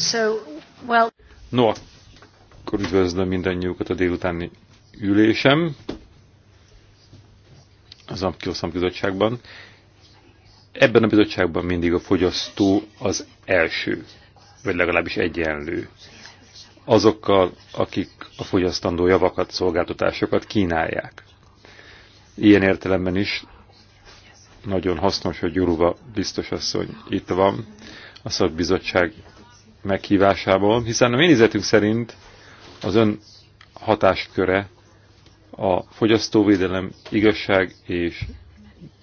So, well... No, akkor üdvözlöm mindannyiukat a délutáni ülésem az Amkioszam bizottságban. Ebben a bizottságban mindig a fogyasztó az első, vagy legalábbis egyenlő. Azokkal, akik a fogyasztandó javakat, szolgáltatásokat kínálják. Ilyen értelemben is nagyon hasznos, hogy Juruva biztos asszony itt van, a szakbizottság meghívásából, hiszen a mi nézetünk szerint az ön hatásköre a fogyasztóvédelem, igazság és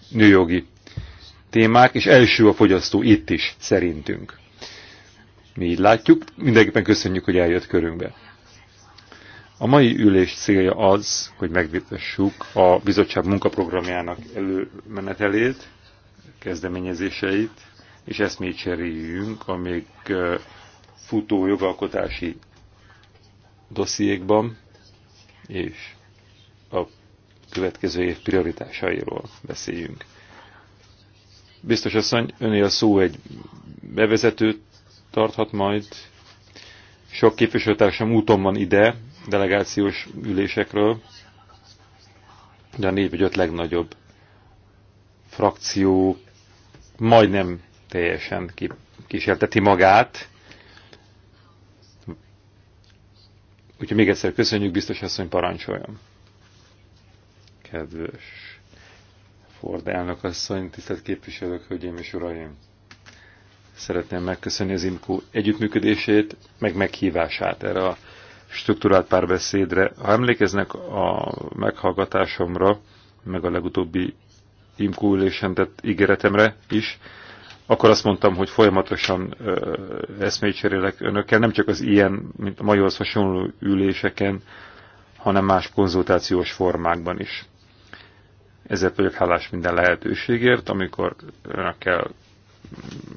nőjogi témák, és első a fogyasztó itt is, szerintünk. Mi így látjuk, mindenképpen köszönjük, hogy eljött körünkbe. A mai ülés célja az, hogy megvitassuk a bizottság munkaprogramjának előmenetelét, kezdeményezéseit, és még cseréljünk amíg futó jogalkotási dossziékban, és a következő év prioritásairól beszéljünk. Biztos asszony, öné a szó egy bevezetőt tarthat majd. Sok képviselőtársam úton van ide, delegációs ülésekről, de a négy vagy öt legnagyobb frakció majdnem teljesen kísérteti magát Úgyhogy még egyszer köszönjük, biztos asszony parancsoljon. Kedves Ford elnök asszony, tisztelt képviselők, hölgyeim és uraim! Szeretném megköszönni az IMKU együttműködését, meg meghívását erre a struktúrált párbeszédre. Ha emlékeznek a meghallgatásomra, meg a legutóbbi IMKU ülésen tett ígéretemre is, akkor azt mondtam, hogy folyamatosan eszmét cserélek önökkel, nem csak az ilyen, mint a maihoz hasonló üléseken, hanem más konzultációs formákban is. Ezért vagyok hálás minden lehetőségért, amikor önökkel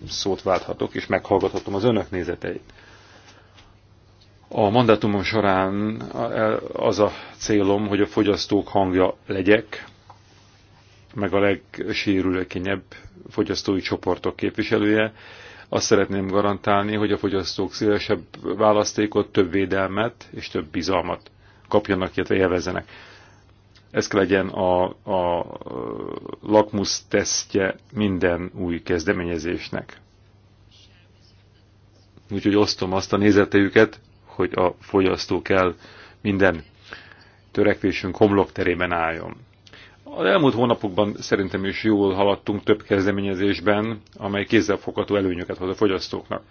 szót válthatok, és meghallgathatom az önök nézeteit. A mandátumom során az a célom, hogy a fogyasztók hangja legyek, meg a legsérülékenyebb fogyasztói csoportok képviselője. Azt szeretném garantálni, hogy a fogyasztók szélesebb választékot, több védelmet és több bizalmat kapjanak, illetve élvezzenek. Ez kell legyen a, a lakmus tesztje minden új kezdeményezésnek. Úgyhogy osztom azt a nézetejüket, hogy a fogyasztó kell minden törekvésünk homlok terében álljon. Az elmúlt hónapokban szerintem is jól haladtunk több kezdeményezésben, amely kézzelfogható előnyöket hoz a fogyasztóknak.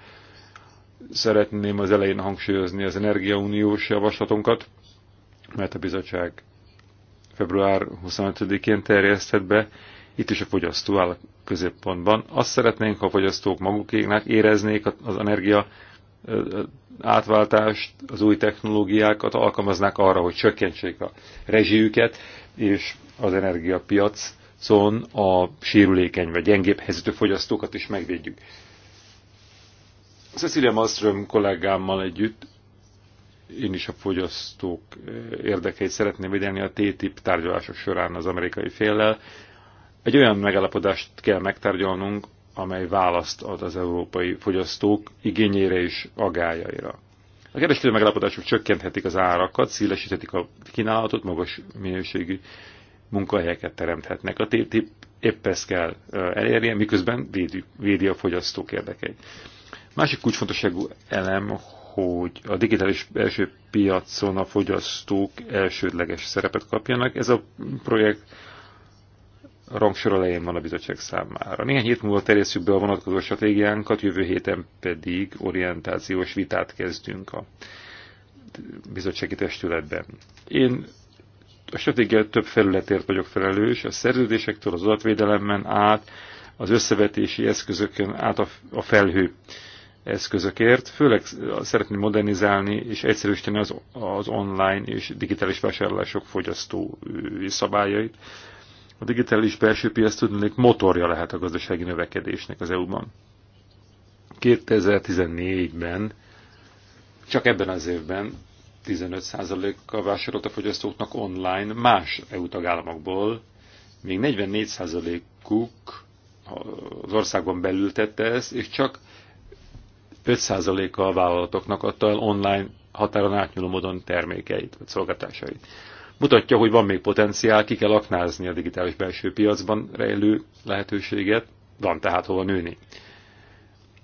Szeretném az elején hangsúlyozni az energiauniós javaslatunkat, mert a bizottság február 25-én terjesztett be, itt is a fogyasztó áll a középpontban. Azt szeretnénk, ha a fogyasztók maguknak éreznék az energia átváltást, az új technológiákat alkalmaznák arra, hogy csökkentsék a rezsijüket, és az energiapiac szóval a sérülékeny vagy gyengébb helyzetű fogyasztókat is megvédjük. Cecilia Malmström kollégámmal együtt én is a fogyasztók eh, érdekeit szeretném védeni a TTIP tárgyalások során az amerikai féllel. Egy olyan megállapodást kell megtárgyalnunk, amely választ ad az európai fogyasztók igényére és agájaira. A kereskedő megállapodások csökkenthetik az árakat, szélesíthetik a kínálatot, magas minőségű munkahelyeket teremthetnek. A TTIP épp ezt kell elérje, miközben védi, védi a fogyasztók érdekeit. Másik kulcsfontosságú elem, hogy a digitális első piacon a fogyasztók elsődleges szerepet kapjanak. Ez a projekt rangsor elején van a bizottság számára. Néhány hét múlva terjesszük be a vonatkozó stratégiánkat, jövő héten pedig orientációs vitát kezdünk a bizottsági testületben. Én a stratégia több felületért vagyok felelős, a szerződésektől, az adatvédelemmen át, az összevetési eszközökön át a felhő eszközökért, főleg szeretném modernizálni és egyszerűsíteni az, az online és digitális vásárlások fogyasztó szabályait, a digitális belső piac tudnék motorja lehet a gazdasági növekedésnek az EU-ban. 2014-ben, csak ebben az évben 15%-kal vásárolt a fogyasztóknak online más EU tagállamokból, még 44%-uk az országban belül tette ezt, és csak 5%-a a vállalatoknak adta el online határon átnyúló módon termékeit, vagy szolgáltásait mutatja, hogy van még potenciál, ki kell aknázni a digitális belső piacban rejlő lehetőséget, van tehát hova nőni.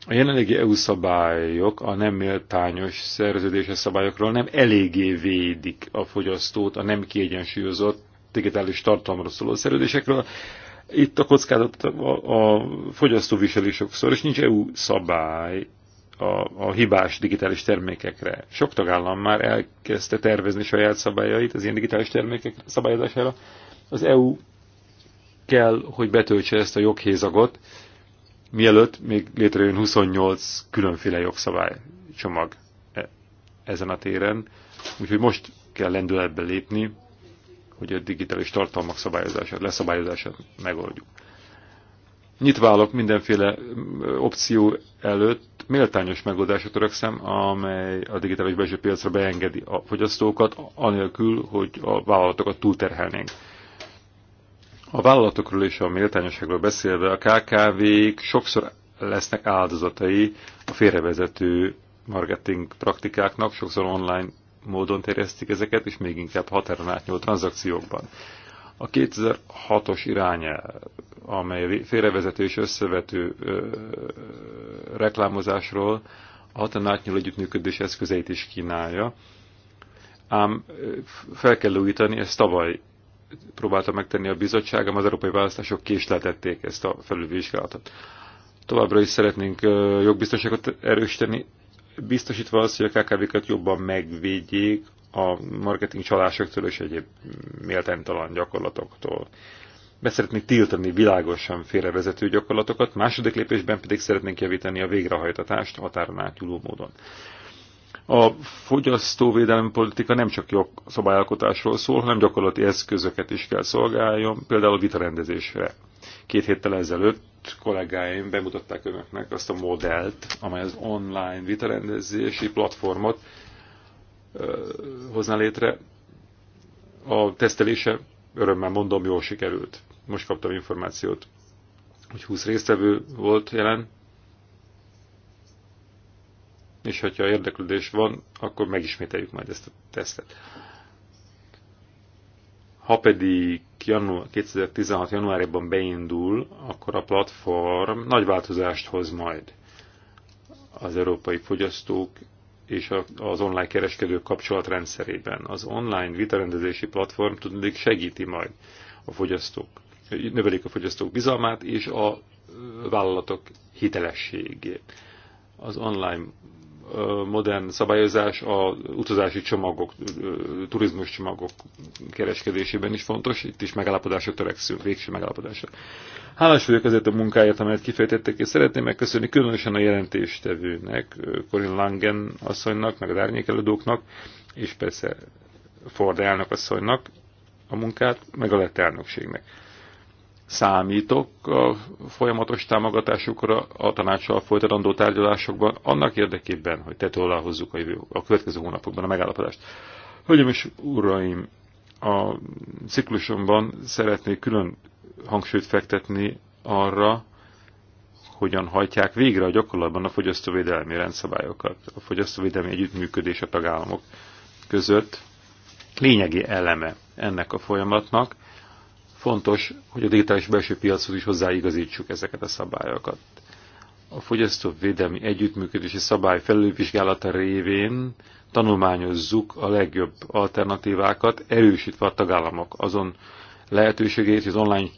A jelenlegi EU szabályok a nem méltányos szerződéses szabályokról nem eléggé védik a fogyasztót a nem kiegyensúlyozott digitális tartalomra szóló szerződésekről. Itt a kockázat a, fogyasztó viseli sokszor, és nincs EU szabály a, a hibás digitális termékekre. Sok tagállam már elkezdte tervezni saját szabályait az ilyen digitális termékek szabályozására. Az EU kell, hogy betöltse ezt a joghézagot, mielőtt még létrejön 28 különféle jogszabálycsomag e, ezen a téren. Úgyhogy most kell lendületbe lépni, hogy a digitális tartalmak szabályozását, leszabályozását megoldjuk nyitva állok mindenféle opció előtt, méltányos megoldásra törekszem, amely a digitális belső piacra beengedi a fogyasztókat, anélkül, hogy a vállalatokat túlterhelnénk. A vállalatokról és a méltányosságról beszélve a KKV-k sokszor lesznek áldozatai a félrevezető marketing praktikáknak, sokszor online módon terjesztik ezeket, és még inkább határon átnyúló tranzakciókban. A 2006-os irányelv amely félrevezető és összevető ö, reklámozásról a határon átnyúló együttműködés eszközeit is kínálja. Ám fel kell újítani, ezt tavaly próbálta megtenni a bizottság, az európai választások késletették ezt a felülvizsgálatot. Továbbra is szeretnénk jogbiztonságot erősíteni, biztosítva azt, hogy a KKV-kat jobban megvédjék a marketing csalásoktól és egyéb méltánytalan gyakorlatoktól beszeretnénk tiltani világosan félrevezető gyakorlatokat, második lépésben pedig szeretnénk javítani a végrehajtatást határon átnyúló módon. A fogyasztóvédelmi politika nem csak jogszabályalkotásról szól, hanem gyakorlati eszközöket is kell szolgáljon, például vitarendezésre. Két héttel ezelőtt kollégáim bemutatták önöknek azt a modellt, amely az online vitarendezési platformot hozna létre. A tesztelése örömmel mondom, jól sikerült most kaptam információt, hogy 20 résztvevő volt jelen, és hogyha érdeklődés van, akkor megismételjük majd ezt a tesztet. Ha pedig január, 2016. januárjában beindul, akkor a platform nagy változást hoz majd az európai fogyasztók és az online kereskedők kapcsolatrendszerében. Az online vitarendezési platform tudnék segíti majd a fogyasztók növelik a fogyasztók bizalmát és a vállalatok hitelességét. Az online modern szabályozás a utazási csomagok, turizmus csomagok kereskedésében is fontos, itt is megállapodásra törekszünk, végső megállapodásra. Hálás vagyok azért a munkáját, amelyet kifejtettek, és szeretném megköszönni különösen a jelentéstevőnek, Corinne Langen asszonynak, meg az árnyékelődóknak, és persze Ford elnök asszonynak a munkát, meg a lett elnökségnek számítok a folyamatos támogatásukra a tanácssal folytatandó tárgyalásokban, annak érdekében, hogy tető alá hozzuk a, jövő, a következő hónapokban a megállapodást. Hölgyeim és uraim, a ciklusomban szeretnék külön hangsúlyt fektetni arra, hogyan hajtják végre a gyakorlatban a fogyasztóvédelmi rendszabályokat, a fogyasztóvédelmi együttműködés a tagállamok között lényegi eleme ennek a folyamatnak, Fontos, hogy a digitális belső piachoz is hozzáigazítsuk ezeket a szabályokat. A fogyasztóvédelmi együttműködési szabály felülvizsgálata révén tanulmányozzuk a legjobb alternatívákat, erősítve a tagállamok azon lehetőségét, hogy az online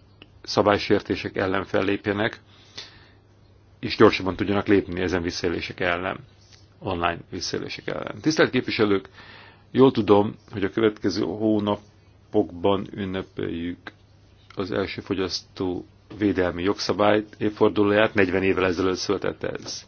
szabálysértések ellen fellépjenek, és gyorsabban tudjanak lépni ezen visszaélések ellen, online visszaélések ellen. Tisztelt képviselők, jól tudom, hogy a következő hónapokban ünnepeljük az első fogyasztó védelmi jogszabály évfordulóját, 40 évvel ezelőtt született ez.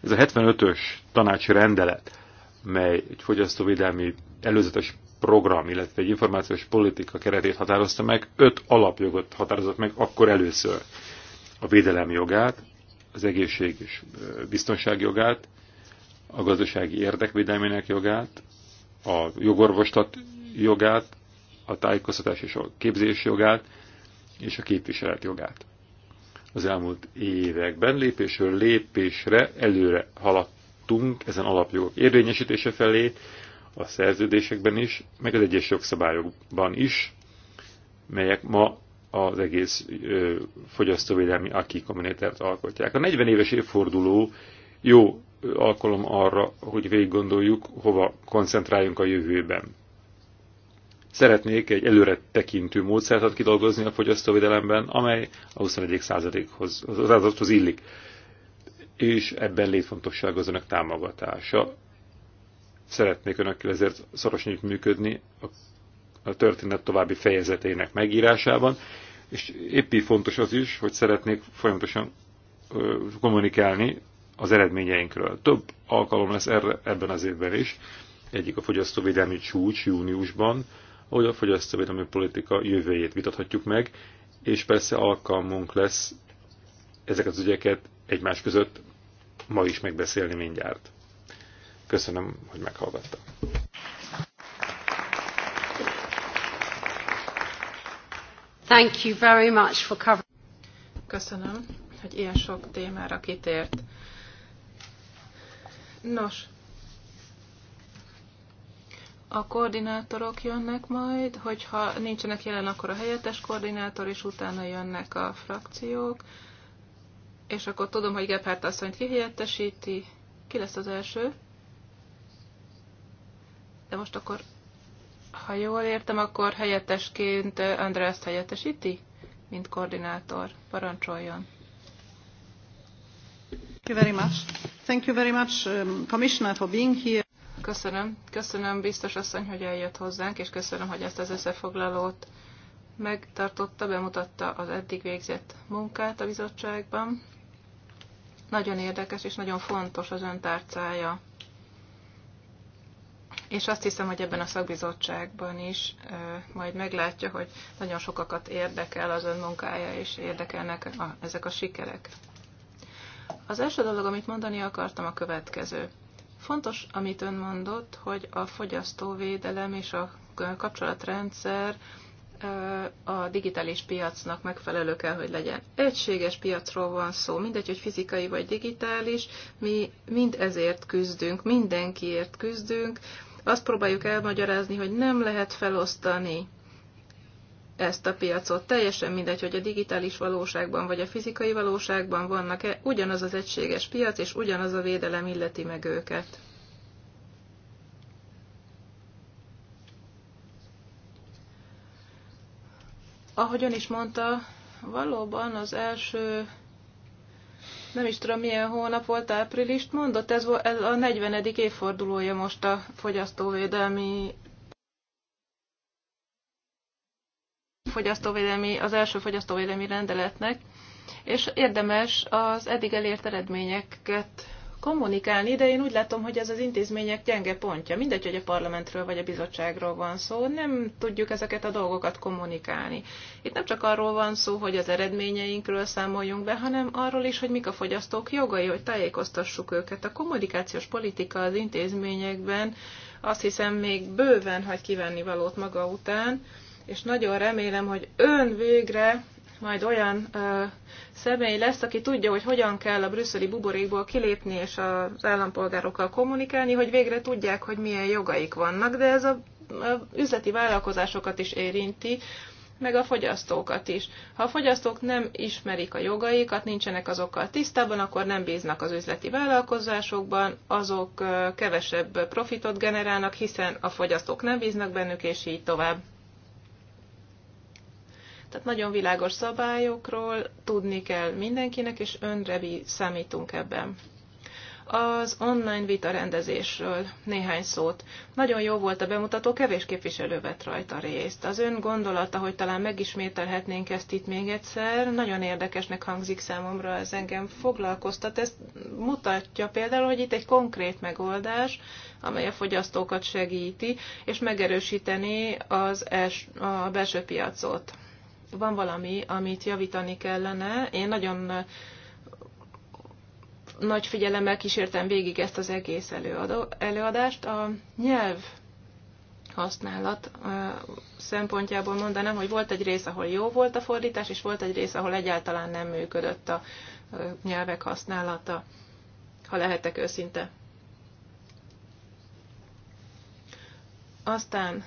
Ez a 75-ös tanácsi rendelet, mely egy fogyasztóvédelmi előzetes program, illetve egy információs politika keretét határozta meg, öt alapjogot határozott meg akkor először. A védelem jogát, az egészség és biztonság jogát, a gazdasági érdekvédelmének jogát, a jogorvostat jogát, a tájékoztatás és a képzés jogát, és a képviselet jogát. Az elmúlt években lépésről lépésre előre haladtunk ezen alapjogok érvényesítése felé, a szerződésekben is, meg az egyes jogszabályokban is, melyek ma az egész ö, fogyasztóvédelmi aki kommunitárt alkotják. A 40 éves évforduló jó alkalom arra, hogy végig gondoljuk, hova koncentráljunk a jövőben. Szeretnék egy előre tekintő módszertat kidolgozni a fogyasztóvédelemben, amely a 21. százalékhoz, az áldozathoz illik. És ebben létfontosság az önök támogatása. Szeretnék önökkel ezért szorosan működni a, a történet további fejezetének megírásában, és épp így fontos az is, hogy szeretnék folyamatosan ö, kommunikálni az eredményeinkről. Több alkalom lesz erre, ebben az évben is. Egyik a fogyasztóvédelmi csúcs júniusban, ahogy a fogyasztóvédelmi politika jövőjét vitathatjuk meg, és persze alkalmunk lesz ezeket az ügyeket egymás között ma is megbeszélni mindjárt. Köszönöm, hogy meghallgattam. Thank you very much for covering. Köszönöm, hogy ilyen sok témára kitért. Nos, a koordinátorok jönnek majd, hogyha nincsenek jelen, akkor a helyettes koordinátor, és utána jönnek a frakciók, és akkor tudom, hogy Gebhardt asszonyt kihelyettesíti. helyettesíti. Ki lesz az első? De most akkor, ha jól értem, akkor helyettesként Andreaszt helyettesíti, mint koordinátor. Parancsoljon. Thank you very much. Thank you very much, um, Commissioner, for being here. Köszönöm. Köszönöm biztos asszony, hogy eljött hozzánk, és köszönöm, hogy ezt az összefoglalót megtartotta, bemutatta az eddig végzett munkát a bizottságban. Nagyon érdekes és nagyon fontos az ön tárcája. És azt hiszem, hogy ebben a szakbizottságban is ö, majd meglátja, hogy nagyon sokakat érdekel az ön munkája, és érdekelnek a, ezek a sikerek. Az első dolog, amit mondani akartam, a következő. Fontos, amit ön mondott, hogy a fogyasztóvédelem és a kapcsolatrendszer a digitális piacnak megfelelő kell, hogy legyen. Egységes piacról van szó, mindegy, hogy fizikai vagy digitális, mi mind ezért küzdünk, mindenkiért küzdünk. Azt próbáljuk elmagyarázni, hogy nem lehet felosztani ezt a piacot. Teljesen mindegy, hogy a digitális valóságban vagy a fizikai valóságban vannak-e, ugyanaz az egységes piac és ugyanaz a védelem illeti meg őket. Ahogyan is mondta, valóban az első nem is tudom milyen hónap volt, áprilist mondott, ez, volt, ez a 40. évfordulója most a fogyasztóvédelmi fogyasztóvédelmi, az első fogyasztóvédelmi rendeletnek, és érdemes az eddig elért eredményeket kommunikálni, de én úgy látom, hogy ez az intézmények gyenge pontja. Mindegy, hogy a parlamentről vagy a bizottságról van szó, nem tudjuk ezeket a dolgokat kommunikálni. Itt nem csak arról van szó, hogy az eredményeinkről számoljunk be, hanem arról is, hogy mik a fogyasztók jogai, hogy tájékoztassuk őket. A kommunikációs politika az intézményekben azt hiszem még bőven hagy kivenni valót maga után, és nagyon remélem, hogy ön végre majd olyan ö, személy lesz, aki tudja, hogy hogyan kell a brüsszeli buborékból kilépni és az állampolgárokkal kommunikálni, hogy végre tudják, hogy milyen jogaik vannak, de ez a, a üzleti vállalkozásokat is érinti, meg a fogyasztókat is. Ha a fogyasztók nem ismerik a jogaikat, nincsenek azokkal tisztában, akkor nem bíznak az üzleti vállalkozásokban, azok kevesebb profitot generálnak, hiszen a fogyasztók nem bíznak bennük, és így tovább. Tehát nagyon világos szabályokról tudni kell mindenkinek, és önre számítunk ebben. Az online vita rendezésről néhány szót. Nagyon jó volt a bemutató, kevés képviselő vett rajta részt. Az ön gondolata, hogy talán megismételhetnénk ezt itt még egyszer, nagyon érdekesnek hangzik számomra, ez engem foglalkoztat. Ez mutatja például, hogy itt egy konkrét megoldás, amely a fogyasztókat segíti, és megerősíteni az els- a belső piacot van valami, amit javítani kellene. Én nagyon nagy figyelemmel kísértem végig ezt az egész előadást. A nyelv használat szempontjából mondanám, hogy volt egy rész, ahol jó volt a fordítás, és volt egy rész, ahol egyáltalán nem működött a nyelvek használata, ha lehetek őszinte. Aztán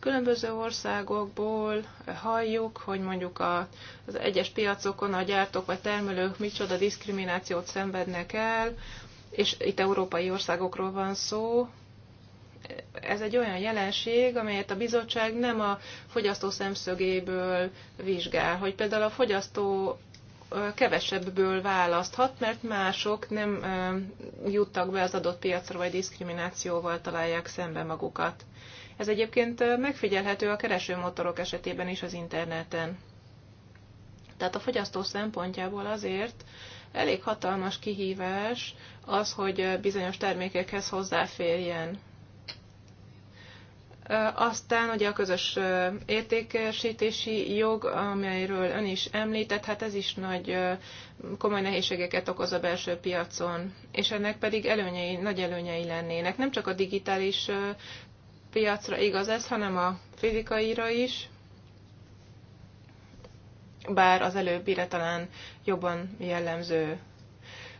Különböző országokból halljuk, hogy mondjuk a, az egyes piacokon a gyártók vagy termelők micsoda diszkriminációt szenvednek el, és itt európai országokról van szó, ez egy olyan jelenség, amelyet a bizottság nem a fogyasztó szemszögéből vizsgál, hogy például a fogyasztó kevesebbből választhat, mert mások nem juttak be az adott piacra, vagy diszkriminációval találják szembe magukat. Ez egyébként megfigyelhető a keresőmotorok esetében is az interneten. Tehát a fogyasztó szempontjából azért elég hatalmas kihívás az, hogy bizonyos termékekhez hozzáférjen. Aztán ugye a közös értékesítési jog, amelyről ön is említett, hát ez is nagy komoly nehézségeket okoz a belső piacon, és ennek pedig előnyei, nagy előnyei lennének. Nem csak a digitális piacra igaz ez, hanem a fizikaira is, bár az előbbire talán jobban jellemző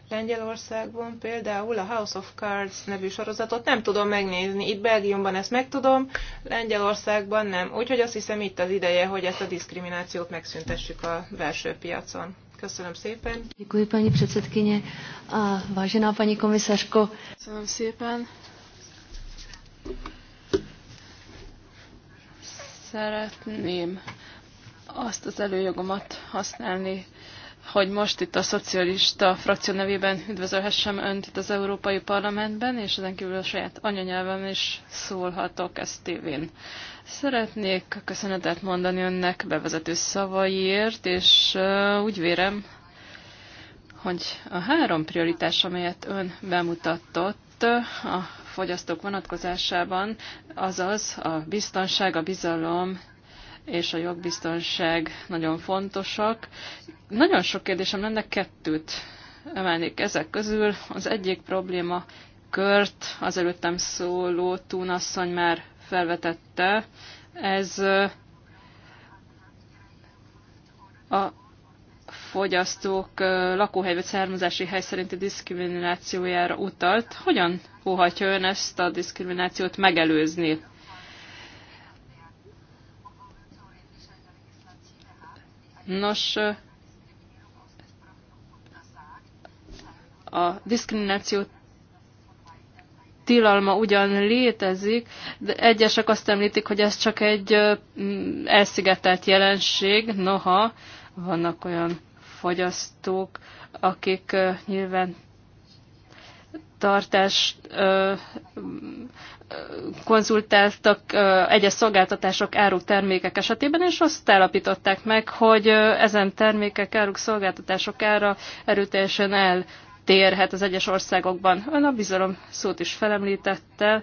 Lengyelországban például a House of Cards nevű sorozatot nem tudom megnézni. Itt Belgiumban ezt megtudom, Lengyelországban nem. Úgyhogy azt hiszem itt az ideje, hogy ezt a diszkriminációt megszüntessük a belső piacon. Köszönöm szépen. szépen, paní předsedkyně. A vážená paní komisařko. Köszönöm szépen. Szeretném azt az előjogomat használni, hogy most itt a szocialista frakció nevében üdvözölhessem Önt itt az Európai Parlamentben, és ezen kívül a saját anyanyelvem is szólhatok ezt tévén. Szeretnék köszönetet mondani Önnek bevezető szavaiért, és úgy vérem, hogy a három prioritás, amelyet Ön bemutatott, a fogyasztók vonatkozásában, azaz a biztonság, a bizalom és a jogbiztonság nagyon fontosak. Nagyon sok kérdésem lenne, kettőt emelnék ezek közül. Az egyik probléma kört az előttem szóló túnasszony már felvetette. Ez a fogyasztók vagy származási hely szerinti diszkriminációjára utalt. Hogyan óhatja ön ezt a diszkriminációt megelőzni? Nos, a diszkrimináció tilalma ugyan létezik, de egyesek azt említik, hogy ez csak egy elszigetelt jelenség, noha vannak olyan fogyasztók, akik nyilván uh, konzultáltak egyes szolgáltatások áruk termékek esetében, és azt állapították meg, hogy ezen termékek áruk szolgáltatások ára erőteljesen eltérhet az egyes országokban. Ön a bizalom szót is felemlítette,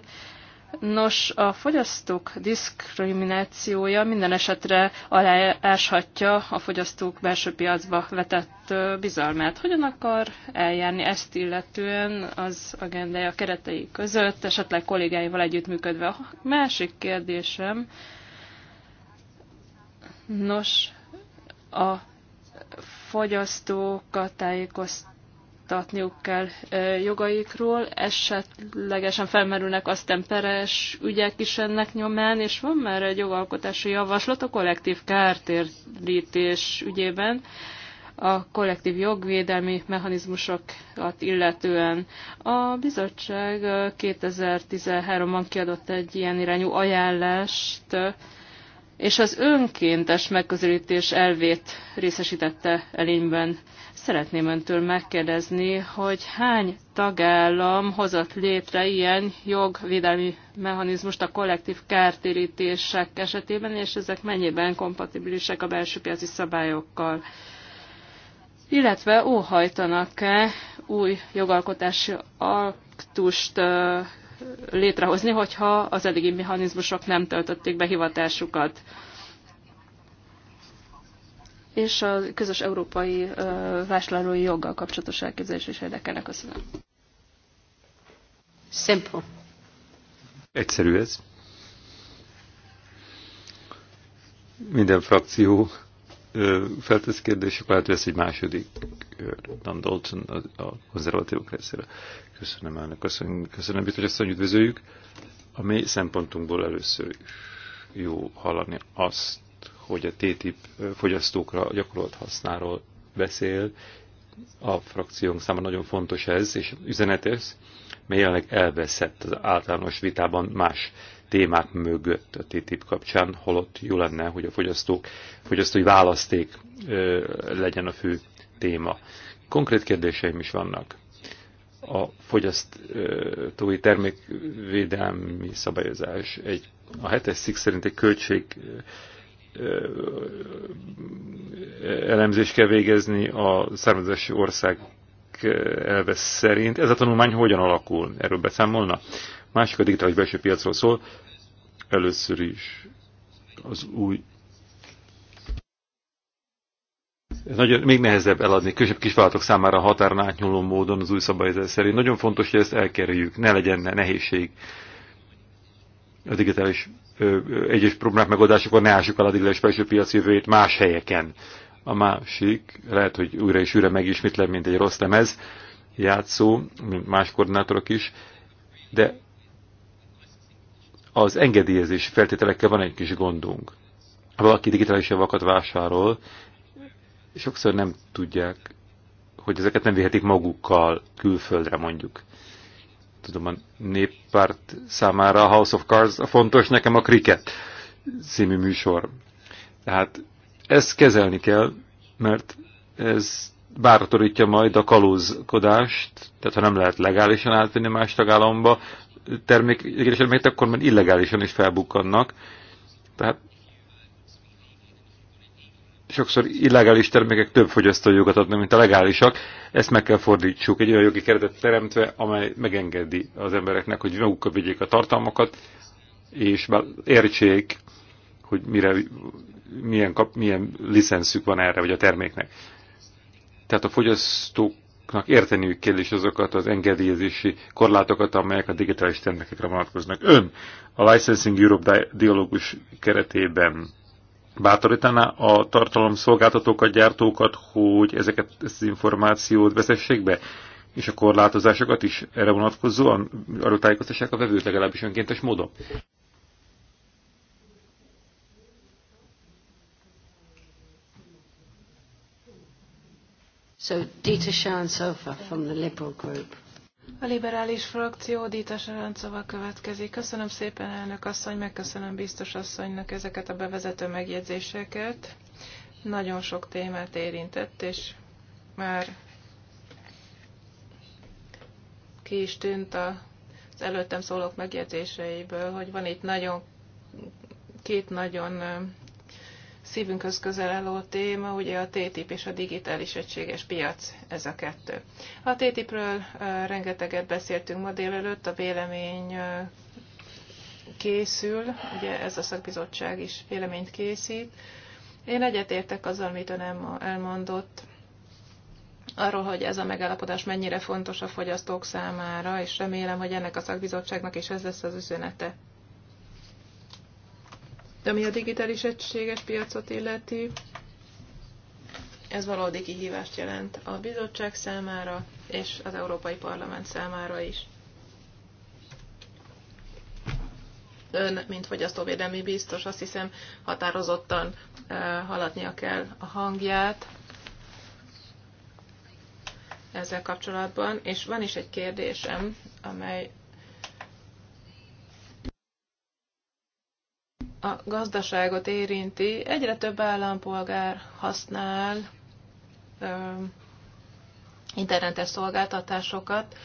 Nos, a fogyasztók diszkriminációja minden esetre alááshatja a fogyasztók belső piacba vetett bizalmát. Hogyan akar eljárni ezt illetően az agendája keretei között, esetleg kollégáival együttműködve? A másik kérdésem, nos, a fogyasztókat tájékoztatni tartniuk kell jogaikról, esetlegesen felmerülnek az temperes, ügyek is ennek nyomán, és van már egy jogalkotási javaslat a kollektív kártérítés ügyében, a kollektív jogvédelmi mechanizmusokat illetően. A bizottság 2013-ban kiadott egy ilyen irányú ajánlást, és az önkéntes megközelítés elvét részesítette elényben. Szeretném öntől megkérdezni, hogy hány tagállam hozott létre ilyen jogvédelmi mechanizmust a kollektív kártérítések esetében, és ezek mennyiben kompatibilisek a belső piaci szabályokkal? Illetve óhajtanak-e új jogalkotási aktust létrehozni, hogyha az eddigi mechanizmusok nem töltötték be hivatásukat. És a közös európai vásárlói joggal kapcsolatos elképzelés is érdekelnek. Köszönöm. Simple. Egyszerű ez. Minden frakció feltesz kérdés, akkor lehet, ez egy második Dan Dalton a, a konzervatívok részére. Köszönöm elnök, köszönöm, köszönöm hogy azt üdvözöljük. A mi szempontunkból először jó hallani azt, hogy a TTIP fogyasztókra gyakorolt hasznáról beszél. A frakciónk számára nagyon fontos ez, és üzenet ez, mely jelenleg elveszett az általános vitában más témák mögött a TTIP kapcsán, holott jó lenne, hogy a fogyasztók, fogyasztói választék ö, legyen a fő téma. Konkrét kérdéseim is vannak. A fogyasztói termékvédelmi szabályozás egy, a hetes szik szerint egy költség elemzést kell végezni a származási ország elvesz szerint. Ez a tanulmány hogyan alakul? Erről beszámolna? Másik a digitális belső piacról szól. Először is az új ez nagyon, még nehezebb eladni kisebb kisvállalatok számára határon átnyúló módon az új szabályozás szerint. Nagyon fontos, hogy ezt elkerüljük, ne legyen ne nehézség a digitális ö, egyes problémák megoldásakor ne ássuk el a digitális belső piac jövőjét más helyeken. A másik, lehet, hogy újra és újra megismétlem, mint egy rossz lemez játszó, mint más koordinátorok is, de az engedélyezési feltételekkel van egy kis gondunk. Ha valaki digitális javakat vásárol, sokszor nem tudják, hogy ezeket nem vihetik magukkal külföldre mondjuk. Tudom, a néppárt számára a House of Cards fontos, nekem a Cricket című műsor. Tehát ezt kezelni kell, mert ez bátorítja majd a kalózkodást, tehát ha nem lehet legálisan átvinni más tagállamba, termék, egyes akkor már illegálisan is felbukkannak. Tehát sokszor illegális termékek több fogyasztói adnak, mint a legálisak. Ezt meg kell fordítsuk, egy olyan jogi keretet teremtve, amely megengedi az embereknek, hogy magukkal vigyék a tartalmakat, és értsék, hogy mire, milyen, kap, milyen licenszük van erre, vagy a terméknek. Tehát a fogyasztók érteniük kell is azokat az engedélyezési korlátokat, amelyek a digitális termékekre vonatkoznak. Ön a Licensing Europe dialógus keretében bátorítaná a tartalomszolgáltatókat, gyártókat, hogy ezeket ezt az információt vezessék be, és a korlátozásokat is erre vonatkozóan arról tájékoztassák a vevőt legalábbis önkéntes módon? So Dita Sharantsova from the Liberal Group. A liberális frakció Dita Sarancova következik. Köszönöm szépen, elnök asszony, megköszönöm biztos asszonynak ezeket a bevezető megjegyzéseket. Nagyon sok témát érintett, és már ki is tűnt az előttem szólók megjegyzéseiből, hogy van itt nagyon, két nagyon szívünkhöz közel álló téma, ugye a TTIP és a digitális egységes piac, ez a kettő. A TTIP-ről rengeteget beszéltünk ma délelőtt, a vélemény készül, ugye ez a szakbizottság is véleményt készít. Én egyetértek azzal, amit ön elmondott, arról, hogy ez a megállapodás mennyire fontos a fogyasztók számára, és remélem, hogy ennek a szakbizottságnak is ez lesz az üzenete. De ami a digitális egységes piacot illeti, ez valódi kihívást jelent a bizottság számára és az Európai Parlament számára is. Ön, mint fogyasztóvédelmi biztos, azt hiszem határozottan eh, haladnia kell a hangját ezzel kapcsolatban. És van is egy kérdésem, amely a gazdaságot érinti. Egyre több állampolgár használ internetes szolgáltatásokat,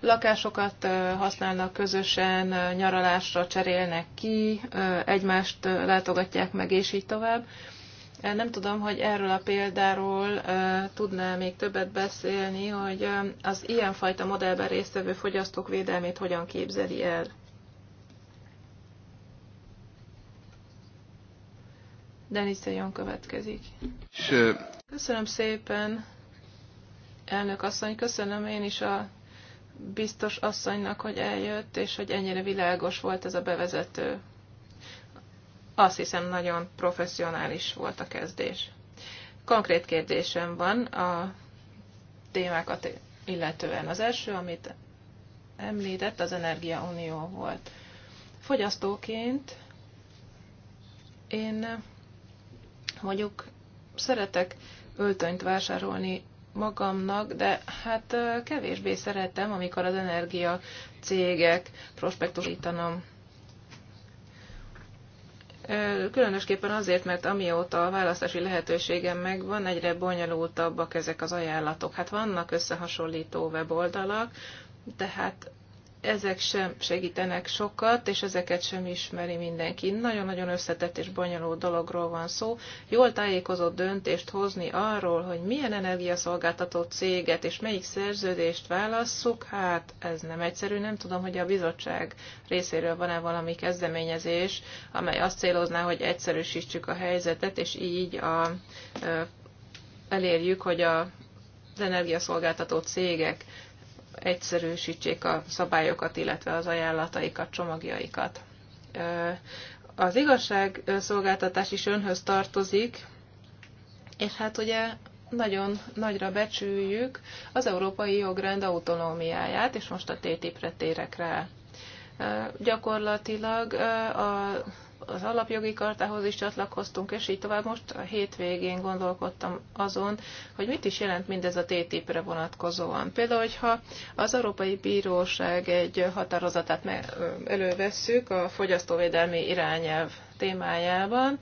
lakásokat használnak közösen, nyaralásra cserélnek ki, egymást látogatják meg, és így tovább. Nem tudom, hogy erről a példáról tudná még többet beszélni, hogy az ilyenfajta modellben résztvevő fogyasztók védelmét hogyan képzeli el. Denis Tejon következik. Ső. Köszönöm szépen, elnök asszony, köszönöm én is a biztos asszonynak, hogy eljött, és hogy ennyire világos volt ez a bevezető. Azt hiszem, nagyon professzionális volt a kezdés. Konkrét kérdésem van a témákat illetően. Az első, amit említett, az energia unió volt. Fogyasztóként én Mondjuk szeretek öltönyt vásárolni magamnak, de hát kevésbé szeretem, amikor az energia cégek prospektusítanom. Különösképpen azért, mert amióta a választási lehetőségem megvan, egyre bonyolultabbak ezek az ajánlatok. Hát vannak összehasonlító weboldalak, tehát ezek sem segítenek sokat, és ezeket sem ismeri mindenki. Nagyon-nagyon összetett és bonyolult dologról van szó. Jól tájékozott döntést hozni arról, hogy milyen energiaszolgáltató céget és melyik szerződést válasszuk, hát ez nem egyszerű. Nem tudom, hogy a bizottság részéről van-e valami kezdeményezés, amely azt célozná, hogy egyszerűsítsük a helyzetet, és így a, elérjük, hogy a, az energiaszolgáltató cégek egyszerűsítsék a szabályokat, illetve az ajánlataikat, csomagjaikat. Az igazságszolgáltatás is önhöz tartozik, és hát ugye nagyon nagyra becsüljük az európai jogrend autonómiáját, és most a TTIP-re térek rá. Gyakorlatilag a az alapjogi kartához is csatlakoztunk, és így tovább. Most a hétvégén gondolkodtam azon, hogy mit is jelent mindez a TTIP-re vonatkozóan. Például, hogyha az Európai Bíróság egy határozatát elővesszük a fogyasztóvédelmi irányelv témájában,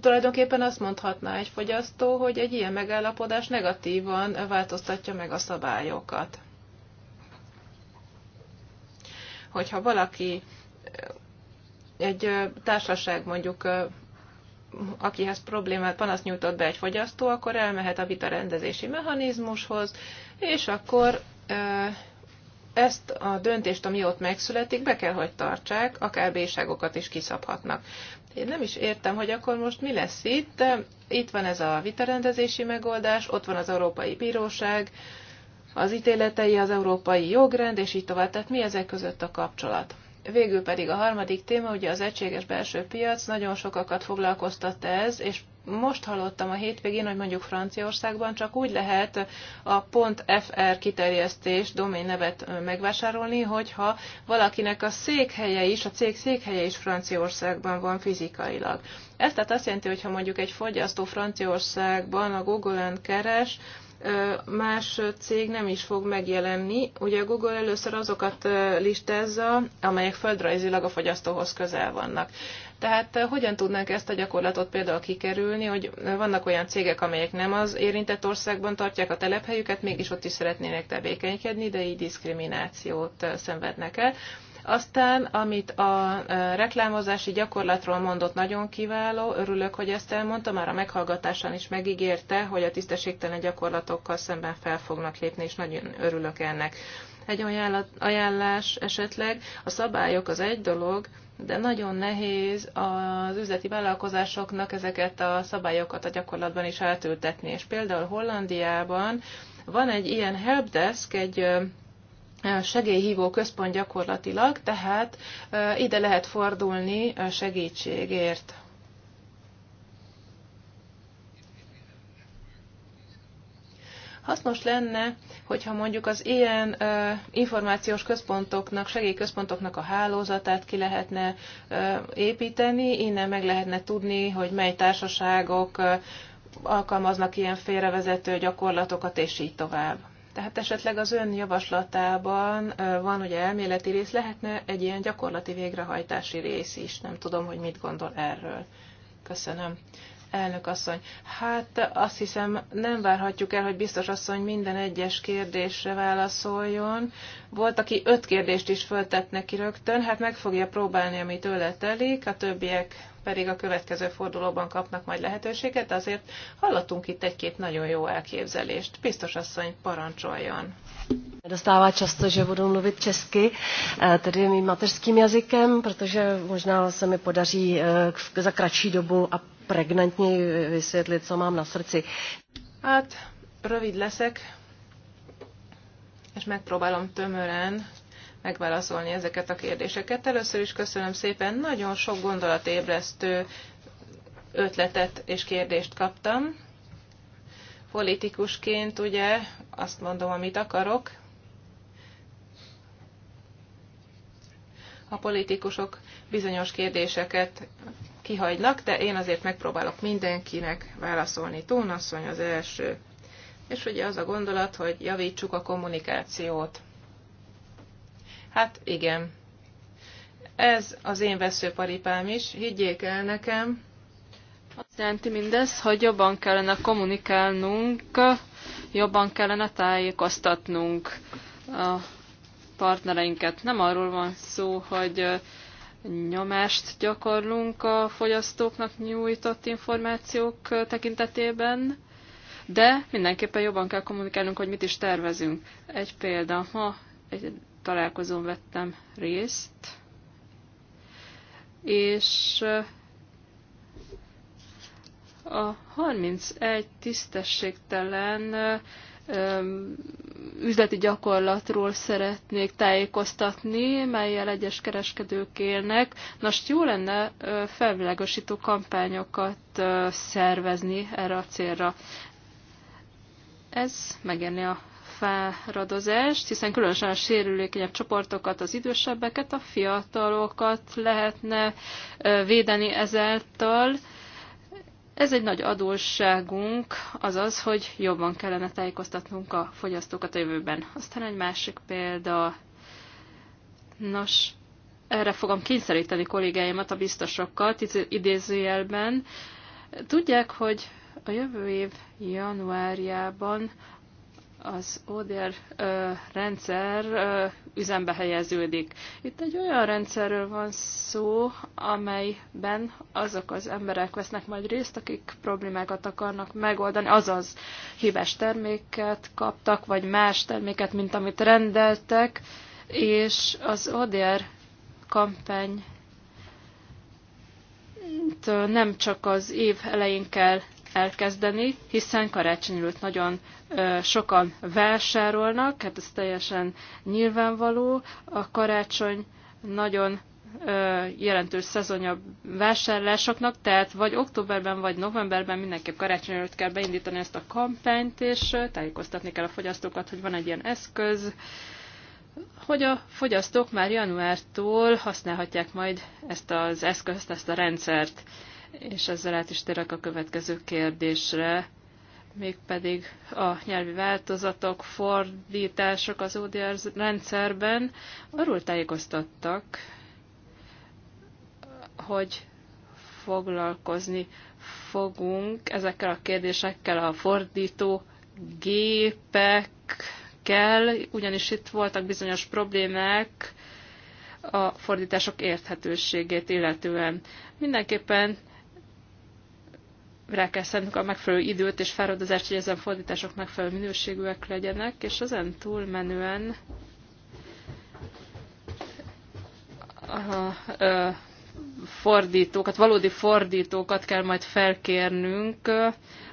tulajdonképpen azt mondhatná egy fogyasztó, hogy egy ilyen megállapodás negatívan változtatja meg a szabályokat. Hogyha valaki egy társaság mondjuk akihez problémát, panaszt nyújtott be egy fogyasztó, akkor elmehet a vita rendezési mechanizmushoz, és akkor ezt a döntést, ami ott megszületik, be kell, hogy tartsák, akár bírságokat is kiszabhatnak. Én nem is értem, hogy akkor most mi lesz itt. Itt van ez a vitarendezési megoldás, ott van az Európai Bíróság, az ítéletei, az európai jogrend, és így tovább. Tehát mi ezek között a kapcsolat? Végül pedig a harmadik téma, ugye az egységes belső piac, nagyon sokakat foglalkoztatta ez, és most hallottam a hétvégén, hogy mondjuk Franciaországban csak úgy lehet a .fr kiterjesztés domain nevet megvásárolni, hogyha valakinek a székhelye is, a cég székhelye is Franciaországban van fizikailag. Ez tehát azt jelenti, hogy ha mondjuk egy fogyasztó Franciaországban a Google-en keres, más cég nem is fog megjelenni. Ugye a Google először azokat listázza, amelyek földrajzilag a fogyasztóhoz közel vannak. Tehát hogyan tudnánk ezt a gyakorlatot például kikerülni, hogy vannak olyan cégek, amelyek nem az érintett országban tartják a telephelyüket, mégis ott is szeretnének tevékenykedni, de így diszkriminációt szenvednek el. Aztán, amit a reklámozási gyakorlatról mondott, nagyon kiváló, örülök, hogy ezt elmondta, már a meghallgatásán is megígérte, hogy a tisztességtelen gyakorlatokkal szemben fel fognak lépni, és nagyon örülök ennek. Egy ajánlás esetleg, a szabályok az egy dolog, de nagyon nehéz az üzleti vállalkozásoknak ezeket a szabályokat a gyakorlatban is átültetni. És például Hollandiában van egy ilyen helpdesk, egy segélyhívó központ gyakorlatilag, tehát ide lehet fordulni segítségért. hasznos lenne, hogyha mondjuk az ilyen ö, információs központoknak, segélyközpontoknak a hálózatát ki lehetne ö, építeni, innen meg lehetne tudni, hogy mely társaságok ö, alkalmaznak ilyen félrevezető gyakorlatokat, és így tovább. Tehát esetleg az ön javaslatában van ugye elméleti rész, lehetne egy ilyen gyakorlati végrehajtási rész is. Nem tudom, hogy mit gondol erről. Köszönöm. Elnök asszony, hát azt hiszem nem várhatjuk el, hogy biztos asszony minden egyes kérdésre válaszoljon. Volt, aki öt kérdést is föltett neki rögtön, hát meg fogja próbálni, ami tőle telik, a többiek pedig a következő fordulóban kapnak majd lehetőséget, azért hallottunk itt egy-két nagyon jó elképzelést. Biztos asszony, parancsoljon! Dostává často, že budu mluvit česky, eh, tedy mým mateřským jazykem, protože možná se mi podaří eh, za kratší dobu a pregnantněji vysvětlit, co mám na srdci. Hát, rövid leszek, és megpróbálom tömören megválaszolni ezeket a kérdéseket. Először is köszönöm szépen, nagyon sok gondolatébresztő ötletet és kérdést kaptam. Politikusként ugye azt mondom, amit akarok. A politikusok bizonyos kérdéseket kihagylak, de én azért megpróbálok mindenkinek válaszolni. Tónasszony az első. És ugye az a gondolat, hogy javítsuk a kommunikációt. Hát igen. Ez az én veszőparipám is, higgyék el nekem. Azt jelenti mindez, hogy jobban kellene kommunikálnunk, jobban kellene tájékoztatnunk a partnereinket. Nem arról van szó, hogy nyomást gyakorlunk a fogyasztóknak nyújtott információk tekintetében, de mindenképpen jobban kell kommunikálnunk, hogy mit is tervezünk. Egy példa, ma egy találkozón vettem részt, és a 31 tisztességtelen üzleti gyakorlatról szeretnék tájékoztatni, melyel egyes kereskedők élnek. Most jó lenne felvilágosító kampányokat szervezni erre a célra. Ez megérni a fáradozást, hiszen különösen a sérülékenyebb csoportokat, az idősebbeket, a fiatalokat lehetne védeni ezáltal, ez egy nagy adósságunk, azaz, hogy jobban kellene tájékoztatnunk a fogyasztókat a jövőben. Aztán egy másik példa. Nos, erre fogom kényszeríteni kollégáimat, a biztosokat, idézőjelben. Tudják, hogy a jövő év januárjában az ODR rendszer üzembe helyeződik. Itt egy olyan rendszerről van szó, amelyben azok az emberek vesznek majd részt, akik problémákat akarnak megoldani, azaz hibás terméket kaptak, vagy más terméket, mint amit rendeltek, és az ODR kampány nem csak az év elején kell elkezdeni, hiszen karácsony előtt nagyon sokan vásárolnak, hát ez teljesen nyilvánvaló. A karácsony nagyon jelentős szezonja vásárlásoknak, tehát vagy októberben, vagy novemberben mindenképp karácsony előtt kell beindítani ezt a kampányt, és tájékoztatni kell a fogyasztókat, hogy van egy ilyen eszköz, hogy a fogyasztók már januártól használhatják majd ezt az eszközt, ezt a rendszert és ezzel át is térek a következő kérdésre, mégpedig a nyelvi változatok, fordítások az ODR rendszerben arról tájékoztattak, hogy foglalkozni fogunk ezekkel a kérdésekkel a fordító gépekkel, ugyanis itt voltak bizonyos problémák a fordítások érthetőségét illetően. Mindenképpen rá kell szennünk a megfelelő időt és fáradozást, hogy ezen fordítások megfelelő minőségűek legyenek, és ezen túlmenően a, a fordítókat, valódi fordítókat kell majd felkérnünk,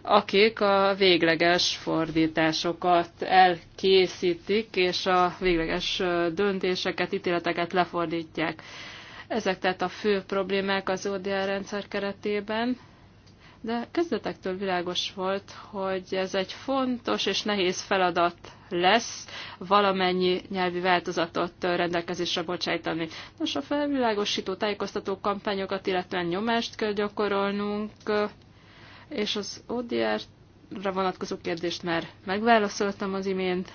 akik a végleges fordításokat elkészítik, és a végleges döntéseket, ítéleteket lefordítják. Ezek tehát a fő problémák az ODR rendszer keretében de kezdetektől világos volt, hogy ez egy fontos és nehéz feladat lesz valamennyi nyelvi változatot rendelkezésre bocsájtani. Nos, a felvilágosító tájékoztató kampányokat, illetően nyomást kell gyakorolnunk, és az odr ra vonatkozó kérdést már megválaszoltam az imént.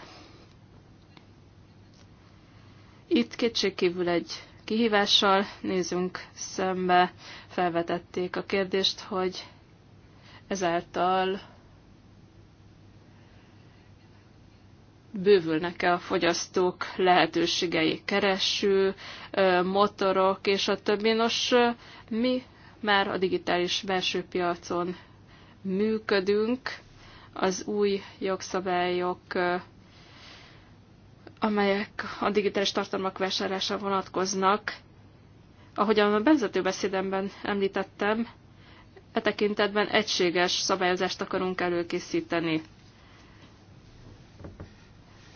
Itt kétségkívül egy kihívással nézünk szembe. Felvetették a kérdést, hogy ezáltal bővülnek-e a fogyasztók lehetőségei, kereső, motorok és a többi. Nos, mi már a digitális belső piacon működünk, az új jogszabályok, amelyek a digitális tartalmak vásárlása vonatkoznak. Ahogy a bevezető beszédemben említettem, E tekintetben egységes szabályozást akarunk előkészíteni.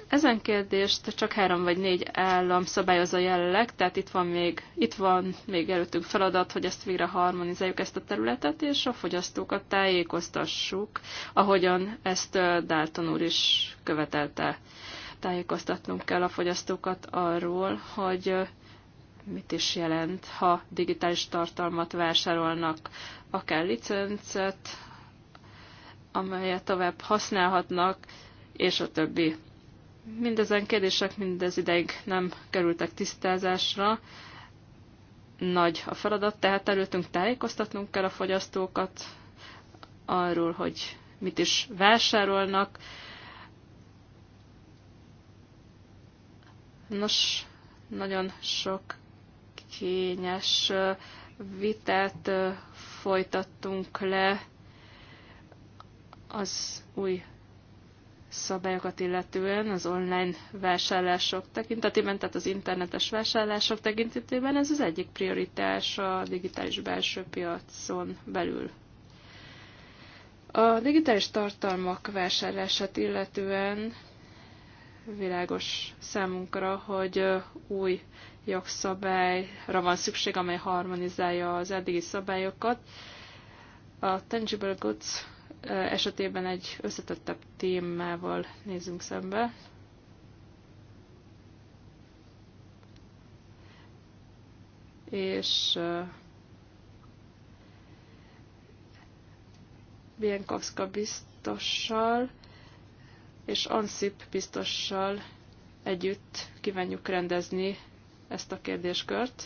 Ezen kérdést csak három vagy négy állam szabályozza jelenleg, tehát itt van még, itt van még előttünk feladat, hogy ezt végre harmonizáljuk ezt a területet, és a fogyasztókat tájékoztassuk, ahogyan ezt Dalton úr is követelte. Tájékoztatnunk kell a fogyasztókat arról, hogy mit is jelent, ha digitális tartalmat vásárolnak akár licencet, amelyet tovább használhatnak, és a többi. Mindezen kérdések mindez ideig nem kerültek tisztázásra. Nagy a feladat, tehát előttünk tájékoztatnunk kell a fogyasztókat arról, hogy mit is vásárolnak. Nos, nagyon sok kényes vitát folytattunk le az új szabályokat illetően az online vásárlások tekintetében, tehát az internetes vásárlások tekintetében ez az egyik prioritás a digitális belső piacon belül. A digitális tartalmak vásárlását illetően világos számunkra, hogy új jogszabályra van szükség, amely harmonizálja az eddigi szabályokat. A tangible goods esetében egy összetettebb témával nézünk szembe. És Bienkowska biztossal és Ansip biztossal együtt kívánjuk rendezni ezt a kérdéskört,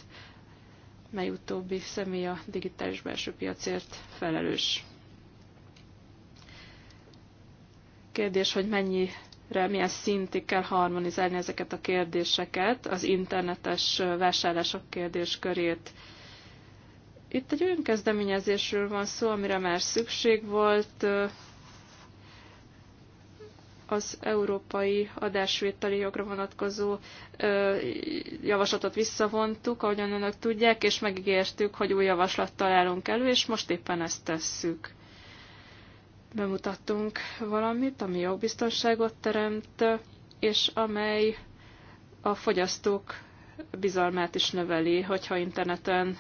mely utóbbi személy a digitális belső piacért felelős. Kérdés, hogy mennyi milyen szintig kell harmonizálni ezeket a kérdéseket, az internetes vásárlások kérdéskörét. Itt egy olyan kezdeményezésről van szó, amire már szükség volt, az európai adásvételi jogra vonatkozó ö, javaslatot visszavontuk, ahogyan önök tudják, és megígértük, hogy új javaslattal állunk elő, és most éppen ezt tesszük. Bemutattunk valamit, ami jogbiztonságot teremt, és amely a fogyasztók bizalmát is növeli, hogyha interneten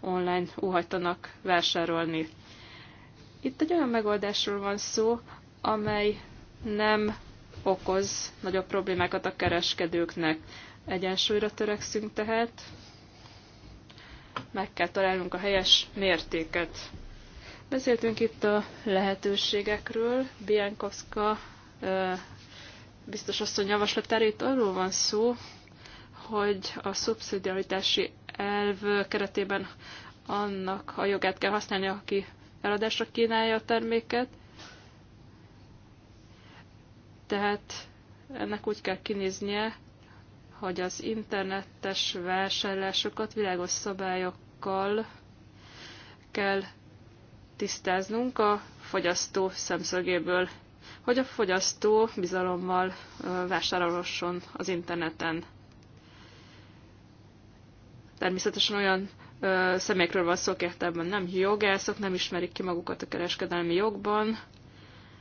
online óhajtanak vásárolni. Itt egy olyan megoldásról van szó, amely nem okoz nagyobb problémákat a kereskedőknek. Egyensúlyra törekszünk tehát, meg kell találnunk a helyes mértéket. Beszéltünk itt a lehetőségekről, Biankovska biztos asszony javaslatára itt arról van szó, hogy a szubszidiaritási elv keretében annak a jogát kell használni, aki eladásra kínálja a terméket, tehát ennek úgy kell kinéznie, hogy az internetes vásárlásokat világos szabályokkal kell tisztáznunk a fogyasztó szemszögéből, hogy a fogyasztó bizalommal vásárolhasson az interneten. Természetesen olyan ö, személyekről van szó, ebben nem jogászok, nem ismerik ki magukat a kereskedelmi jogban,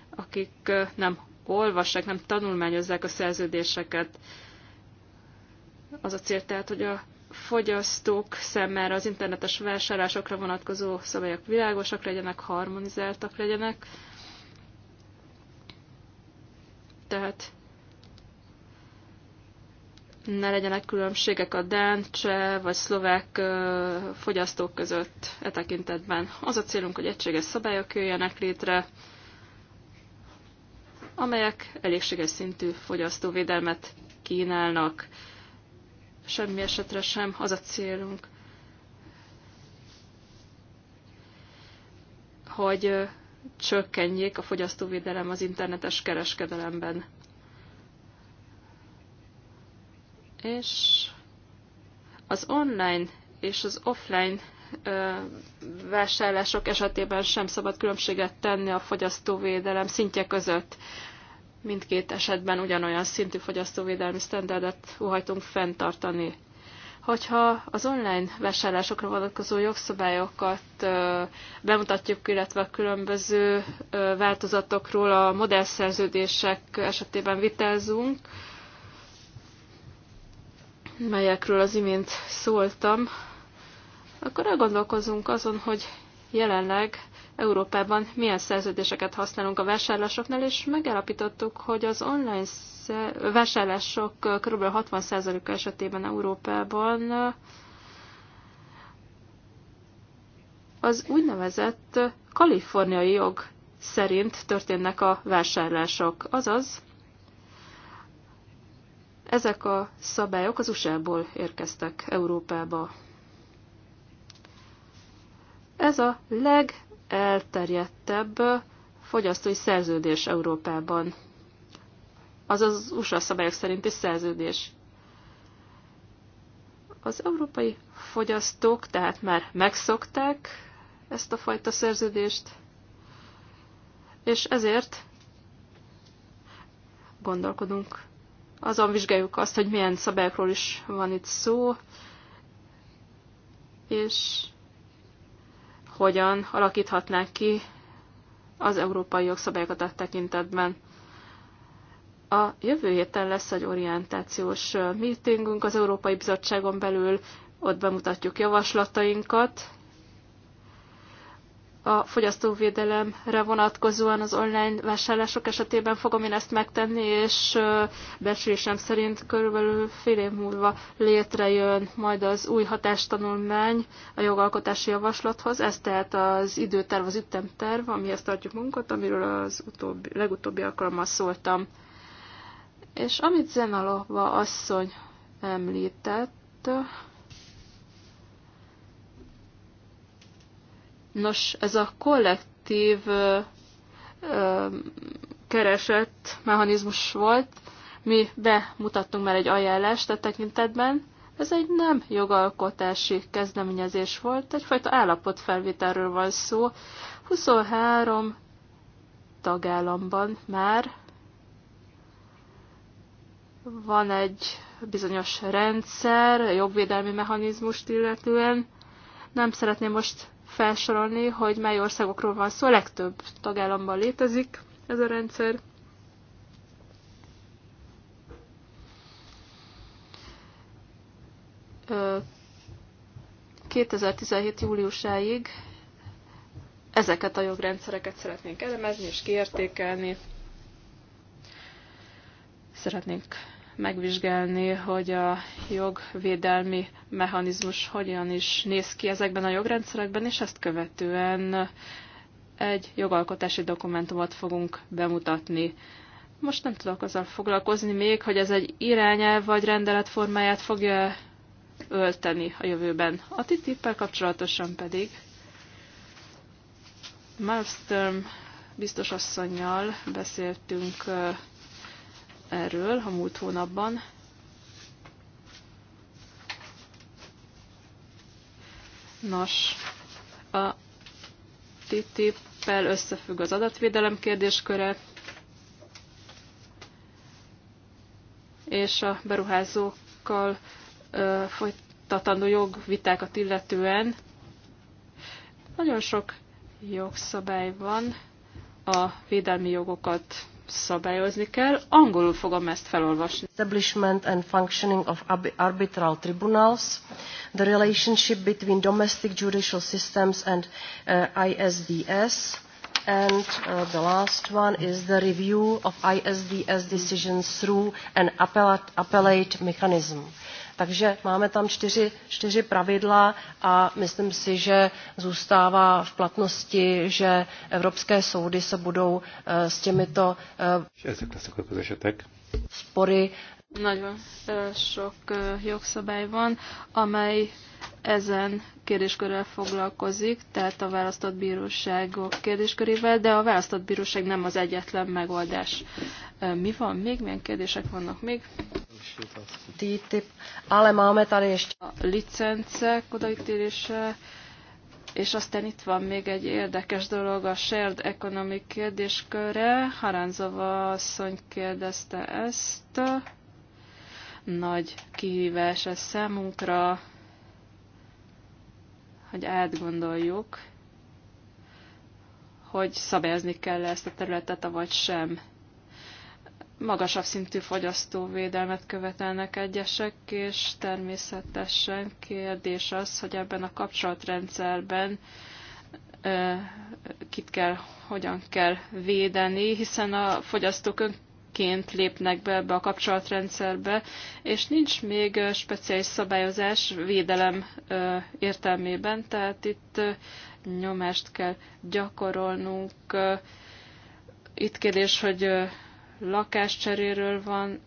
akik ö, nem olvassák, nem tanulmányozzák a szerződéseket. Az a cél tehát, hogy a fogyasztók szemmel az internetes vásárlásokra vonatkozó szabályok világosak legyenek, harmonizáltak legyenek. Tehát ne legyenek különbségek a Dán, Cseh vagy Szlovák fogyasztók között e tekintetben. Az a célunk, hogy egységes szabályok jöjjenek létre, amelyek elégséges szintű fogyasztóvédelmet kínálnak. Semmi esetre sem az a célunk, hogy csökkenjék a fogyasztóvédelem az internetes kereskedelemben. És az online és az offline vásárlások esetében sem szabad különbséget tenni a fogyasztóvédelem szintje között mindkét esetben ugyanolyan szintű fogyasztóvédelmi sztenderdet óhajtunk fenntartani. Hogyha az online vásárlásokra vonatkozó jogszabályokat bemutatjuk, illetve a különböző változatokról a modellszerződések esetében vitázunk, melyekről az imént szóltam, akkor elgondolkozunk azon, hogy jelenleg Európában milyen szerződéseket használunk a vásárlásoknál, és megállapítottuk, hogy az online vásárlások kb. 60%-a esetében Európában az úgynevezett kaliforniai jog szerint történnek a vásárlások, azaz ezek a szabályok az USA-ból érkeztek Európába. Ez a leg legelterjedtebb fogyasztói szerződés Európában. Azaz az USA szabályok szerinti szerződés. Az európai fogyasztók tehát már megszokták ezt a fajta szerződést, és ezért gondolkodunk, azon vizsgáljuk azt, hogy milyen szabályokról is van itt szó, és hogyan alakíthatnák ki az európai jogszabályokat a tekintetben. A jövő héten lesz egy orientációs meetingünk az Európai Bizottságon belül, ott bemutatjuk javaslatainkat, a fogyasztóvédelemre vonatkozóan az online vásárlások esetében fogom én ezt megtenni, és becsülésem szerint körülbelül fél év múlva létrejön majd az új hatástanulmány a jogalkotási javaslathoz. Ez tehát az időterv, az ütemterv, amihez tartjuk munkat, amiről az utóbbi, legutóbbi alkalommal szóltam. És amit Zenalova asszony említett, Nos, ez a kollektív ö, ö, keresett mechanizmus volt, mi bemutattunk már egy ajánlást a tekintetben, ez egy nem jogalkotási kezdeményezés volt, egyfajta állapotfelvételről van szó. 23 tagállamban már van egy bizonyos rendszer, jogvédelmi mechanizmust illetően. Nem szeretném most felsorolni, hogy mely országokról van szó, a legtöbb tagállamban létezik ez a rendszer. Ö, 2017. júliusáig ezeket a jogrendszereket szeretnénk elemezni és kiértékelni. Szeretnénk megvizsgálni, hogy a jogvédelmi mechanizmus hogyan is néz ki ezekben a jogrendszerekben, és ezt követően egy jogalkotási dokumentumot fogunk bemutatni. Most nem tudok azzal foglalkozni még, hogy ez egy irányelv vagy rendelet formáját fogja ölteni a jövőben. A ttip el kapcsolatosan pedig Malmström biztos asszonynal beszéltünk erről a múlt hónapban. Nos, a ttip el összefügg az adatvédelem kérdésköre, és a beruházókkal ö, folytatandó jogvitákat illetően nagyon sok jogszabály van a védelmi jogokat szabályozni kell. Angolul fogom ezt felolvasni. Establishment and functioning of arbitral tribunals, the relationship between domestic judicial systems and uh, ISDS, and uh, the last one is the review of ISDS decisions through an appellate, appellate mechanism takže máme tam čtyři, čtyři pravidla a myslím si že zůstává v platnosti že evropské soudy se budou eh, s těmito eh, spory nagyon sok jogszabály van, amely ezen kérdéskörrel foglalkozik, tehát a választott bíróságok kérdéskörével, de a választott bíróság nem az egyetlen megoldás. Mi van még? Milyen kérdések vannak még? TTIP, ale máme tady ještě... A licencek odaítélése, és aztán itt van még egy érdekes dolog, a shared economic kérdésköre. Haránzova asszony kérdezte ezt. Nagy kihívás ez számunkra, hogy átgondoljuk, hogy szabályozni kell ezt a területet, avagy sem. Magasabb szintű fogyasztóvédelmet követelnek egyesek, és természetesen kérdés az, hogy ebben a kapcsolatrendszerben kit kell, hogyan kell védeni, hiszen a fogyasztók tagként lépnek be ebbe a kapcsolatrendszerbe, és nincs még speciális szabályozás védelem értelmében, tehát itt nyomást kell gyakorolnunk. Itt kérdés, hogy lakáscseréről van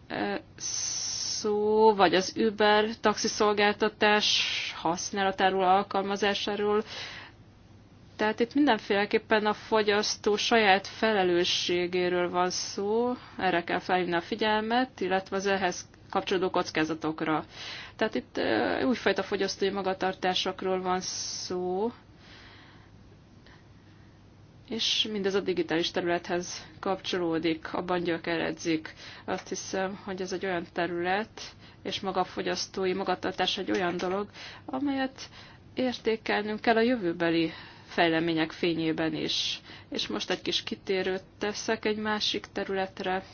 szó, vagy az Uber taxiszolgáltatás használatáról, alkalmazásáról, tehát itt mindenféleképpen a fogyasztó saját felelősségéről van szó, erre kell felhívni a figyelmet, illetve az ehhez kapcsolódó kockázatokra. Tehát itt újfajta fogyasztói magatartásokról van szó, és mindez a digitális területhez kapcsolódik, abban gyökeredzik. Azt hiszem, hogy ez egy olyan terület, és maga a fogyasztói magatartás egy olyan dolog, amelyet értékelnünk kell a jövőbeli fejlemények fényében is. És most egy kis kitérőt teszek egy másik területre.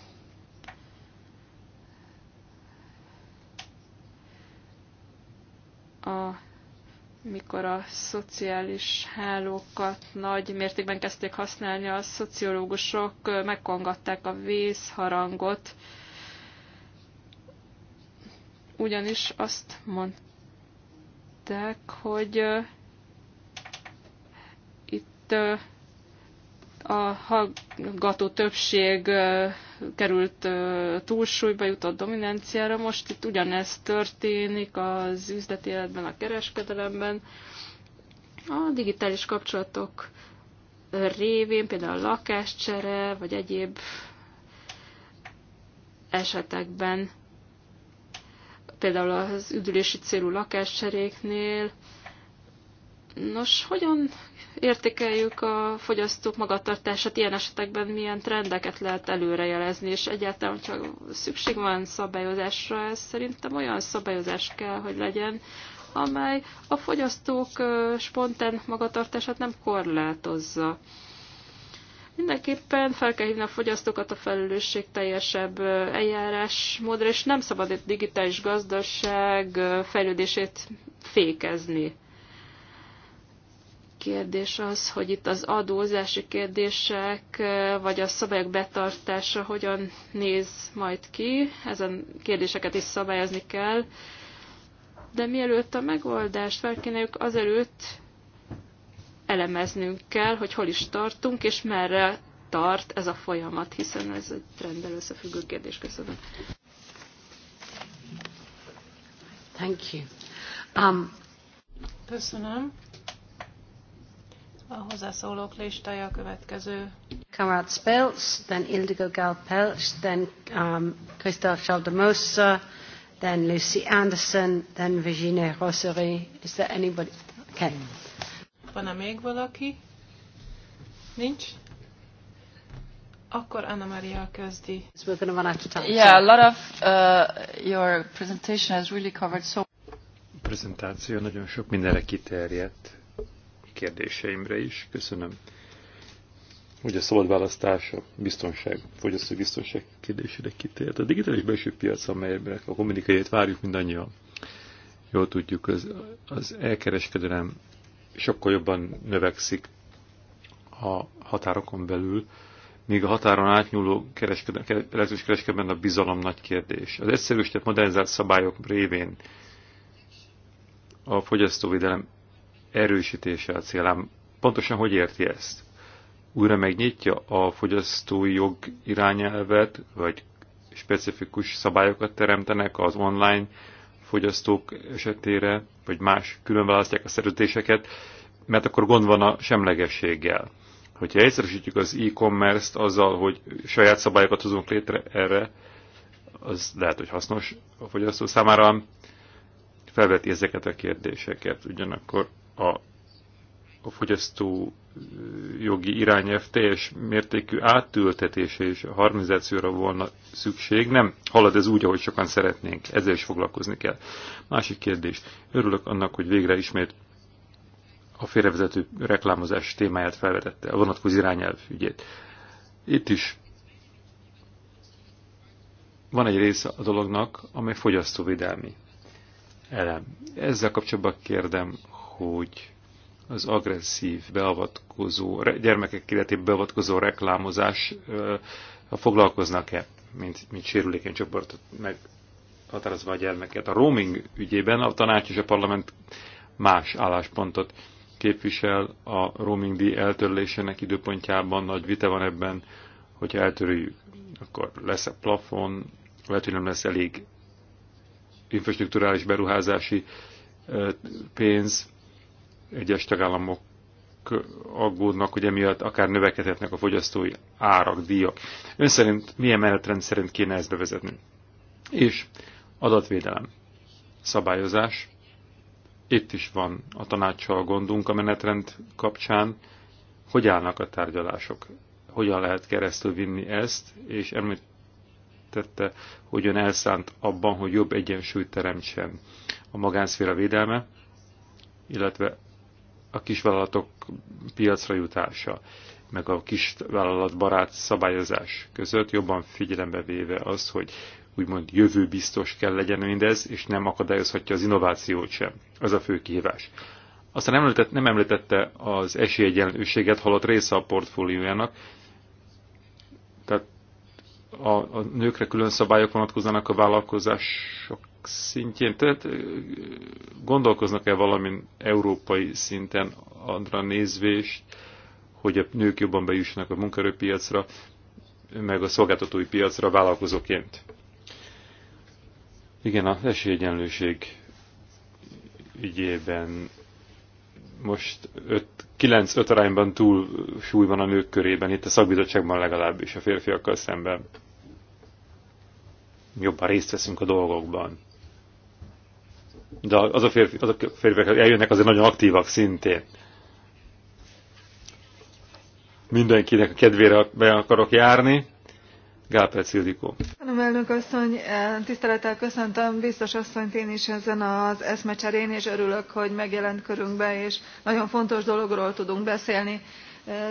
A, mikor a szociális hálókat nagy mértékben kezdték használni, a szociológusok megkongatták a vészharangot, ugyanis azt mondták, hogy itt a hallgató többség került túlsúlyba, jutott dominanciára. Most itt ugyanez történik az üzleti életben, a kereskedelemben. A digitális kapcsolatok révén, például a lakáscsere, vagy egyéb esetekben, például az üdülési célú lakáscseréknél. Nos, hogyan értékeljük a fogyasztók magatartását, ilyen esetekben milyen trendeket lehet előrejelezni, és egyáltalán csak szükség van szabályozásra, ez szerintem olyan szabályozás kell, hogy legyen, amely a fogyasztók spontán magatartását nem korlátozza. Mindenképpen fel kell hívni a fogyasztókat a felelősség teljesebb módra, és nem szabad egy digitális gazdaság fejlődését fékezni kérdés az, hogy itt az adózási kérdések, vagy a szabályok betartása hogyan néz majd ki. Ezen kérdéseket is szabályozni kell. De mielőtt a megoldást felkínáljuk, azelőtt elemeznünk kell, hogy hol is tartunk, és merre tart ez a folyamat, hiszen ez egy rendben összefüggő kérdés. Köszönöm. Thank you. Um, Köszönöm. A hozzászólók listája a következő. Karat Spelz, then Ildigo Galpelch, then um, Christophe Chaldemosa, then Lucy Anderson, then Virginie Rosary. Is there anybody? Okay. Van-e még valaki? Nincs? Akkor Anna Maria kezdi. We're going to run out of time. Yeah, a lot of uh, your presentation has really covered so. A prezentáció nagyon sok mindenre kiterjedt, kérdéseimre is. Köszönöm. Ugye a szabad választás, a biztonság, fogyasztói biztonság kérdésére kitért. A digitális belső piac, amelyben a kommunikáját várjuk mindannyian, jól tudjuk, az, az elkereskedelem sokkal jobban növekszik a határokon belül, míg a határon átnyúló kereskedelem, elektronikus kereskedelemben a bizalom nagy kérdés. Az egyszerűsített modernizált szabályok révén a fogyasztóvédelem erősítése a célám. pontosan hogy érti ezt? Újra megnyitja a fogyasztói jog irányelvet, vagy specifikus szabályokat teremtenek az online fogyasztók esetére, vagy más különválasztják a szerződéseket, mert akkor gond van a semlegességgel. Hogyha egyszerűsítjük az e-commerce-t azzal, hogy saját szabályokat hozunk létre erre, az lehet, hogy hasznos a fogyasztó számára, felveti ezeket a kérdéseket. Ugyanakkor a a fogyasztó jogi irányelv teljes mértékű átültetése és harmonizációra volna szükség. Nem halad ez úgy, ahogy sokan szeretnénk. Ezzel is foglalkozni kell. Másik kérdés. Örülök annak, hogy végre ismét a félrevezető reklámozás témáját felvetette, a vonatkozó irányelv ügyét. Itt is van egy része a dolognak, amely fogyasztóvédelmi elem. Ezzel kapcsolatban kérdem, hogy az agresszív, beavatkozó, gyermekek életében beavatkozó reklámozás foglalkoznak-e, mint, mint sérülékeny csoportot meghatározva a gyermeket. A roaming ügyében a tanács és a parlament más álláspontot képvisel a roaming díj eltörlésének időpontjában. Nagy vita van ebben, hogyha eltörüljük, akkor lesz a plafon, lehet, hogy nem lesz elég infrastruktúrális beruházási pénz, egyes tagállamok aggódnak, hogy emiatt akár növekedhetnek a fogyasztói árak, díjak. Ön szerint milyen menetrend szerint kéne ezt bevezetni? És adatvédelem, szabályozás. Itt is van a tanácssal gondunk a menetrend kapcsán. Hogy állnak a tárgyalások? Hogyan lehet keresztül vinni ezt? És említette, hogy ön elszánt abban, hogy jobb egyensúlyt teremtsen a magánszféra védelme, illetve a kisvállalatok piacra jutása, meg a kisvállalatbarát szabályozás között jobban figyelembe véve az, hogy úgymond jövőbiztos kell legyen mindez, és nem akadályozhatja az innovációt sem. Ez a fő kihívás. Aztán említett, nem említette az esélyegyenlőséget halott része a portfóliójának, a, a nőkre külön szabályok vonatkozzanak a vállalkozások szintjén. Tehát gondolkoznak-e valamin európai szinten adra nézvést, hogy a nők jobban bejussanak a munkaerőpiacra, meg a szolgáltatói piacra vállalkozóként? Igen, az esélyegyenlőség ügyében most 9-5 arányban túl súly van a nők körében, itt a szakbizottságban legalábbis a férfiakkal szemben jobban részt veszünk a dolgokban. De az a férfi, azok a férfiak eljönnek, azért nagyon aktívak szintén. Mindenkinek a kedvére be akarok járni. Gálperc Ildikó. Köszönöm, elnök asszony, eh, tisztelettel köszöntöm biztos asszonyt én is ezen az eszmecserén, és örülök, hogy megjelent körünkbe, és nagyon fontos dologról tudunk beszélni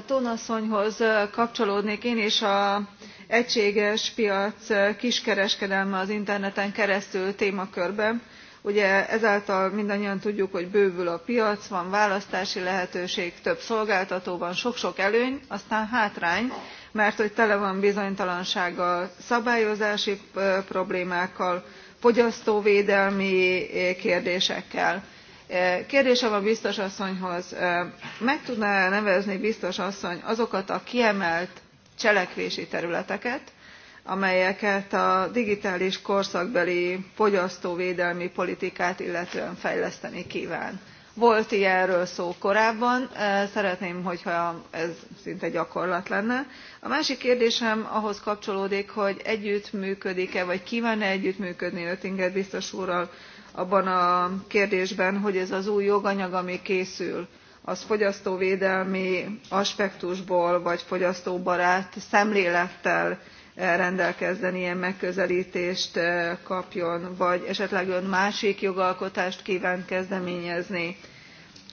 thun asszonyhoz kapcsolódnék én is az egységes piac kiskereskedelme az interneten keresztül témakörben. ugye ezáltal mindannyian tudjuk hogy bővül a piac van választási lehetőség több szolgáltató van sok sok előny aztán hátrány mert hogy tele van bizonytalansággal szabályozási problémákkal fogyasztóvédelmi kérdésekkel kérdésem a biztos asszonyhoz meg tudná e nevezni biztos asszony azokat a kiemelt cselekvési területeket amelyeket a digitális korszakbeli fogyasztóvédelmi politikát illetően fejleszteni kván? volt ilyenről szó korábban szeretném hogyha ez szinte gyakorlat lenne. a másik kérdésem ahhoz kapcsolódik hogy együttműködik e vagy kván e együttműködni oettinger biztos úrral abban a kérdésben hogy ez az új joganyag ami készül az fogyasztóvédelmi aspektusból vagy fogyasztóbarát szemlélettel eh, rendelkezzen ilyen megközeltést eh, kapjon vagy esetleg ön másik jogalkotást kván kezdeményezni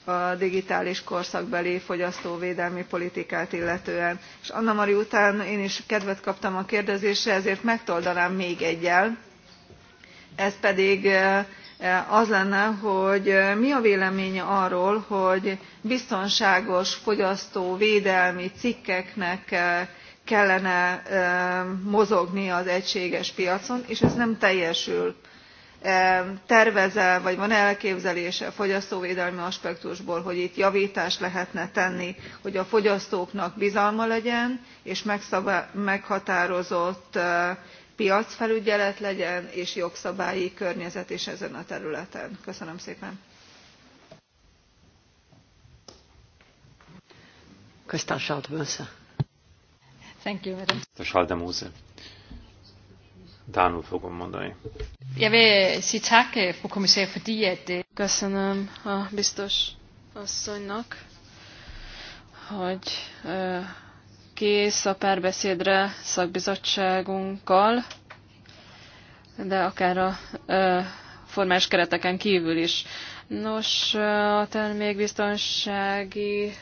a digitális korszakbeli fogyasztóvédelmi politikát illetően. és anna mari után én is kedvet kaptam a kérdezésre ezért megtoldanám még eggyel ez pedig eh, Eh, az lenne hogy eh, mi a véleménye arról hogy biztonságos fogyasztóvédelmi cikkeknek eh, kellene mozogni az egységes piacon és ez nem teljesül. tervez e vagy van e elképzelése fogyasztóvédelmi aspektusból hogy itt javtást lehetne tenni hogy a fogyasztóknak bizalma legyen és meghatározott piacfelügyelet legyen és jogszabályi környezet is ezen a területen. köszönöm szépen! Köszönöm, Thank you, Dánul fogom mondani. Øh, øh, köszönöm a biztos asszonynak, hogy kész a párbeszédre szakbizottságunkkal, de akár a ö, formás kereteken kívül is. Nos, a termékbiztonsági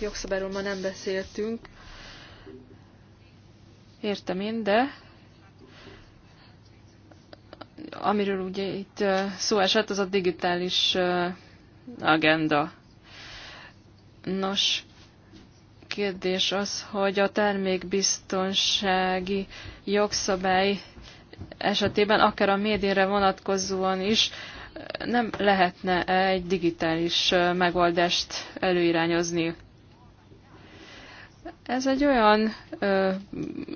jogszabályról ma nem beszéltünk. Értem én, de amiről ugye itt szó esett, az a digitális agenda. Nos, kérdés az, hogy a termékbiztonsági jogszabály esetében, akár a médiére vonatkozóan is, nem lehetne egy digitális megoldást előirányozni. Ez egy olyan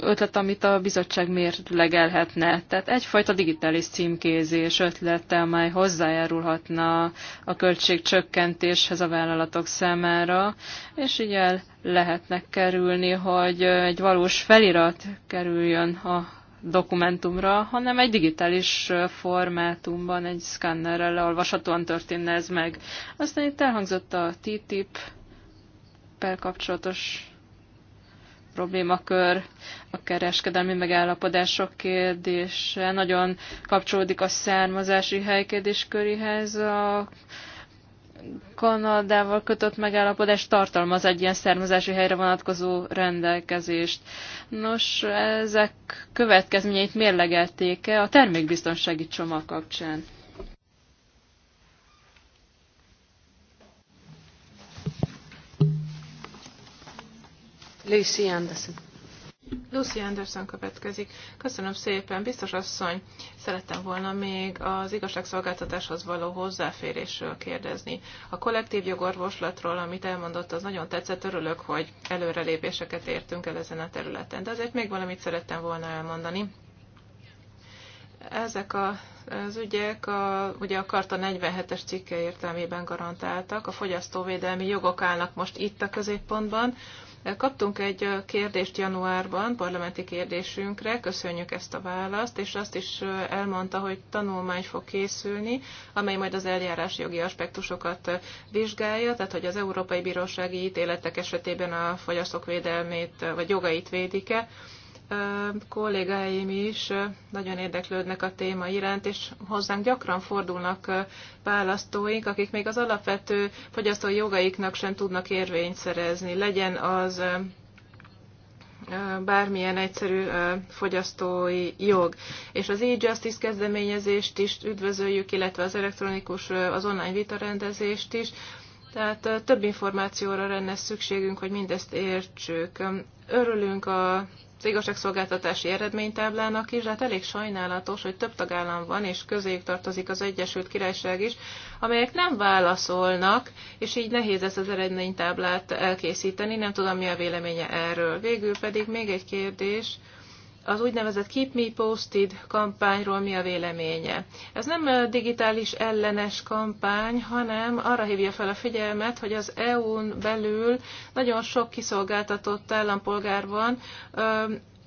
ötlet, amit a bizottság mérlegelhetne. Tehát egyfajta digitális címkézés ötlete, amely hozzájárulhatna a költségcsökkentéshez a vállalatok számára, és így el lehetne kerülni, hogy egy valós felirat kerüljön a dokumentumra, hanem egy digitális formátumban, egy szkannerrel leolvashatóan történne ez meg. Aztán itt elhangzott a ttip per kapcsolatos problémakör a kereskedelmi megállapodások kérdése. Nagyon kapcsolódik a származási helykedés köréhez. A Kanadával kötött megállapodás tartalmaz egy ilyen származási helyre vonatkozó rendelkezést. Nos, ezek következményeit mérlegelték-e a termékbiztonsági csomag kapcsán? Lucy Anderson. Lucy Anderson következik. Köszönöm szépen, biztos asszony. Szerettem volna még az igazságszolgáltatáshoz való hozzáférésről kérdezni. A kollektív jogorvoslatról, amit elmondott, az nagyon tetszett. Örülök, hogy előrelépéseket értünk el ezen a területen. De azért még valamit szerettem volna elmondani. Ezek a, az ügyek a, ugye a Karta 47-es cikke értelmében garantáltak. A fogyasztóvédelmi jogok állnak most itt a középpontban Kaptunk egy kérdést januárban, parlamenti kérdésünkre, köszönjük ezt a választ, és azt is elmondta, hogy tanulmány fog készülni, amely majd az eljárás jogi aspektusokat vizsgálja, tehát hogy az Európai Bírósági ítéletek esetében a fogyasztók védelmét vagy jogait védik-e kollégáim is nagyon érdeklődnek a téma iránt, és hozzánk gyakran fordulnak választóink, akik még az alapvető fogyasztói jogaiknak sem tudnak érvényt szerezni. Legyen az bármilyen egyszerű fogyasztói jog. És az e-justice kezdeményezést is üdvözöljük, illetve az elektronikus, az online vitarendezést is. Tehát több információra lenne szükségünk, hogy mindezt értsük. Örülünk a az igazságszolgáltatási eredménytáblának is, hát elég sajnálatos, hogy több tagállam van, és közéjük tartozik az Egyesült Királyság is, amelyek nem válaszolnak, és így nehéz ezt az eredménytáblát elkészíteni, nem tudom, mi a véleménye erről. Végül pedig még egy kérdés, az úgynevezett Keep Me Posted kampányról mi a véleménye. Ez nem digitális ellenes kampány, hanem arra hívja fel a figyelmet, hogy az EU-n belül nagyon sok kiszolgáltatott állampolgár van,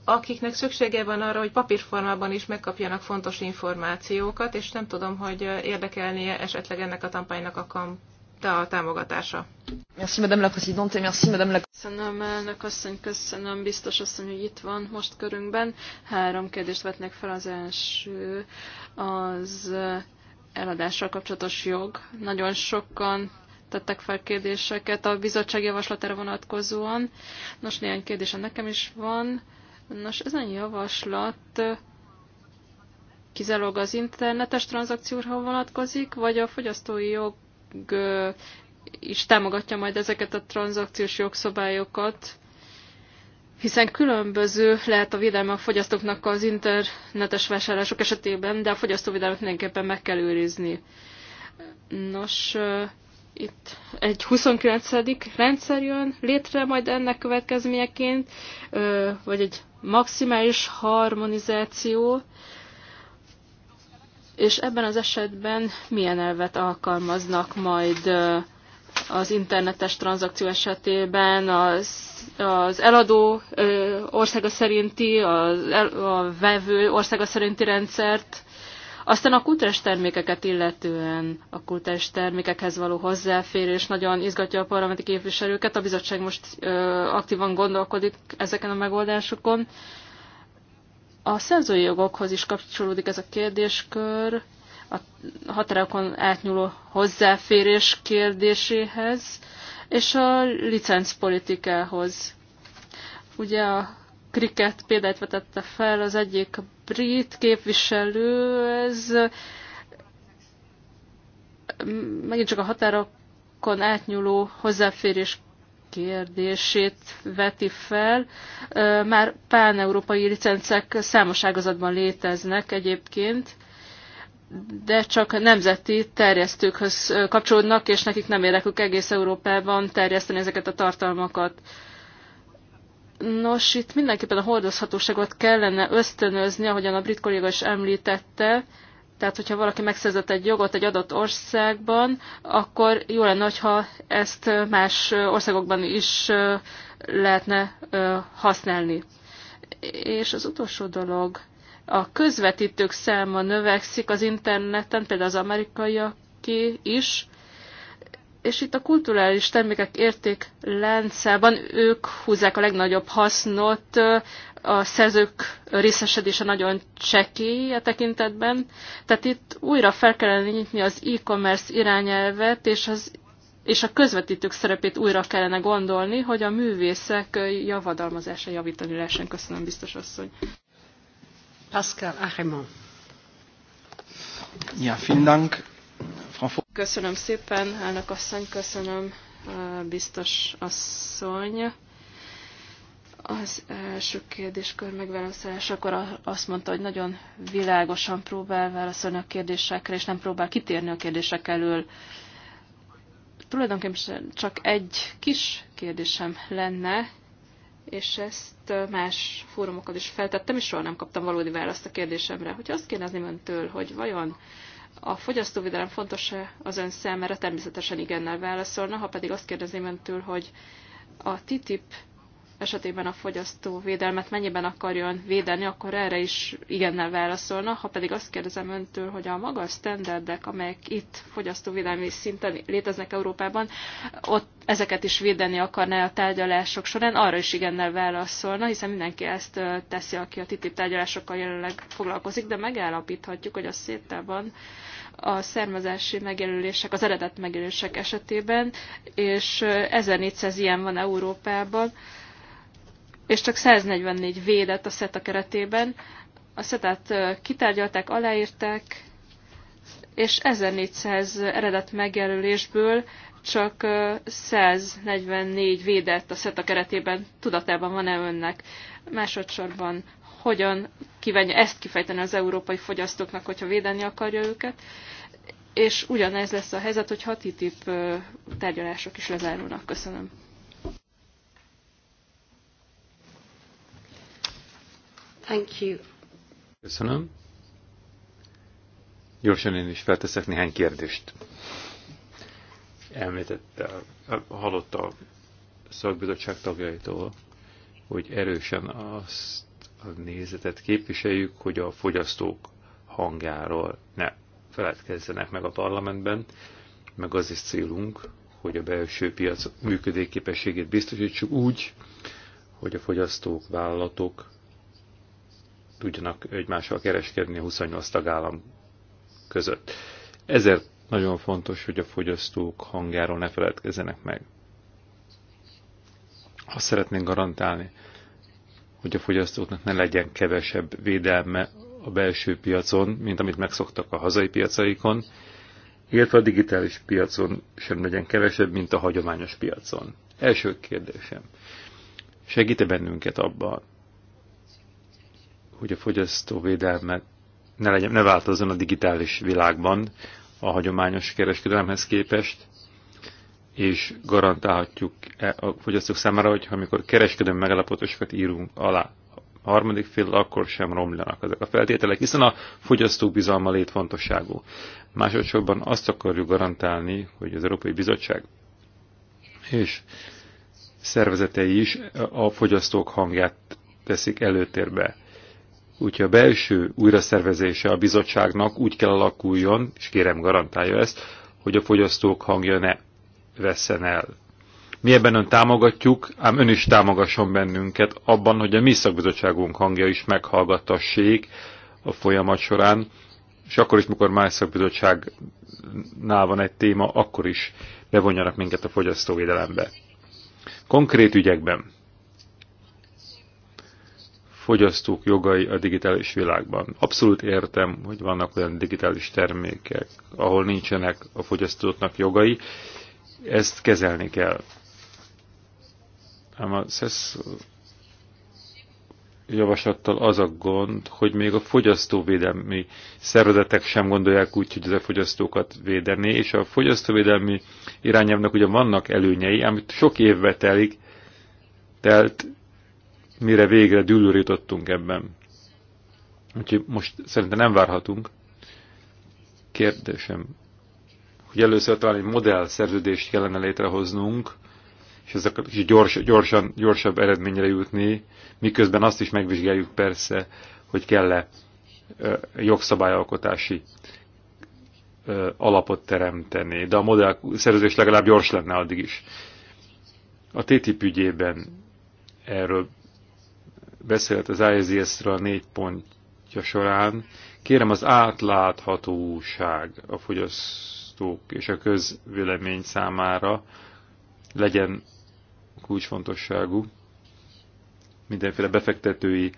akiknek szüksége van arra, hogy papírformában is megkapjanak fontos információkat, és nem tudom, hogy érdekelnie esetleg ennek a kampánynak a, kamp- a támogatása. Merci, Madame la Présidente, et merci, Madame la... Köszönöm, elnök asszony, köszönöm, biztos asszony, hogy itt van most körünkben. Három kérdést vetnek fel az első, az eladással kapcsolatos jog. Nagyon sokan tettek fel kérdéseket a bizottság javaslatára vonatkozóan. Nos, néhány kérdése nekem is van. Nos, ezen javaslat kizárólag az internetes tranzakcióra vonatkozik, vagy a fogyasztói jog is támogatja majd ezeket a tranzakciós jogszabályokat, hiszen különböző lehet a védelme a fogyasztóknak az internetes vásárlások esetében, de a fogyasztóvédelmet mindenképpen meg kell őrizni. Nos, itt egy 29. rendszer jön létre majd ennek következményeként, vagy egy maximális harmonizáció, és ebben az esetben milyen elvet alkalmaznak majd az internetes tranzakció esetében az, az eladó országa szerinti, a, a vevő országa szerinti rendszert, aztán a kultúrás termékeket illetően a kultúrás termékekhez való hozzáférés nagyon izgatja a parlamenti képviselőket. A bizottság most ö, aktívan gondolkodik ezeken a megoldásokon. Ö, a szerzői jogokhoz is kapcsolódik ez a kérdéskör, a határokon átnyúló hozzáférés kérdéséhez, és a licencpolitikához. Ugye a kriket példát vetette fel az egyik brit képviselő, ez megint csak a határokon átnyúló hozzáférés kérdését veti fel. Már pán-európai licencek számos ágazatban léteznek egyébként, de csak nemzeti terjesztőkhöz kapcsolódnak, és nekik nem érdekük egész Európában terjeszteni ezeket a tartalmakat. Nos, itt mindenképpen a hordozhatóságot kellene ösztönözni, ahogyan a brit kolléga is említette, tehát, hogyha valaki megszerzett egy jogot egy adott országban, akkor jó lenne, hogyha ezt más országokban is lehetne használni. És az utolsó dolog, a közvetítők száma növekszik az interneten, például az amerikaiaké is, és itt a kulturális termékek érték láncában ők húzzák a legnagyobb hasznot a szerzők részesedése nagyon csekély a tekintetben, tehát itt újra fel kellene nyitni az e-commerce irányelvet, és, az, és a közvetítők szerepét újra kellene gondolni, hogy a művészek javadalmazása javítani lehessen. Köszönöm, biztos asszony. Pascal Aremont. Ja, vielen Dank. Köszönöm szépen, elnök asszony, köszönöm, biztos asszony. Az első kérdéskör megválaszolásakor azt mondta, hogy nagyon világosan próbál válaszolni a kérdésekre, és nem próbál kitérni a kérdések elől. Tulajdonképpen csak egy kis kérdésem lenne, és ezt más fórumokat is feltettem, és soha nem kaptam valódi választ a kérdésemre. Hogyha azt kérdezném öntől, hogy vajon a fogyasztóvédelem fontos-e az ön számára, természetesen igennel válaszolna, ha pedig azt kérdezném öntől, hogy a TTIP esetében a fogyasztó védelmet mennyiben akarjon védeni, akkor erre is igennel válaszolna. Ha pedig azt kérdezem öntől, hogy a magas standardek, amelyek itt fogyasztóvédelmi szinten léteznek Európában, ott ezeket is védeni akarná a tárgyalások során, arra is igennel válaszolna, hiszen mindenki ezt teszi, aki a TTIP tárgyalásokkal jelenleg foglalkozik, de megállapíthatjuk, hogy a szétában a származási megjelölések, az eredet megjelölések esetében, és 1400 ilyen van Európában, és csak 144 védett a SETA keretében. A SETA-t kitárgyalták, aláírták, és 1400 eredet megjelölésből csak 144 védett a SETA keretében. Tudatában van-e önnek? Másodszorban hogyan kívánja ezt kifejteni az európai fogyasztóknak, hogyha védeni akarja őket? És ugyanez lesz a helyzet, hogy hat tárgyalások is lezárulnak. Köszönöm. Thank you. Köszönöm. Gyorsan én is felteszek néhány kérdést. Említette, hallott a szakbizottság tagjaitól, hogy erősen azt a nézetet képviseljük, hogy a fogyasztók hangjáról ne feledkezzenek meg a parlamentben, meg az is célunk, hogy a belső piac működőképességét biztosítsuk úgy, hogy a fogyasztók, vállalatok tudjanak egymással kereskedni a 28 tagállam között. Ezért nagyon fontos, hogy a fogyasztók hangjáról ne feledkezzenek meg. Azt szeretnénk garantálni, hogy a fogyasztóknak ne legyen kevesebb védelme a belső piacon, mint amit megszoktak a hazai piacaikon, illetve a digitális piacon sem legyen kevesebb, mint a hagyományos piacon. Első kérdésem. Segíte bennünket abban, hogy a fogyasztóvédelme ne, legyen, ne változzon a digitális világban a hagyományos kereskedelemhez képest, és garantálhatjuk -e a fogyasztók számára, hogy amikor kereskedelmi megalapotosokat írunk alá a harmadik fél, akkor sem romlanak ezek a feltételek, hiszen a fogyasztók bizalma létfontosságú. Másodszorban azt akarjuk garantálni, hogy az Európai Bizottság és szervezetei is a fogyasztók hangját teszik előtérbe. Úgyhogy a belső újraszervezése a bizottságnak úgy kell alakuljon, és kérem garantálja ezt, hogy a fogyasztók hangja ne vesszen el. Mi ebben ön támogatjuk, ám ön is támogasson bennünket abban, hogy a mi szakbizottságunk hangja is meghallgattassék a folyamat során, és akkor is, mikor más szakbizottságnál van egy téma, akkor is bevonjanak minket a fogyasztóvédelembe. Konkrét ügyekben fogyasztók jogai a digitális világban. Abszolút értem, hogy vannak olyan digitális termékek, ahol nincsenek a fogyasztóknak jogai, ezt kezelni kell. Ám a SESZ javaslattal az a gond, hogy még a fogyasztóvédelmi szervezetek sem gondolják úgy, hogy ez a fogyasztókat védené, és a fogyasztóvédelmi irányelvnek ugye vannak előnyei, amit sok évbe telik, telt, mire végre dűlőrítottunk ebben. Úgyhogy most szerintem nem várhatunk. Kérdésem, hogy először talán egy modell szerződést kellene létrehoznunk, és ezek is gyors, gyorsan, gyorsabb eredményre jutni, miközben azt is megvizsgáljuk persze, hogy kell-e jogszabályalkotási alapot teremteni, de a modell szerződés legalább gyors lenne addig is. A TTIP ügyében erről beszélt az ISDS-ről négy pontja során. Kérem az átláthatóság a fogyasztók és a közvélemény számára legyen kulcsfontosságú mindenféle befektetői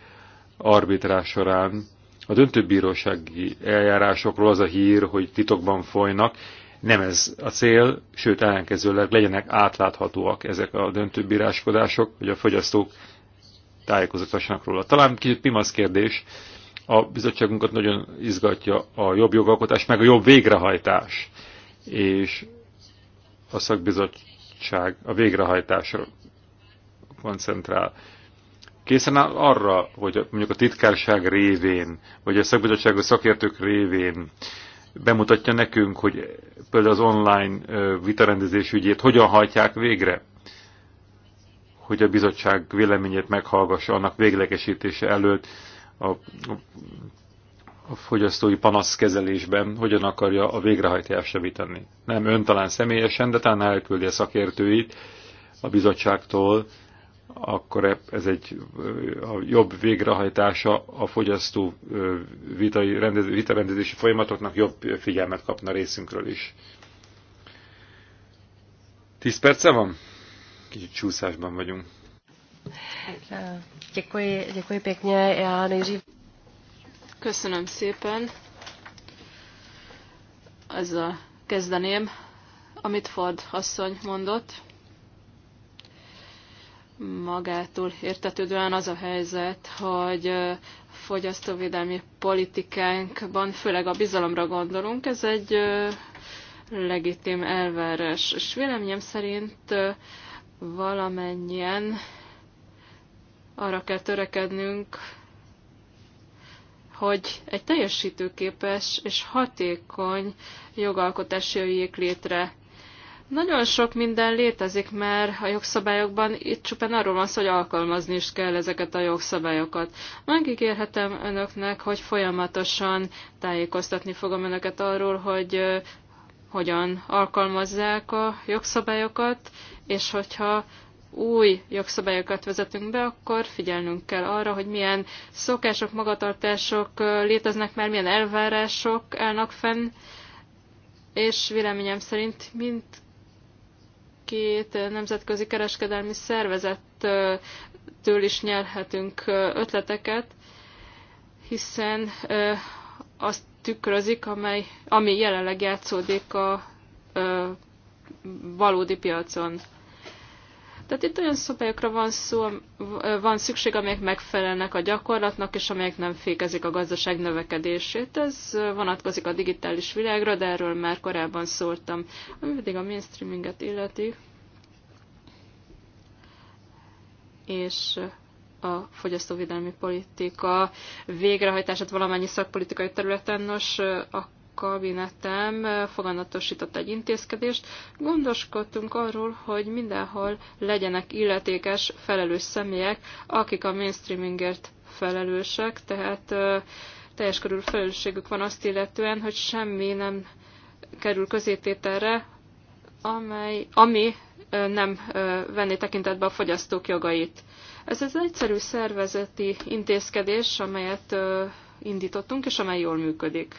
arbitrás során. A döntőbírósági eljárásokról az a hír, hogy titokban folynak, nem ez a cél, sőt ellenkezőleg legyenek átláthatóak ezek a döntőbíráskodások, hogy a fogyasztók tájékozatosanak róla. Talán kicsit pimasz kérdés, a bizottságunkat nagyon izgatja a jobb jogalkotás, meg a jobb végrehajtás, és a szakbizottság a végrehajtásra koncentrál. Készen áll arra, hogy mondjuk a titkárság révén, vagy a szakbizottság a szakértők révén bemutatja nekünk, hogy például az online vitarendezés ügyét hogyan hajtják végre hogy a bizottság véleményét meghallgassa annak véglegesítése előtt a, a fogyasztói panaszkezelésben, hogyan akarja a végrehajtást javítani. Nem ön talán személyesen, de talán elküldi a szakértőit a bizottságtól, akkor e- ez egy a jobb végrehajtása a fogyasztó vitai, rendez, vitarendezési folyamatoknak jobb figyelmet kapna részünkről is. Tíz perce van? kicsit csúszásban vagyunk. Děkuji, děkuji pěkně. Já nejdřív... Köszönöm szépen. Ez a kezdeném, amit Ford asszony mondott. Magától értetődően az a helyzet, hogy fogyasztóvédelmi politikánkban főleg a bizalomra gondolunk. Ez egy legitim elvárás. És véleményem szerint valamennyien arra kell törekednünk, hogy egy teljesítőképes és hatékony jogalkotás jöjjék létre. Nagyon sok minden létezik mert a jogszabályokban, itt csupán arról van szó, hogy alkalmazni is kell ezeket a jogszabályokat. Megígérhetem önöknek, hogy folyamatosan tájékoztatni fogom önöket arról, hogy hogyan alkalmazzák a jogszabályokat, és hogyha új jogszabályokat vezetünk be, akkor figyelnünk kell arra, hogy milyen szokások, magatartások léteznek már, milyen elvárások állnak fenn, és véleményem szerint mindkét nemzetközi kereskedelmi szervezettől is nyerhetünk ötleteket, hiszen azt tükrözik, amely, ami jelenleg játszódik a ö, valódi piacon. Tehát itt olyan szabályokra van, szó, van szükség, amelyek megfelelnek a gyakorlatnak, és amelyek nem fékezik a gazdaság növekedését. Ez vonatkozik a digitális világra, de erről már korábban szóltam. Ami pedig a mainstreaminget illeti. És a fogyasztóvédelmi politika végrehajtását valamennyi szakpolitikai területen. Nos, a kabinetem fogadatosított egy intézkedést. Gondoskodtunk arról, hogy mindenhol legyenek illetékes, felelős személyek, akik a mainstreamingért felelősek, tehát teljes körül felelősségük van azt illetően, hogy semmi nem kerül közététerre, amely, ami nem venni tekintetbe a fogyasztók jogait. Ez egy egyszerű szervezeti intézkedés, amelyet indítottunk, és amely jól működik.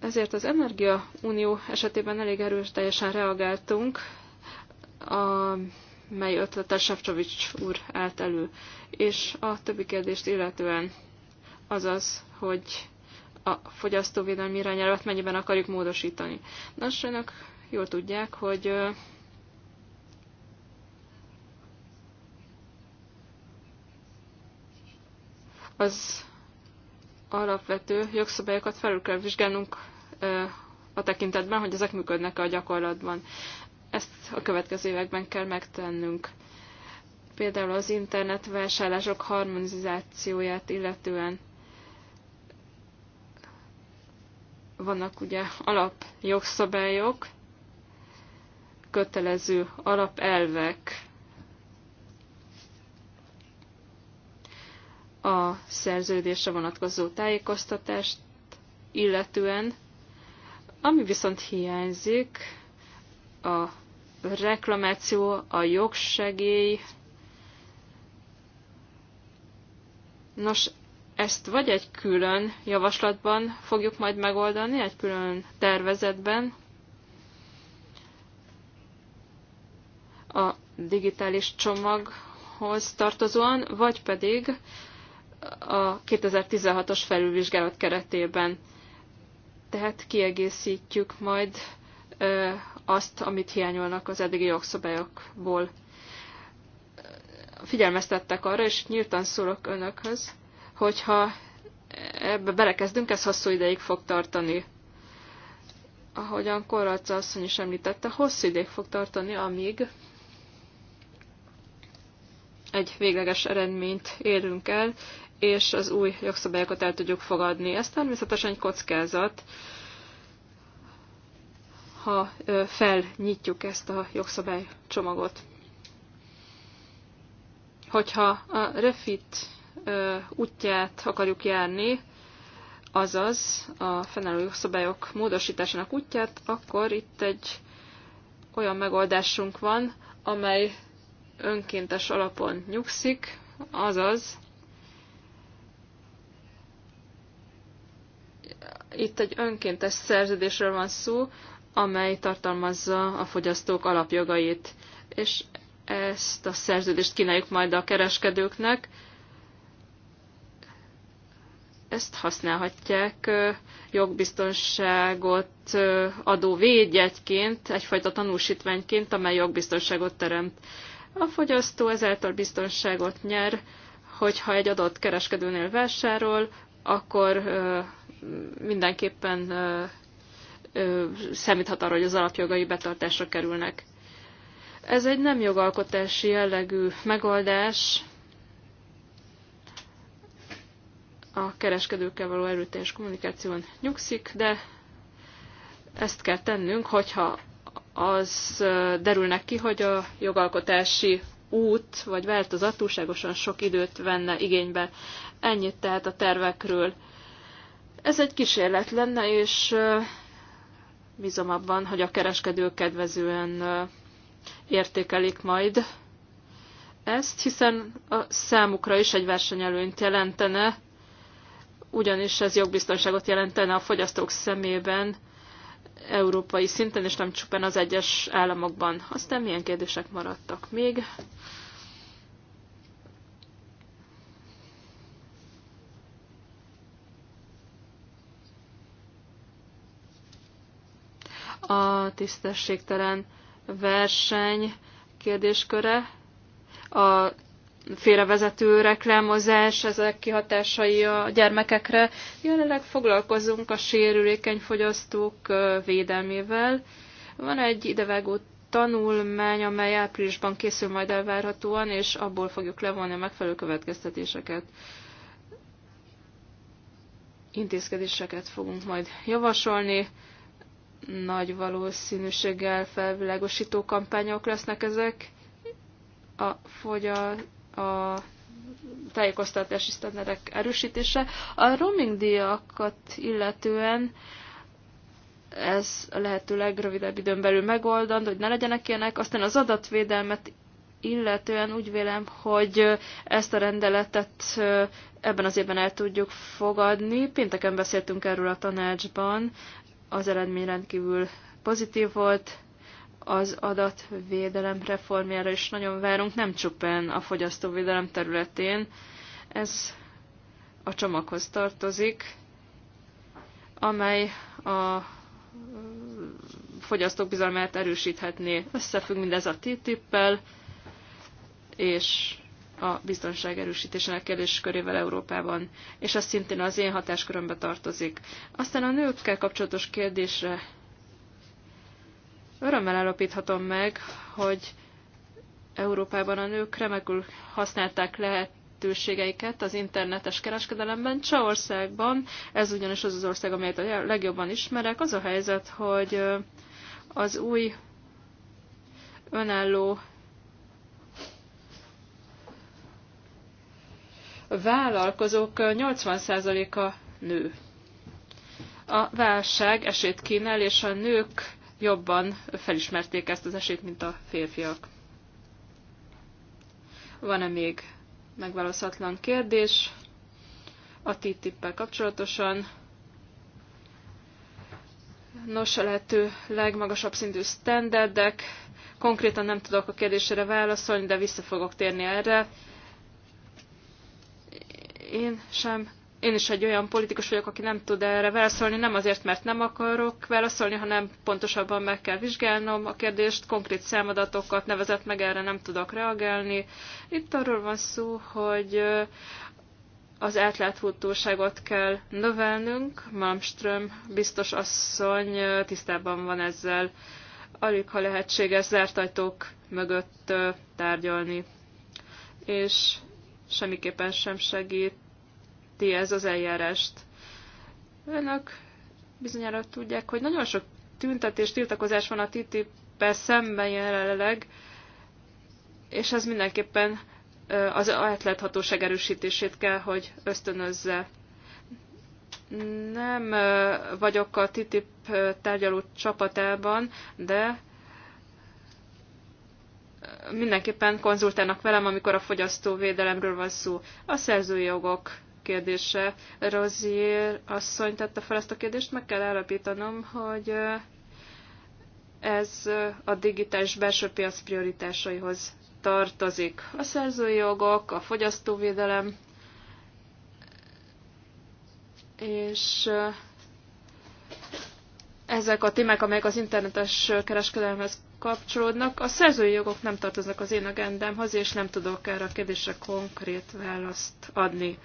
Ezért az Energia Unió esetében elég erős teljesen reagáltunk, a, mely ötletel Sefcsovics úr állt elő. És a többi kérdést illetően az az, hogy a fogyasztóvédelmi irányelvet mennyiben akarjuk módosítani. Nos, önök jól tudják, hogy az alapvető jogszabályokat felül kell vizsgálnunk a tekintetben, hogy ezek működnek-e a gyakorlatban. Ezt a következő években kell megtennünk. Például az vásárlások harmonizációját illetően vannak ugye alap jogszabályok, kötelező alapelvek, a szerződésre vonatkozó tájékoztatást illetően, ami viszont hiányzik, a reklamáció, a jogsegély. Nos, ezt vagy egy külön javaslatban fogjuk majd megoldani, egy külön tervezetben, a digitális csomaghoz tartozóan, vagy pedig a 2016-os felülvizsgálat keretében. Tehát kiegészítjük majd azt, amit hiányolnak az eddigi jogszabályokból. Figyelmeztettek arra, és nyíltan szólok önökhöz, hogyha ebbe belekezdünk, ez hosszú ideig fog tartani. Ahogyan Korraca asszony is említette, hosszú ideig fog tartani, amíg egy végleges eredményt érünk el, és az új jogszabályokat el tudjuk fogadni. Ez természetesen egy kockázat, ha felnyitjuk ezt a jogszabálycsomagot. Hogyha a refit útját akarjuk járni, azaz a fennálló jogszabályok módosításának útját, akkor itt egy olyan megoldásunk van, amely önkéntes alapon nyugszik, azaz itt egy önkéntes szerződésről van szó, amely tartalmazza a fogyasztók alapjogait, és ezt a szerződést kínáljuk majd a kereskedőknek. Ezt használhatják jogbiztonságot adó védjegyként, egyfajta tanúsítványként, amely jogbiztonságot teremt. A fogyasztó ezáltal biztonságot nyer, hogyha egy adott kereskedőnél vásárol, akkor mindenképpen számíthat arra, hogy az alapjogai betartásra kerülnek. Ez egy nem jogalkotási jellegű megoldás a kereskedőkkel való erőteljes kommunikáción nyugszik, de ezt kell tennünk, hogyha az derülnek ki, hogy a jogalkotási út vagy változat túlságosan sok időt venne igénybe. Ennyit tehát a tervekről. Ez egy kísérlet lenne, és bízom abban, hogy a kereskedők kedvezően értékelik majd ezt, hiszen a számukra is egy versenyelőnyt jelentene, ugyanis ez jogbiztonságot jelentene a fogyasztók szemében, európai szinten, és nem csupán az egyes államokban. Aztán milyen kérdések maradtak még? A tisztességtelen verseny kérdésköre, a félrevezető reklámozás, ezek kihatásai a gyermekekre. Jelenleg foglalkozunk a sérülékeny fogyasztók védelmével. Van egy idevágó tanulmány, amely áprilisban készül majd elvárhatóan, és abból fogjuk levonni a megfelelő következtetéseket. Intézkedéseket fogunk majd javasolni. Nagy valószínűséggel felvilágosító kampányok lesznek ezek. A fogyasztók a tájékoztatási sztenderek erősítése. A roaming díjakat illetően ez a lehető legrövidebb időn belül megoldandó, hogy ne legyenek ilyenek. Aztán az adatvédelmet illetően úgy vélem, hogy ezt a rendeletet ebben az évben el tudjuk fogadni. Pénteken beszéltünk erről a tanácsban, az eredmény rendkívül pozitív volt, az adatvédelem reformjára is nagyon várunk, nem csupán a fogyasztóvédelem területén. Ez a csomaghoz tartozik, amely a fogyasztók bizalmát erősíthetné. Összefügg mindez a TTIP-pel és a biztonság erősítésének körével Európában, és ez szintén az én hatáskörömbe tartozik. Aztán a nőkkel kapcsolatos kérdésre Örömmel állapíthatom meg, hogy Európában a nők remekül használták lehetőségeiket az internetes kereskedelemben. Csehországban, ez ugyanis az az ország, amelyet a legjobban ismerek, az a helyzet, hogy az új önálló vállalkozók 80%-a nő. A válság esét kínál, és a nők jobban felismerték ezt az esélyt, mint a férfiak. Van-e még megválaszatlan kérdés a TTIP-pel kapcsolatosan? Nos, a lehető legmagasabb szintű standardek. Konkrétan nem tudok a kérdésre válaszolni, de vissza fogok térni erre. Én sem én is egy olyan politikus vagyok, aki nem tud erre válaszolni, nem azért, mert nem akarok válaszolni, hanem pontosabban meg kell vizsgálnom a kérdést, konkrét számadatokat nevezett meg, erre nem tudok reagálni. Itt arról van szó, hogy az átláthatóságot kell növelnünk. Malmström biztos asszony tisztában van ezzel. Alig, ha lehetséges, zárt ajtók mögött tárgyalni. És semmiképpen sem segít segíti ez az eljárást. Önök bizonyára tudják, hogy nagyon sok tüntetés, tiltakozás van a TTIP-el szemben jelenleg, és ez mindenképpen az átláthatóság erősítését kell, hogy ösztönözze. Nem vagyok a TTIP tárgyaló csapatában, de mindenképpen konzultálnak velem, amikor a fogyasztóvédelemről van szó. A szerzői jogok kérdése. Rozier asszony tette fel ezt a kérdést, meg kell állapítanom, hogy ez a digitális belső piac prioritásaihoz tartozik. A szerzői jogok, a fogyasztóvédelem, és ezek a témák, amelyek az internetes kereskedelemhez kapcsolódnak, a szerzői jogok nem tartoznak az én agendámhoz, és nem tudok erre a kérdésre konkrét választ adni.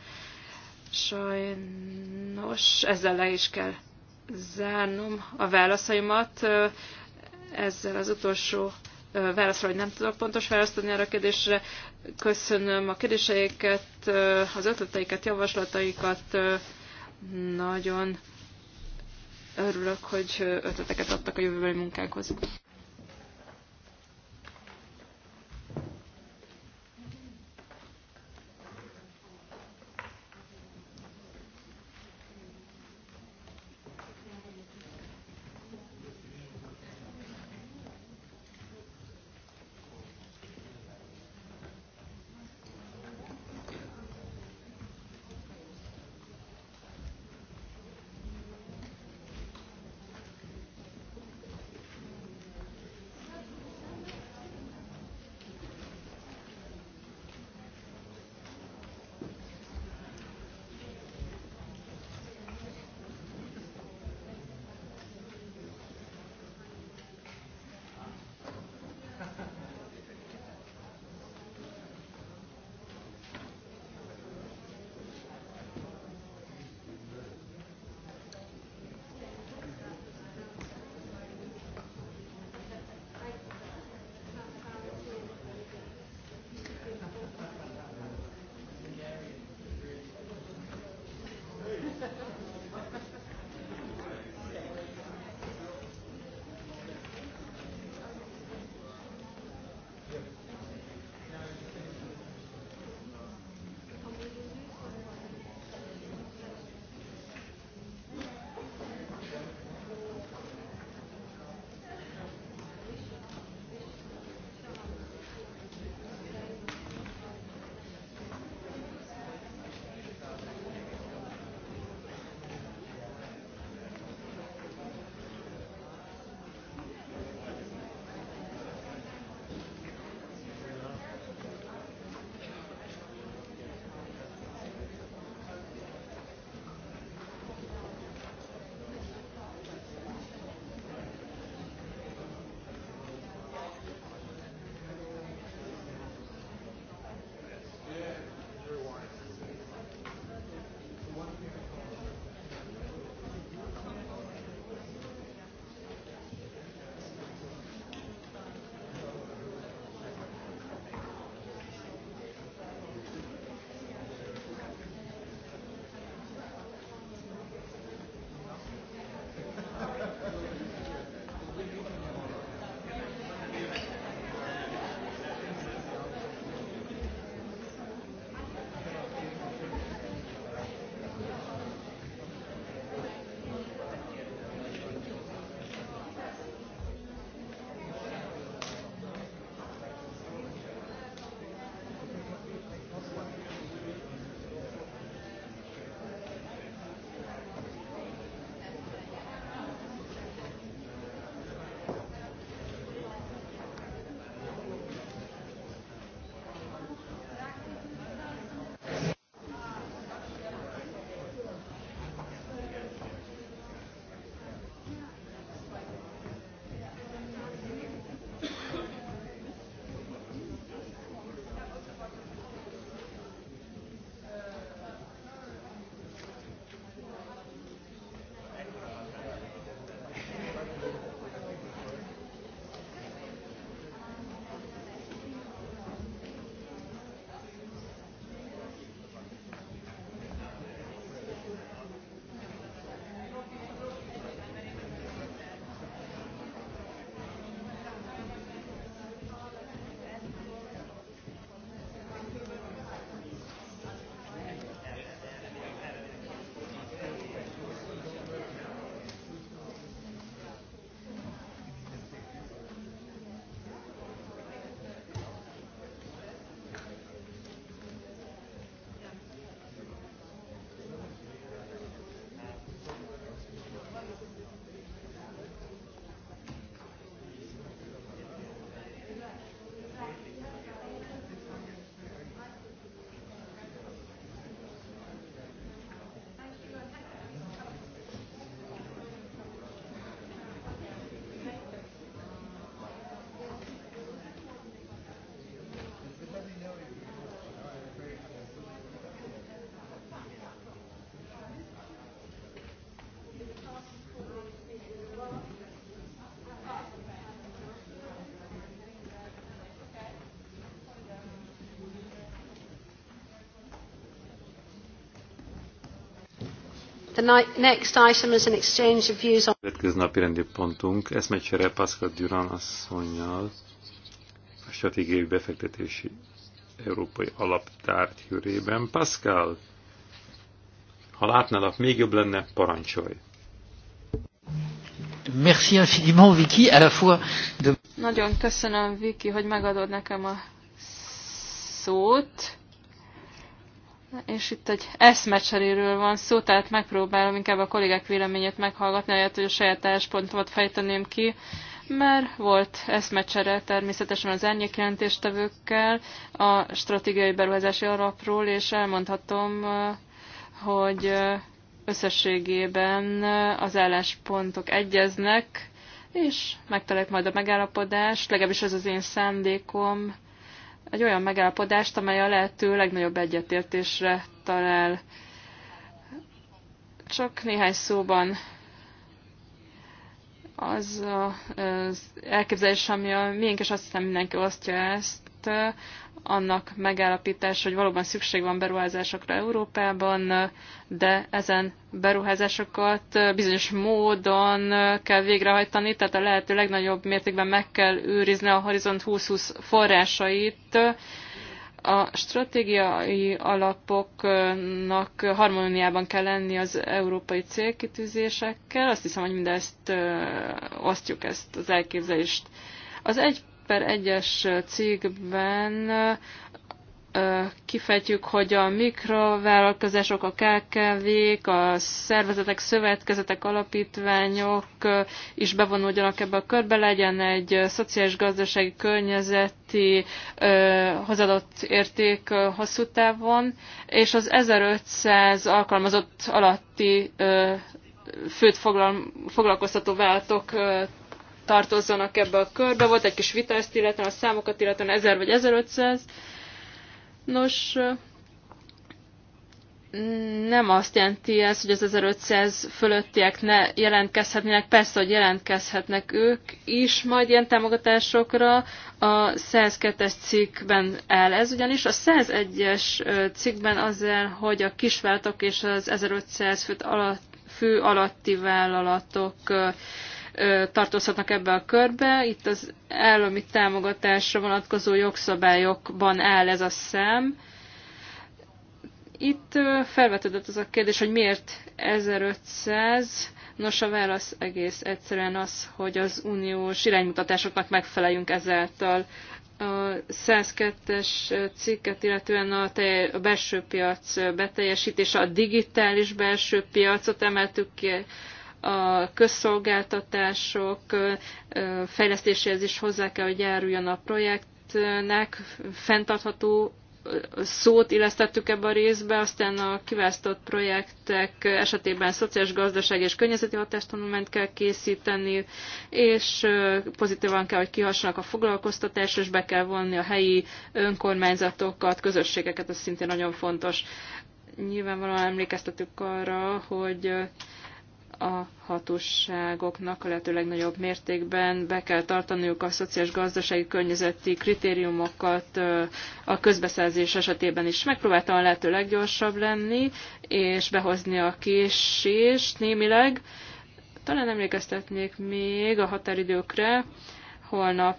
Sajnos ezzel le is kell zárnom a válaszaimat. Ezzel az utolsó válaszra, hogy nem tudok pontos választ adni a kérdésre. Köszönöm a kérdéseiket, az ötleteiket, javaslataikat. Nagyon örülök, hogy ötleteket adtak a jövőbeli munkánkhoz. The next item is an exchange of views on... Következő napi rendi pontunk, eszmecsere Pascal Durán asszonynal a stratégiai befektetési európai alaptárt hűrében. Pascal, ha látnálak, még jobb lenne, parancsolj! Merci infiniment, Vicky, à la fois de... Nagyon köszönöm, Vicky, hogy megadod nekem a szót és itt egy eszmecseréről van szó, tehát megpróbálom inkább a kollégák véleményét meghallgatni, ahelyett, hogy a saját álláspontomat fejteném ki, mert volt eszmecsere természetesen az jelentéstevőkkel a stratégiai beruházási alapról, és elmondhatom, hogy összességében az álláspontok egyeznek, és megtaláljuk majd a megállapodást, legalábbis ez az én szándékom, egy olyan megállapodást, amely a lehető legnagyobb egyetértésre talál. Csak néhány szóban az, az elképzelés, ami a miénk, és azt hiszem mindenki osztja ezt, annak megállapítása, hogy valóban szükség van beruházásokra Európában, de ezen beruházásokat bizonyos módon kell végrehajtani, tehát a lehető legnagyobb mértékben meg kell őrizni a Horizont 2020 forrásait. A stratégiai alapoknak harmóniában kell lenni az európai célkitűzésekkel. Azt hiszem, hogy mindezt osztjuk ezt az elképzelést. Az egy per 1-es cikkben kifejtjük, hogy a mikrovállalkozások, a KKV-k, a szervezetek, szövetkezetek, alapítványok is bevonuljanak ebbe a körbe, legyen egy szociális gazdasági környezeti hozadott érték hosszú távon, és az 1500 alkalmazott alatti főt foglalkoztató vállalatok tartozzanak ebbe a körbe. Volt egy kis vita ezt illetően, a számokat illetően 1000 vagy 1500. Nos, nem azt jelenti ez, hogy az 1500 fölöttiek ne jelentkezhetnének, persze, hogy jelentkezhetnek ők is majd ilyen támogatásokra. A 102-es cikkben el ez ugyanis. A 101-es cikkben azzal, hogy a kisváltok és az 1500 főt alatt, fő alatti vállalatok tartozhatnak ebbe a körbe. Itt az állami támogatásra vonatkozó jogszabályokban áll ez a szem. Itt felvetődött az a kérdés, hogy miért 1500 Nos, a válasz egész egyszerűen az, hogy az uniós iránymutatásoknak megfeleljünk ezáltal. A 102-es cikket, illetően a, te, a belső piac beteljesítése, a digitális belső piacot emeltük ki a közszolgáltatások fejlesztéséhez is hozzá kell, hogy járuljon a projektnek, fenntartható szót illesztettük ebbe a részbe, aztán a kiválasztott projektek esetében szociális, gazdaság és környezeti hatástanulmányt kell készíteni, és pozitívan kell, hogy kihassanak a foglalkoztatás, és be kell vonni a helyi önkormányzatokat, közösségeket, ez szintén nagyon fontos. Nyilvánvalóan emlékeztetük arra, hogy a hatóságoknak a lehető legnagyobb mértékben be kell tartaniuk a szociális gazdasági környezeti kritériumokat a közbeszerzés esetében is. Megpróbáltam a lehető leggyorsabb lenni, és behozni a késést némileg. Talán emlékeztetnék még a határidőkre. Holnap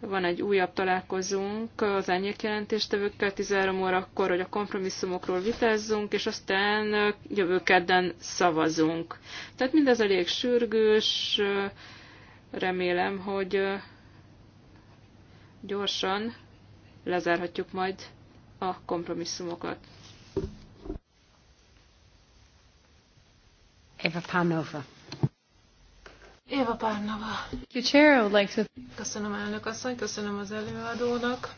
van egy újabb találkozunk az árnyékjelentéstevőkkel 13 órakor, hogy a kompromisszumokról vitázzunk, és aztán jövő kedden szavazunk. Tehát mindez elég sürgős, remélem, hogy gyorsan lezárhatjuk majd a kompromisszumokat. Eva Panova. Éva Párnava. Köszönöm elnök asszony, köszönöm az előadónak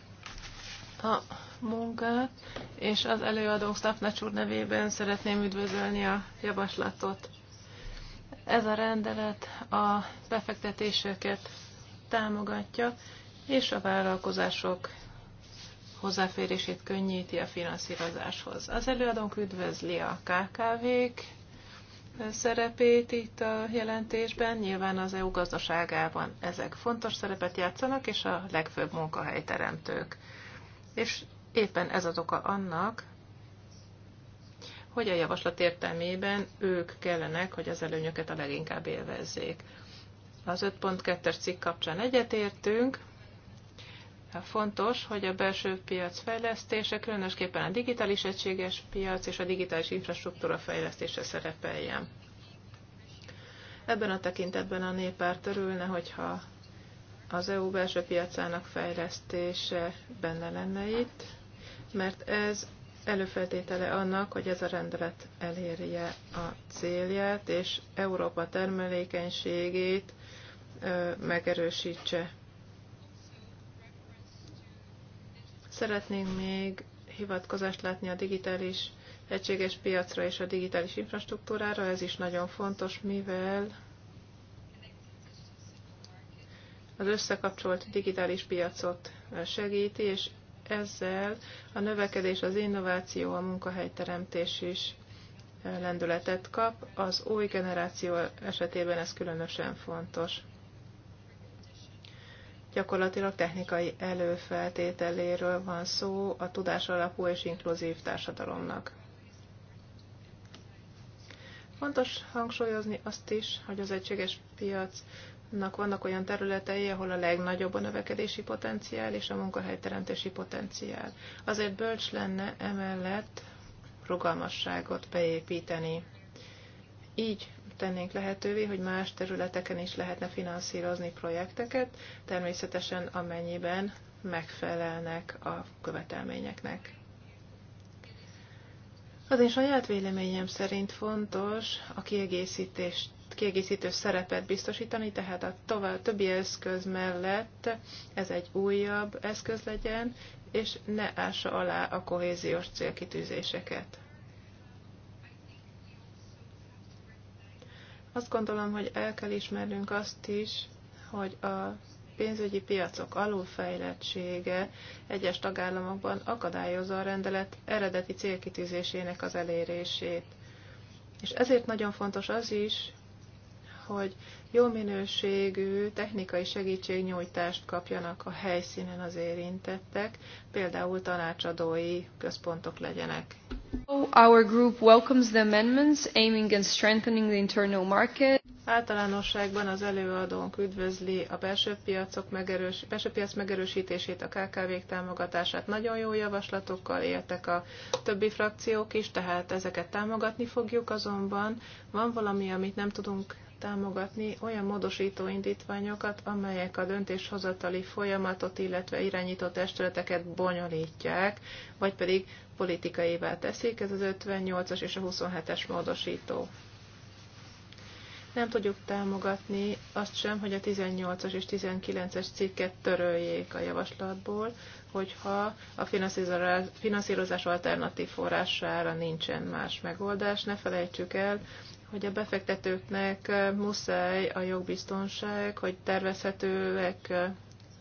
a munkát, és az előadó Stafnacs úr nevében szeretném üdvözölni a javaslatot. Ez a rendelet a befektetéseket támogatja, és a vállalkozások hozzáférését könnyíti a finanszírozáshoz. Az előadónk üdvözli a KKV-k szerepét itt a jelentésben, nyilván az EU gazdaságában ezek fontos szerepet játszanak, és a legfőbb munkahelyteremtők. És éppen ez az oka annak, hogy a javaslat értelmében ők kellenek, hogy az előnyöket a leginkább élvezzék. Az 5.2-es cikk kapcsán egyetértünk, Hát fontos, hogy a belső piac fejlesztése, különösképpen a digitális egységes piac és a digitális infrastruktúra fejlesztése szerepeljen. Ebben a tekintetben a néppárt örülne, hogyha az EU belső piacának fejlesztése benne lenne itt, mert ez előfeltétele annak, hogy ez a rendelet elérje a célját, és Európa termelékenységét megerősítse Szeretnénk még hivatkozást látni a digitális egységes piacra és a digitális infrastruktúrára. Ez is nagyon fontos, mivel az összekapcsolt digitális piacot segíti, és ezzel a növekedés, az innováció, a munkahelyteremtés is lendületet kap. Az új generáció esetében ez különösen fontos. Gyakorlatilag technikai előfeltételéről van szó a tudás alapú és inkluzív társadalomnak. Fontos hangsúlyozni azt is, hogy az egységes piacnak vannak olyan területei, ahol a legnagyobb a növekedési potenciál és a munkahelyteremtési potenciál. Azért bölcs lenne emellett rugalmasságot beépíteni. Így tennénk lehetővé, hogy más területeken is lehetne finanszírozni projekteket, természetesen amennyiben megfelelnek a követelményeknek. Az én saját véleményem szerint fontos a kiegészítést kiegészítő szerepet biztosítani, tehát a tovább, többi eszköz mellett ez egy újabb eszköz legyen, és ne ássa alá a kohéziós célkitűzéseket. Azt gondolom, hogy el kell ismernünk azt is, hogy a pénzügyi piacok alulfejlettsége egyes tagállamokban akadályozza a rendelet eredeti célkitűzésének az elérését. És ezért nagyon fontos az is, hogy jó minőségű technikai segítségnyújtást kapjanak a helyszínen az érintettek, például tanácsadói központok legyenek. Our group welcomes the amendments aiming and strengthening the internal market. Általánosságban az előadónk üdvözli a belső, piacok megerős, belső piac megerősítését, a KKV-k támogatását. Nagyon jó javaslatokkal éltek a többi frakciók is, tehát ezeket támogatni fogjuk, azonban van valami, amit nem tudunk támogatni olyan módosító indítványokat, amelyek a döntéshozatali folyamatot, illetve irányító testületeket bonyolítják, vagy pedig politikaivá teszik. Ez az 58-as és a 27-es módosító. Nem tudjuk támogatni azt sem, hogy a 18-as és 19-es cikket töröljék a javaslatból, hogyha a finanszírozás alternatív forrására nincsen más megoldás. Ne felejtsük el, hogy a befektetőknek muszáj a jogbiztonság, hogy tervezhetőek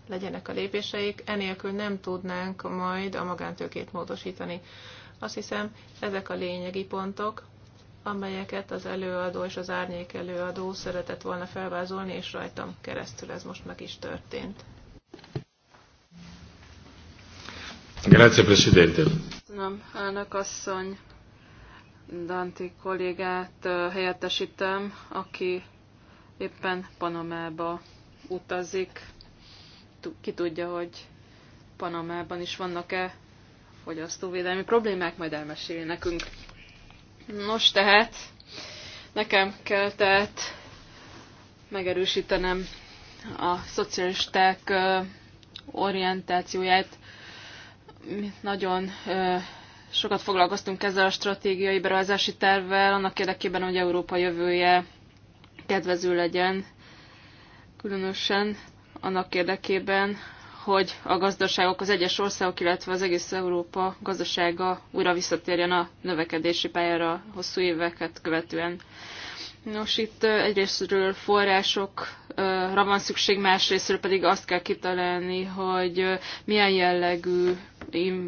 legyenek a lépéseik, enélkül nem tudnánk majd a magántőkét módosítani. Azt hiszem, ezek a lényegi pontok, amelyeket az előadó és az árnyék előadó szeretett volna felvázolni, és rajtam keresztül ez most meg is történt. Grazie, Presidente. Köszönöm, elnök asszony. Danti kollégát helyettesítem, aki éppen Panamába utazik. Ki tudja, hogy Panamában is vannak-e fogyasztóvédelmi problémák, majd elmeséli nekünk. Nos, tehát nekem kell tehát megerősítenem a szocialisták orientációját. Nagyon Sokat foglalkoztunk ezzel a stratégiai beruházási tervvel, annak érdekében, hogy Európa jövője kedvező legyen, különösen annak érdekében, hogy a gazdaságok, az egyes országok, illetve az egész Európa gazdasága újra visszatérjen a növekedési pályára hosszú éveket követően. Nos, itt egyrésztről forrásokra van szükség, másrésztről pedig azt kell kitalálni, hogy milyen jellegű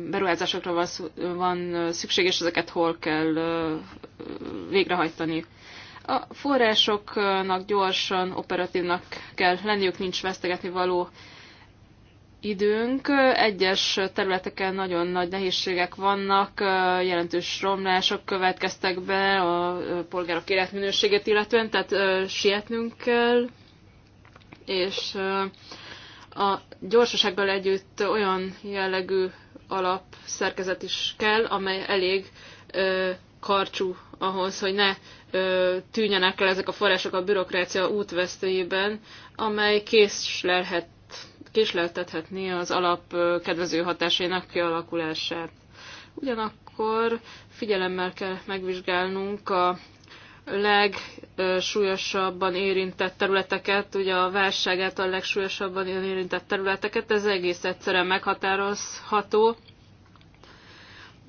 beruházásokra van, van szükség, és ezeket hol kell végrehajtani. A forrásoknak gyorsan, operatívnak kell lenniük, nincs vesztegetni való időnk. Egyes területeken nagyon nagy nehézségek vannak, jelentős romlások következtek be a polgárok életminőségét illetően, tehát sietnünk kell, és a gyorsasággal együtt olyan jellegű alap szerkezet is kell, amely elég ö, karcsú ahhoz, hogy ne ö, tűnjenek el ezek a források a bürokrácia útvesztőjében, amely késlelhet, késleltethetné az alap ö, kedvező hatásainak kialakulását. Ugyanakkor figyelemmel kell megvizsgálnunk a legsúlyosabban érintett területeket, ugye a válság által legsúlyosabban érintett területeket, ez egész egyszerűen meghatározható.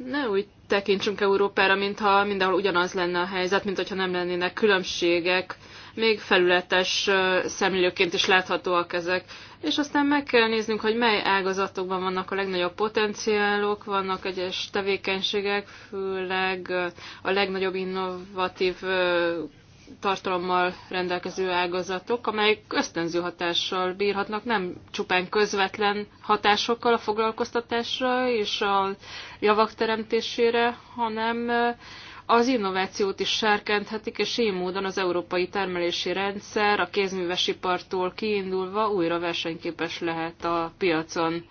Ne úgy tekintsünk Európára, mintha mindenhol ugyanaz lenne a helyzet, mint hogyha nem lennének különbségek, még felületes szemlélőként is láthatóak ezek és aztán meg kell néznünk, hogy mely ágazatokban vannak a legnagyobb potenciálok, vannak egyes tevékenységek, főleg a legnagyobb innovatív tartalommal rendelkező ágazatok, amelyek ösztönző hatással bírhatnak, nem csupán közvetlen hatásokkal a foglalkoztatásra és a javak teremtésére, hanem az innovációt is serkenthetik, és így módon az európai termelési rendszer a kézművesipartól kiindulva újra versenyképes lehet a piacon.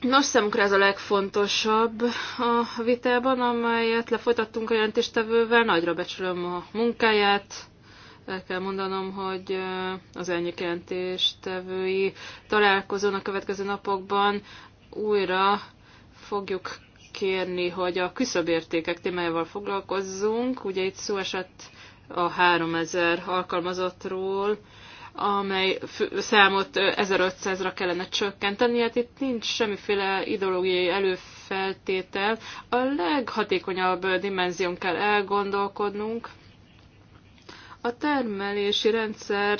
Nos, számunkra ez a legfontosabb a vitában, amelyet lefolytattunk a jelentéstevővel. Nagyra becsülöm a munkáját. El kell mondanom, hogy az elnyik jelentéstevői találkozón a következő napokban újra fogjuk kérni, hogy a küszöbértékek témájával foglalkozzunk. Ugye itt szó esett a 3000 alkalmazottról, amely számot 1500-ra kellene csökkenteni, hát itt nincs semmiféle ideológiai előfeltétel. A leghatékonyabb dimenzión kell elgondolkodnunk, a termelési rendszer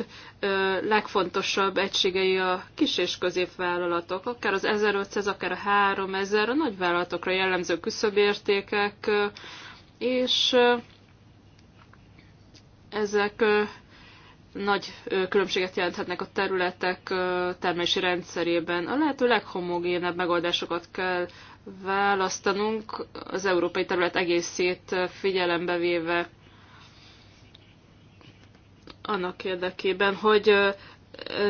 legfontosabb egységei a kis és középvállalatok, akár az 1500, akár a 3000, a nagyvállalatokra jellemző küszöbértékek, és ezek nagy különbséget jelenthetnek a területek termelési rendszerében. A lehető leghomogénebb megoldásokat kell választanunk az európai terület egészét figyelembe véve annak érdekében, hogy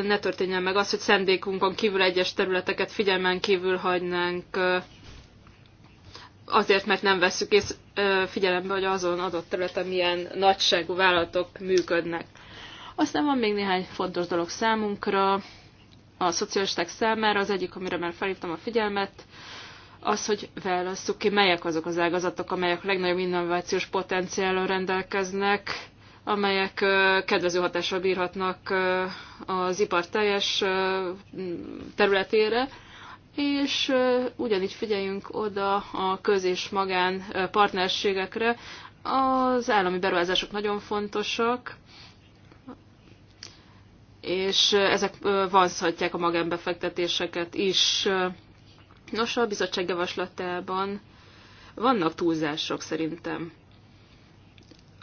ne történjen meg az, hogy szendékunkon kívül egyes területeket figyelmen kívül hagynánk azért, mert nem veszük és figyelembe, hogy azon adott területen milyen nagyságú vállalatok működnek. Aztán van még néhány fontos dolog számunkra, a szocialisták számára. Az egyik, amire már felhívtam a figyelmet, az, hogy válasszuk ki, melyek azok az ágazatok, amelyek legnagyobb innovációs potenciállal rendelkeznek, amelyek kedvező hatással bírhatnak az ipar teljes területére, és ugyanígy figyeljünk oda a köz- és magán partnerségekre. Az állami beruházások nagyon fontosak, és ezek vonzhatják a magánbefektetéseket is. Nos, a bizottság javaslatában vannak túlzások szerintem.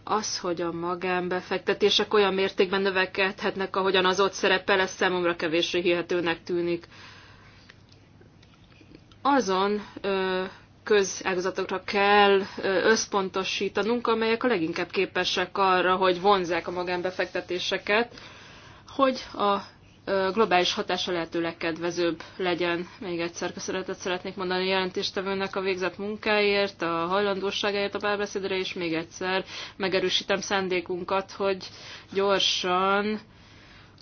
Az, hogy a magánbefektetések olyan mértékben növekedhetnek, ahogyan az ott szerepel, ez számomra kevésbé hihetőnek tűnik. Azon közágazatokra kell összpontosítanunk, amelyek a leginkább képesek arra, hogy vonzák a magánbefektetéseket, hogy a globális hatása lehetőleg kedvezőbb legyen. Még egyszer köszönetet szeretnék mondani a jelentéstevőnek a végzett munkáért, a hajlandóságáért a párbeszédre, és még egyszer megerősítem szándékunkat, hogy gyorsan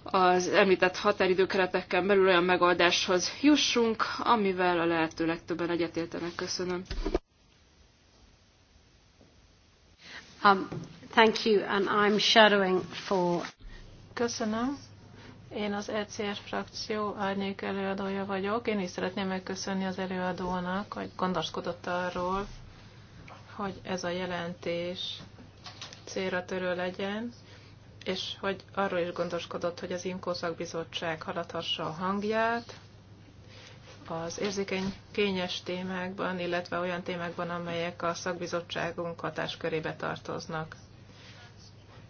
az említett határidőkeretekkel belül olyan megoldáshoz jussunk, amivel a lehető legtöbben egyetértenek. Köszönöm. Um, thank you, and I'm shadowing for... Köszönöm én az ECR frakció árnyék előadója vagyok. Én is szeretném megköszönni az előadónak, hogy gondoskodott arról, hogy ez a jelentés célra törő legyen, és hogy arról is gondoskodott, hogy az IMCO szakbizottság haladhassa a hangját az érzékeny, kényes témákban, illetve olyan témákban, amelyek a szakbizottságunk hatáskörébe tartoznak.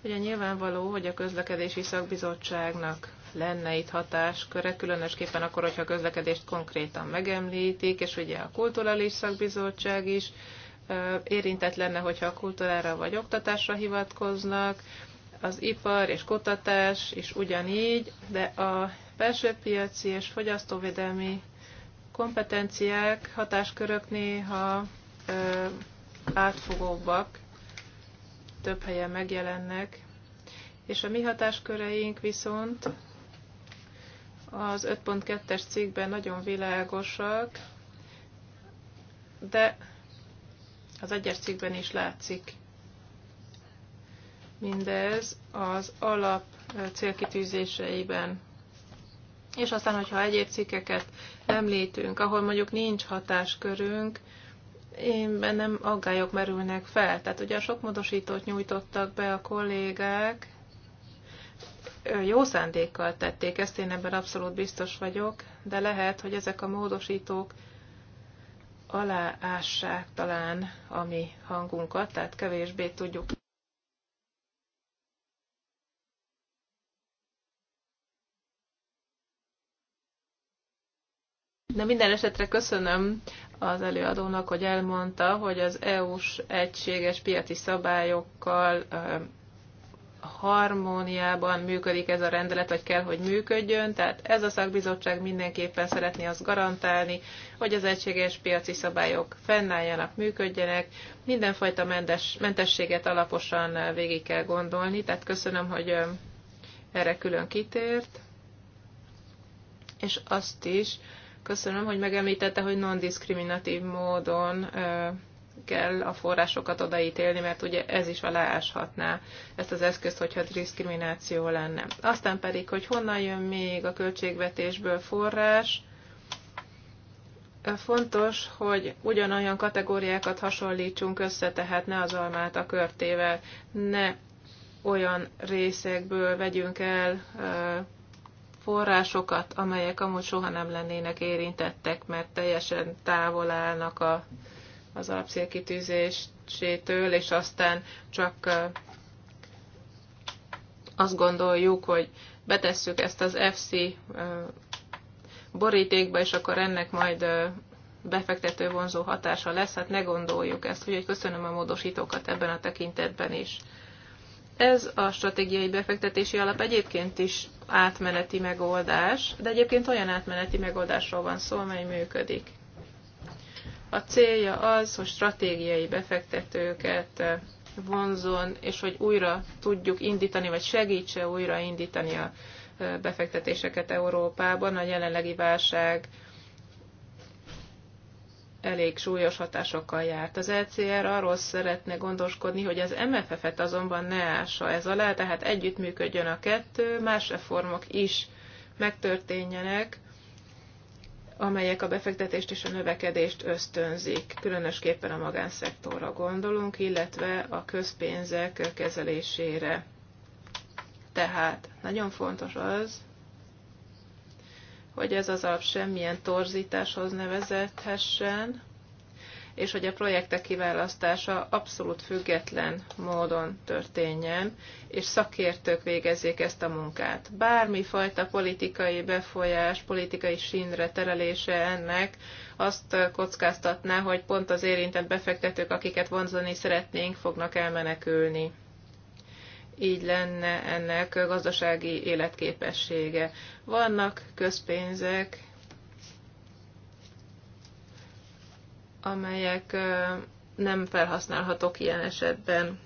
Ugye nyilvánvaló, hogy a közlekedési szakbizottságnak lenne itt hatásköre, különösképpen akkor, hogyha a közlekedést konkrétan megemlítik, és ugye a Kulturális Szakbizottság is érintett lenne, hogyha a kultúrára vagy oktatásra hivatkoznak, az ipar és kutatás is ugyanígy, de a belső piaci és fogyasztóvédelmi kompetenciák, hatáskörök néha ö, átfogóbbak, több helyen megjelennek, és a mi hatásköreink viszont az 5.2-es cikkben nagyon világosak, de az egyes cikkben is látszik. Mindez az alap célkitűzéseiben. És aztán, hogyha egyéb cikkeket említünk, ahol mondjuk nincs hatáskörünk, én bennem aggályok merülnek fel. Tehát ugye sok módosítót nyújtottak be a kollégák, jó szándékkal tették ezt, én ebben abszolút biztos vagyok, de lehet, hogy ezek a módosítók aláássák talán a mi hangunkat, tehát kevésbé tudjuk. De minden esetre köszönöm az előadónak, hogy elmondta, hogy az EU-s egységes piaci szabályokkal harmóniában működik ez a rendelet, vagy kell, hogy működjön. Tehát ez a szakbizottság mindenképpen szeretné azt garantálni, hogy az egységes piaci szabályok fennálljanak, működjenek. Mindenfajta mentes, mentességet alaposan végig kell gondolni. Tehát köszönöm, hogy erre külön kitért. És azt is köszönöm, hogy megemlítette, hogy non-diszkriminatív módon kell a forrásokat odaítélni, mert ugye ez is alááshatná ezt az eszközt, hogyha diszkrimináció lenne. Aztán pedig, hogy honnan jön még a költségvetésből forrás, fontos, hogy ugyanolyan kategóriákat hasonlítsunk össze, tehát ne az almát a körtével, ne olyan részekből vegyünk el forrásokat, amelyek amúgy soha nem lennének érintettek, mert teljesen távol állnak a az alapcélkitűzésétől, és aztán csak azt gondoljuk, hogy betesszük ezt az FC borítékba, és akkor ennek majd befektető vonzó hatása lesz, hát ne gondoljuk ezt, úgyhogy köszönöm a módosítókat ebben a tekintetben is. Ez a stratégiai befektetési alap egyébként is átmeneti megoldás, de egyébként olyan átmeneti megoldásról van szó, amely működik. A célja az, hogy stratégiai befektetőket eh, vonzon, és hogy újra tudjuk indítani, vagy segítse újra indítani a eh, befektetéseket Európában. A jelenlegi válság elég súlyos hatásokkal járt. Az LCR e arról szeretne gondoskodni, hogy az MFF-et azonban ne ássa ez alá, tehát együttműködjön a kettő, más reformok is megtörténjenek, amelyek a befektetést és a növekedést ösztönzik, különösképpen a magánszektorra gondolunk, illetve a közpénzek kezelésére. Tehát nagyon fontos az, hogy ez az alap semmilyen torzításhoz nevezethessen, és hogy a projektek kiválasztása abszolút független módon történjen, és szakértők végezzék ezt a munkát. Bármi fajta politikai befolyás, politikai sínre terelése ennek azt kockáztatná, hogy pont az érintett befektetők, akiket vonzani szeretnénk, fognak elmenekülni így lenne ennek gazdasági életképessége. Vannak közpénzek, amelyek nem felhasználhatók ilyen esetben.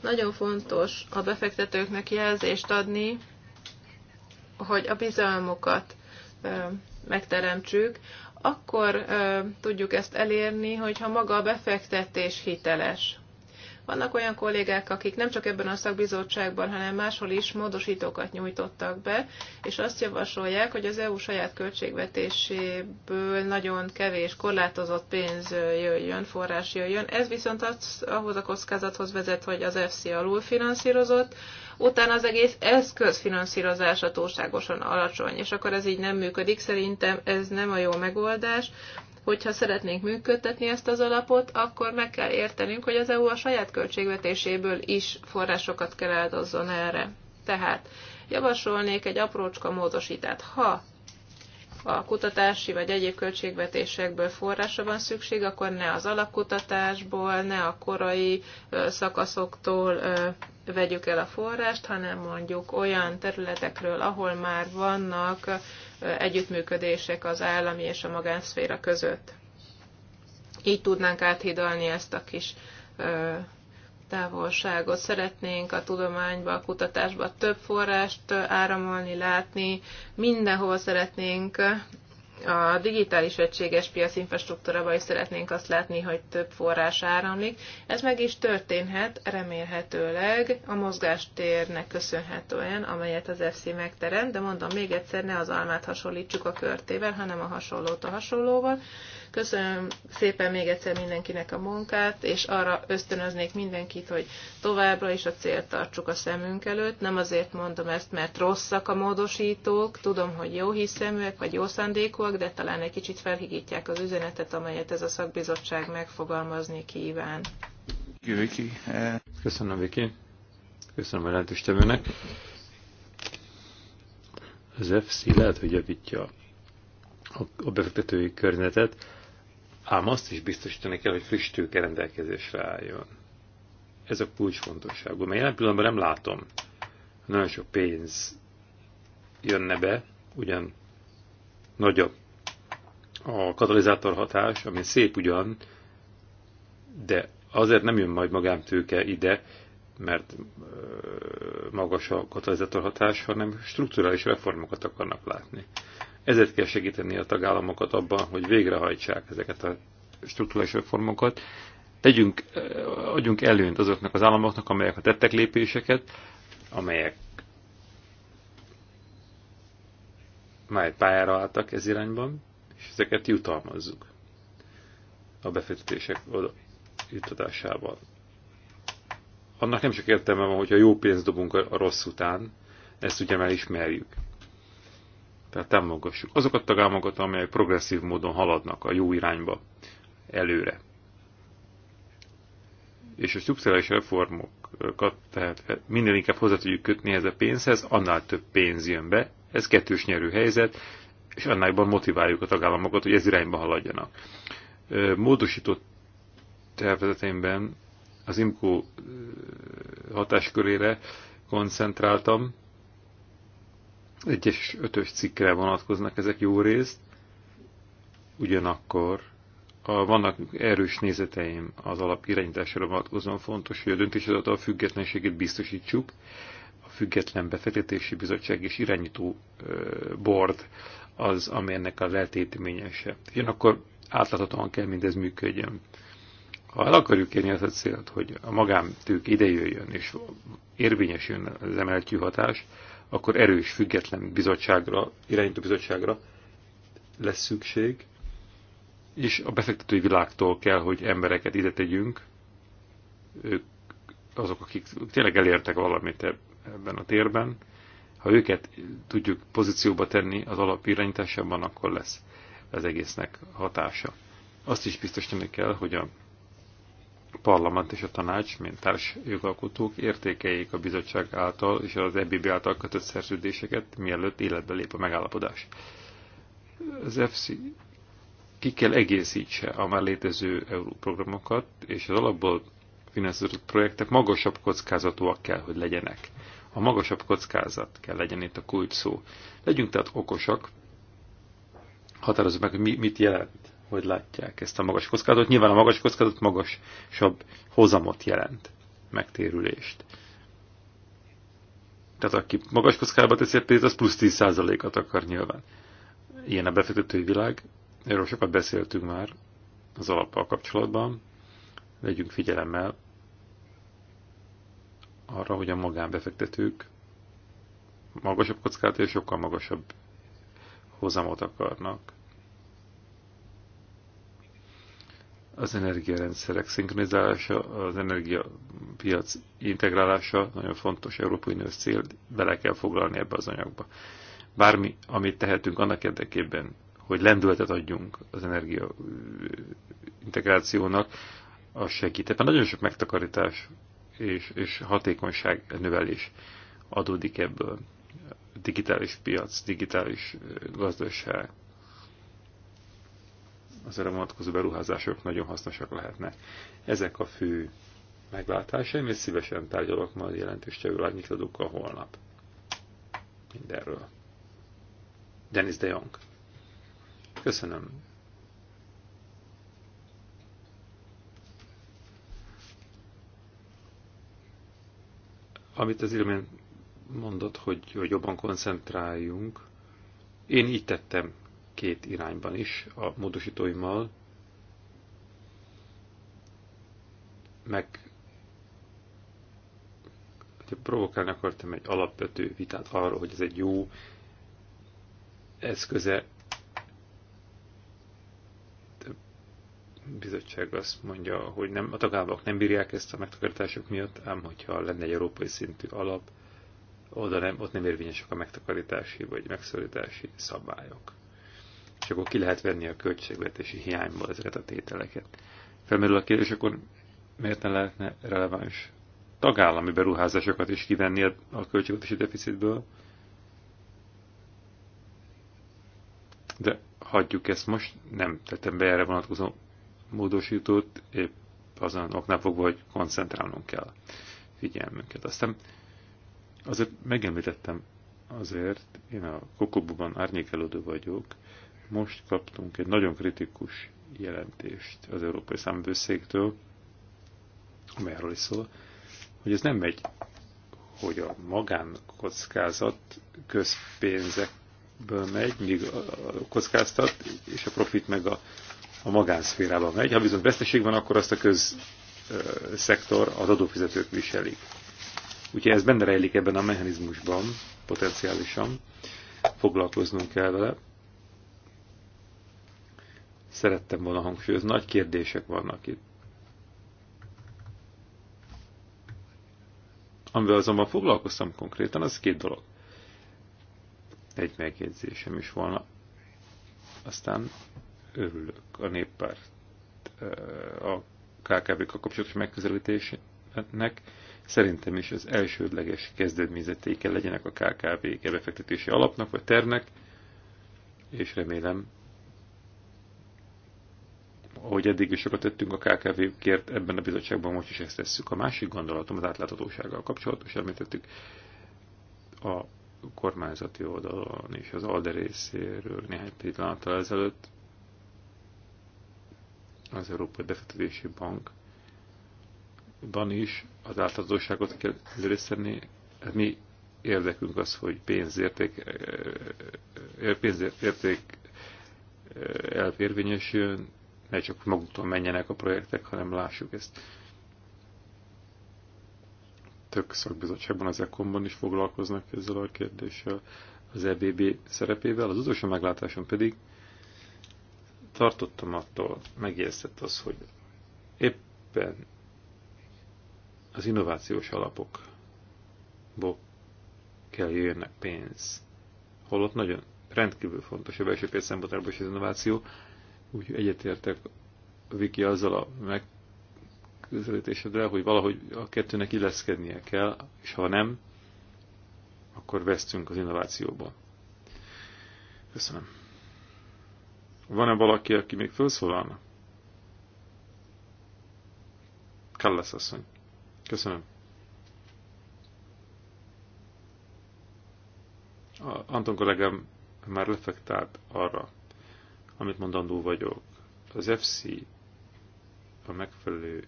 Nagyon fontos a befektetőknek jelzést adni, hogy a bizalmukat megteremtsük, akkor tudjuk ezt elérni, hogyha maga a befektetés hiteles. Vannak olyan kollégák, akik nem csak ebben a szakbizottságban, hanem máshol is módosítókat nyújtottak be, és azt javasolják, hogy az EU saját költségvetéséből nagyon kevés, korlátozott pénz jöjjön, forrás jöjjön. Ez viszont az, ahhoz a kockázathoz vezet, hogy az FC alul finanszírozott, utána az egész eszköz finanszírozása túlságosan alacsony, és akkor ez így nem működik. Szerintem ez nem a jó megoldás hogyha szeretnénk működtetni ezt az alapot, akkor meg kell értenünk, hogy az EU a saját költségvetéséből is forrásokat kell áldozzon erre. Tehát javasolnék egy aprócska módosítást. Ha a kutatási vagy egyéb költségvetésekből forrásra van szükség, akkor ne az alapkutatásból, ne a korai szakaszoktól vegyük el a forrást, hanem mondjuk olyan területekről, ahol már vannak együttműködések az állami és a magánszféra között. Így tudnánk áthidalni ezt a kis távolságot. Szeretnénk a tudományba, a kutatásba több forrást áramolni, látni, mindenhova szeretnénk a digitális egységes piac infrastruktúrában is szeretnénk azt látni, hogy több forrás áramlik. Ez meg is történhet, remélhetőleg a mozgástérnek köszönhetően, amelyet az FC megterem, de mondom még egyszer, ne az almát hasonlítsuk a körtével, hanem a hasonlót a hasonlóval. Köszönöm szépen még egyszer mindenkinek a munkát, és arra ösztönöznék mindenkit, hogy továbbra is a célt tartsuk a szemünk előtt. Nem azért mondom ezt, mert rosszak a módosítók, tudom, hogy jó hiszeműek vagy jó szándékúak, de talán egy kicsit felhigítják az üzenetet, amelyet ez a szakbizottság megfogalmazni kíván. Köszönöm, Viki. Köszönöm a lehetőstevőnek. Az FC lehet, hogy javítja a befektetői környezetet, ám azt is biztosítani kell, hogy friss tőke rendelkezésre álljon. Ez a kulcsfontosságú, mert jelen pillanatban nem látom, nagyon sok pénz jönne be, ugyan nagyobb a katalizátor hatás, ami szép ugyan, de azért nem jön majd magántőke ide, mert magas a katalizátor hatás, hanem strukturális reformokat akarnak látni. Ezért kell segíteni a tagállamokat abban, hogy végrehajtsák ezeket a struktúrális reformokat. Tegyünk, eh, adjunk előnyt azoknak az államoknak, amelyek a tettek lépéseket, amelyek már pályára álltak ez irányban, és ezeket jutalmazzuk a befektetések oda juttatásával. Annak nem sok értelme van, hogyha jó pénzt dobunk a rossz után, ezt ugye már ismerjük. Tehát támogassuk azokat a tagállamokat, amelyek progresszív módon haladnak a jó irányba előre. És a szubszidiális reformokat tehát minden inkább hozzá tudjuk kötni ez a pénzhez, annál több pénz jön be, ez kettős nyerő helyzet, és annálban motiváljuk a tagállamokat, hogy ez irányba haladjanak. Módosított tervezeteimben az IMCO hatáskörére koncentráltam, egyes és ötös cikkre vonatkoznak ezek jó részt, ugyanakkor a, vannak erős nézeteim az alapirányításra vonatkozóan fontos, hogy a döntéshozatal függetlenségét biztosítsuk, a Független Befektetési Bizottság és irányító board az, ami ennek a letétményese. Ugyanakkor átláthatóan kell mindez működjön. Ha el akarjuk érni azt a célt, hogy a magántők idejöjjön és érvényesüljön az emeltű hatás, akkor erős, független bizottságra, irányító bizottságra lesz szükség, és a befektetői világtól kell, hogy embereket ide tegyünk, ők azok, akik tényleg elértek valamit ebben a térben, ha őket tudjuk pozícióba tenni az alap irányításában, akkor lesz az egésznek hatása. Azt is biztosítani kell, hogy a parlament és a tanács, mint társ jogalkotók értékeljék a bizottság által és az EBB által kötött szerződéseket, mielőtt életbe lép a megállapodás. Az FC ki kell egészítse a már létező EU programokat, és az alapból finanszírozott projektek magasabb kockázatúak kell, hogy legyenek. A magasabb kockázat kell legyen itt a kulcs szó. Legyünk tehát okosak, határozzuk meg, hogy mi, mit jelent hogy látják ezt a magas kockázatot. Nyilván a magas kockázat magasabb hozamot jelent, megtérülést. Tehát aki magas kockába teszi a pénzt, az plusz 10%-at akar nyilván. Ilyen a befektetői világ, erről sokat beszéltünk már az alappal kapcsolatban. Legyünk figyelemmel arra, hogy a magánbefektetők magasabb kockát és sokkal magasabb hozamot akarnak. az energiarendszerek szinkronizálása, az energiapiac integrálása nagyon fontos Európai Uniós cél, bele kell foglalni ebbe az anyagba. Bármi, amit tehetünk annak érdekében, hogy lendületet adjunk az energia integrációnak, az segít. Ebben nagyon sok megtakarítás és, és hatékonyság növelés adódik ebből. Digitális piac, digitális gazdaság, az erre vonatkozó beruházások nagyon hasznosak lehetnek. Ezek a fő meglátásaim, és szívesen tárgyalok majd jelentős a holnap. Mindenről. Denis de Jong. Köszönöm. Amit az imént mondott, hogy, hogy jobban koncentráljunk, én így tettem két irányban is a módosítóimmal, meg provokálni akartam egy alapvető vitát arról, hogy ez egy jó eszköze. De bizottság azt mondja, hogy nem, a tagállamok nem bírják ezt a megtakarítások miatt, ám hogyha lenne egy európai szintű alap, oda nem, ott nem érvényesek a megtakarítási vagy megszorítási szabályok és akkor ki lehet venni a költségvetési hiányból ezeket a tételeket. Felmerül a kérdés, akkor miért ne lehetne releváns tagállami beruházásokat is kivenni a költségvetési deficitből? De hagyjuk ezt most, nem tettem be erre vonatkozó módosítót, épp azon oknál fogva, hogy koncentrálnunk kell figyelmünket. Aztán azért megemlítettem azért, én a Kokobuban árnyékelődő vagyok, most kaptunk egy nagyon kritikus jelentést az Európai Számbőszéktől, amely arról is szól, hogy ez nem megy, hogy a magánkockázat közpénzekből megy, míg a kockáztat, és a profit meg a, a magánszférába megy. Ha viszont veszteség van, akkor azt a közszektor, az adófizetők viselik. Úgyhogy ez benne rejlik ebben a mechanizmusban, potenciálisan. Foglalkoznunk kell vele szerettem volna hangsúlyozni. Nagy kérdések vannak itt. Amivel azonban foglalkoztam konkrétan, az két dolog. Egy megjegyzésem is volna. Aztán örülök a néppárt eh, a kkb kkal kapcsolatos megközelítésnek. Szerintem is az elsődleges kezdeményezetéke legyenek a KKV-k befektetési alapnak vagy ternek, és remélem ahogy eddig is sokat tettünk a KKV-kért, ebben a bizottságban most is ezt tesszük. A másik gondolatom az átláthatósággal kapcsolatos, említettük a kormányzati oldalon és az ALDE részéről néhány pillanattal ezelőtt az Európai Befektetési Bank van is az átláthatóságot kell előszerni. Hát mi érdekünk az, hogy pénzérték, eh, eh, eh, pénzérték elvérvényesüljön, ne csak maguktól menjenek a projektek, hanem lássuk ezt. Tök szakbizottságban, az ECOM-ban is foglalkoznak ezzel a kérdéssel, az EBB szerepével. Az utolsó meglátásom pedig tartottam attól, megérzett az, hogy éppen az innovációs alapokból kell jönnek pénz. Holott nagyon rendkívül fontos a belső pénz szempontjából is az innováció, úgy egyetértek Viki azzal a megközelítésedre, hogy valahogy a kettőnek illeszkednie kell, és ha nem, akkor vesztünk az innovációba. Köszönöm. Van-e valaki, aki még felszólalna? Kallas asszony. Köszönöm. A Anton kollégám már lefektált arra, amit mondandó vagyok. Az FC a megfelelő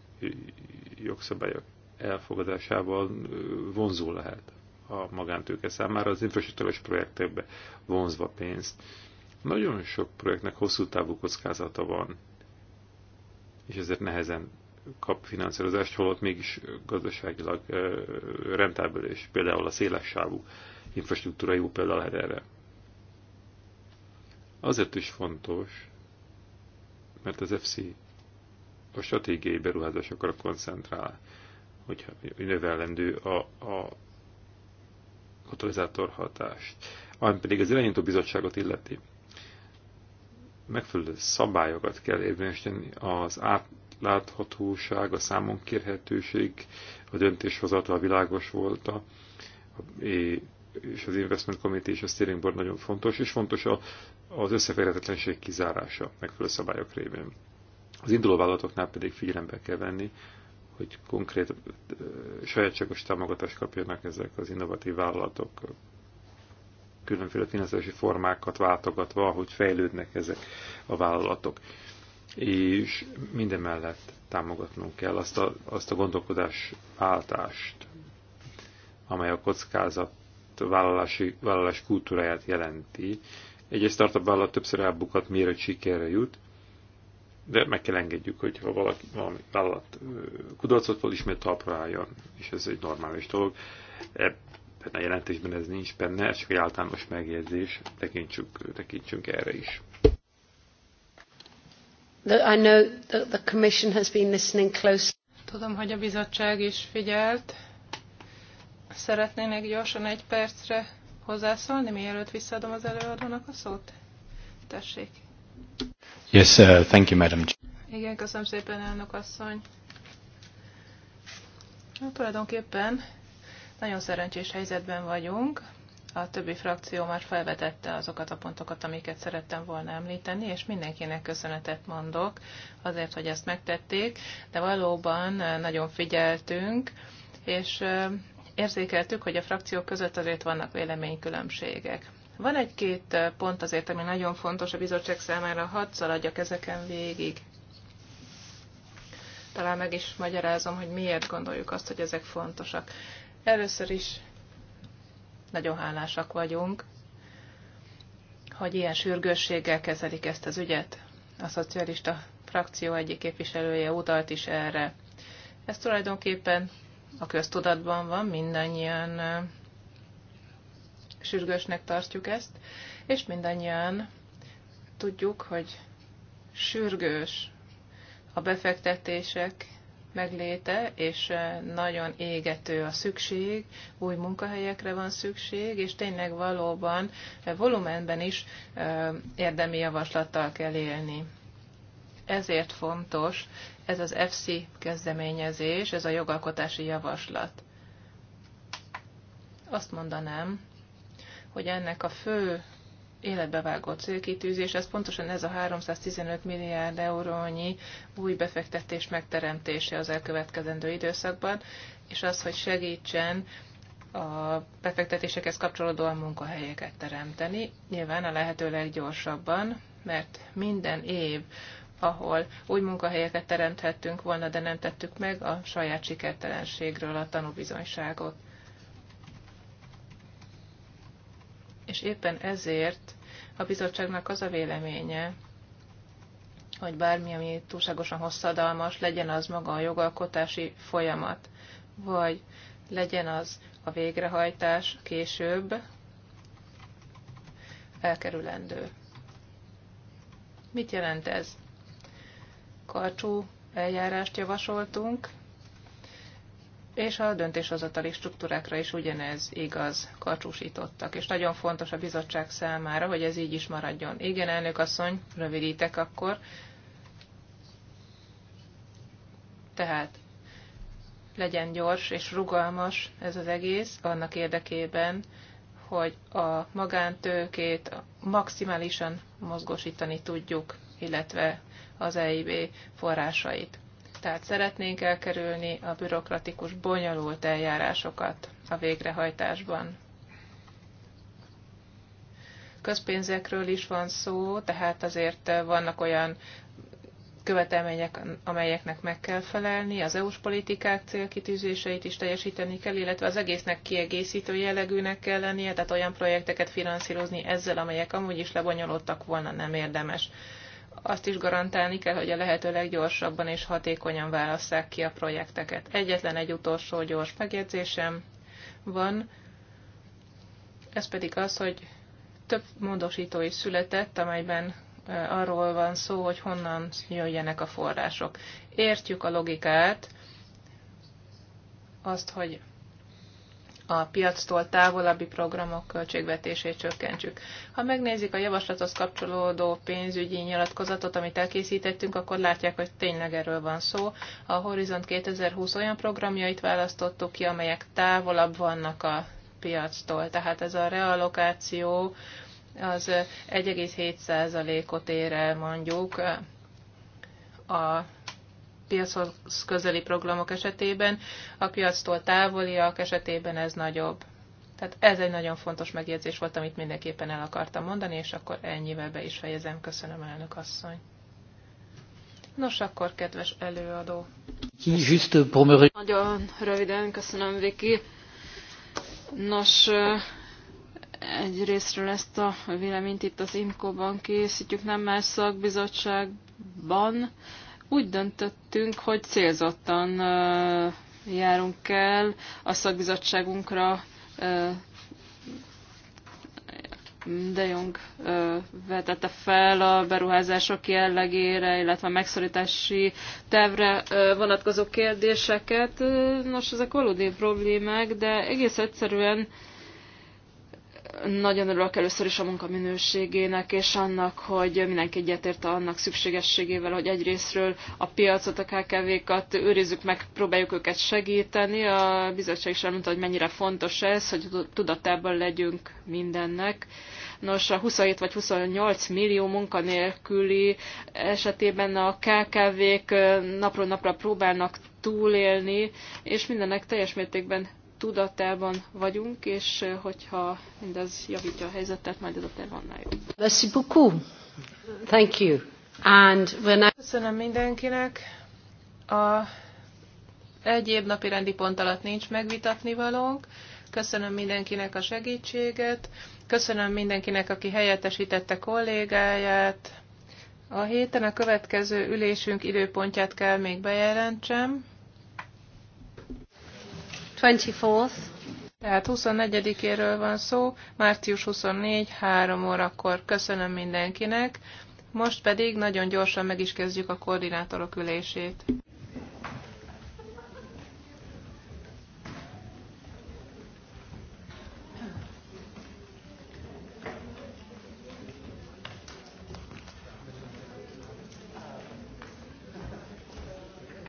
jogszabályok elfogadásával vonzó lehet a magántőke számára, az infrastruktúrás projektekbe vonzva pénzt. Nagyon sok projektnek hosszú távú kockázata van, és ezért nehezen kap finanszírozást, holott mégis gazdaságilag rentábel, és például a széles sávú infrastruktúra jó példa lehet erre. Azért is fontos, mert az FC a stratégiai beruházásokra koncentrál, hogyha növelendő a, a katalizátor hatást. Ami pedig az irányító bizottságot illeti, megfelelő szabályokat kell érvényesíteni az átláthatóság, a számon kérhetőség, a döntéshozatal világos volt, és az Investment Committee és a Steering Board nagyon fontos, és fontos a az összeférhetetlenség kizárása megfelelő szabályok révén. Az vállalatoknál pedig figyelembe kell venni, hogy konkrét sajátságos támogatást kapjanak ezek az innovatív vállalatok, különféle finanszírozási formákat váltogatva, hogy fejlődnek ezek a vállalatok. És minden mellett támogatnunk kell azt a, azt a gondolkodás váltást, amely a kockázat vállalási, vállalás kultúráját jelenti, egy-egy startup vállalat többször elbukat, mire sikerre jut, de meg kell engedjük, hogyha valaki, valami vállalat kudarcot fog, ismét talpra álljon, és ez egy normális dolog. Ebben a jelentésben ez nincs benne, ez csak egy általános megjegyzés, tekintsünk, tekintsünk erre is. I know that the Commission has been listening closely. Tudom, hogy a bizottság is figyelt. Szeretnének gyorsan egy percre hozzászólni, mielőtt visszaadom az előadónak a szót? Tessék. Yes, uh, thank you, madam. Igen, köszönöm szépen, elnök asszony. Na, hát, tulajdonképpen nagyon szerencsés helyzetben vagyunk. A többi frakció már felvetette azokat a pontokat, amiket szerettem volna említeni, és mindenkinek köszönetet mondok azért, hogy ezt megtették, de valóban uh, nagyon figyeltünk, és uh, érzékeltük, hogy a frakciók között azért vannak véleménykülönbségek. Van egy-két eh, pont azért, ami nagyon fontos a bizottság számára, hadd szaladjak ezeken végig. Talán meg is magyarázom, hogy miért gondoljuk azt, hogy ezek fontosak. Először is nagyon hálásak vagyunk, hogy ilyen sürgősséggel kezelik ezt az ügyet. A szocialista frakció egyik képviselője utalt is erre. Ez tulajdonképpen a köztudatban van, mindannyian sürgősnek tartjuk ezt, és mindannyian tudjuk, hogy sürgős a befektetések megléte, és nagyon égető a szükség, új munkahelyekre van szükség, és tényleg valóban volumenben is érdemi javaslattal kell élni ezért fontos ez az FC kezdeményezés, ez a jogalkotási javaslat. Azt mondanám, hogy ennek a fő életbevágó célkitűzés, ez pontosan ez a 315 milliárd eurónyi új befektetés megteremtése az elkövetkezendő időszakban, és az, hogy segítsen a befektetésekhez kapcsolódóan munkahelyeket teremteni, nyilván a lehető leggyorsabban, mert minden év, ahol új munkahelyeket teremthettünk volna, de nem tettük meg a saját sikertelenségről a tanúbizonyságot. És éppen ezért a bizottságnak az a véleménye, hogy bármi, ami túlságosan hosszadalmas, legyen az maga a jogalkotási folyamat, vagy legyen az a végrehajtás később elkerülendő. Mit jelent ez? karcsú eljárást javasoltunk, és a döntéshozatali struktúrákra is ugyanez igaz, karcsúsítottak. És nagyon fontos a bizottság számára, hogy ez így is maradjon. Igen, elnök asszony, rövidítek akkor. Tehát legyen gyors és rugalmas ez az egész, annak érdekében, hogy a magántőkét maximálisan mozgosítani tudjuk, illetve az EIB forrásait. Tehát szeretnénk elkerülni a bürokratikus, bonyolult eljárásokat a végrehajtásban. Közpénzekről is van szó, tehát azért vannak olyan követelmények, amelyeknek meg kell felelni, az EU-s politikák célkitűzéseit is teljesíteni kell, illetve az egésznek kiegészítő jellegűnek kell lennie, tehát olyan projekteket finanszírozni ezzel, amelyek amúgy is lebonyolódtak volna, nem érdemes azt is garantálni kell, hogy a lehető leggyorsabban és hatékonyan válasszák ki a projekteket. Egyetlen egy utolsó gyors megjegyzésem van, ez pedig az, hogy több módosító is született, amelyben arról van szó, hogy honnan jöjjenek a források. Értjük a logikát, azt, hogy a piactól távolabbi programok költségvetését csökkentsük. Ha megnézik a javaslathoz kapcsolódó pénzügyi nyilatkozatot, amit elkészítettünk, akkor látják, hogy tényleg erről van szó. A Horizont 2020 olyan programjait választottuk ki, amelyek távolabb vannak a piactól. Tehát ez a realokáció az 1,7%-ot ér el mondjuk a piachoz közeli programok esetében, a piactól távoliak esetében ez nagyobb. Tehát ez egy nagyon fontos megjegyzés volt, amit mindenképpen el akartam mondani, és akkor ennyivel be is fejezem. Köszönöm, elnök asszony. Nos, akkor kedves előadó. Nagyon röviden, köszönöm, Viki. Nos, egy részről ezt a véleményt itt az IMCO-ban készítjük, nem más szakbizottságban, úgy döntöttünk, hogy célzottan járunk el a szakbizottságunkra de Jong vetette fel a beruházások jellegére, illetve a megszorítási tervre vonatkozó kérdéseket. Nos, ezek valódi problémák, de egész egyszerűen nagyon örülök először is a munka minőségének, és annak, hogy mindenki egyetért annak szükségességével, hogy egyrésztről a piacot, a KKV-kat őrizzük meg, próbáljuk őket segíteni. A bizottság is elmondta, hogy mennyire fontos ez, hogy tudatában legyünk mindennek. Nos, a 27 vagy 28 millió munkanélküli esetében a KKV-k napról napra próbálnak túlélni, és mindennek teljes mértékben tudatában vagyunk, és hogyha mindez javítja a helyzetet, majd ez a terv annál jobb. Merci beaucoup. Thank you. And when I... Köszönöm mindenkinek. A egyéb napi rendi pont alatt nincs megvitatni valónk. Köszönöm mindenkinek a segítséget. Köszönöm mindenkinek, aki helyettesítette kollégáját. A héten a következő ülésünk időpontját kell még bejelentsem. Tehát 24-éről van szó, március 24, 3 órakor. Köszönöm mindenkinek. Most pedig nagyon gyorsan meg is kezdjük a koordinátorok ülését.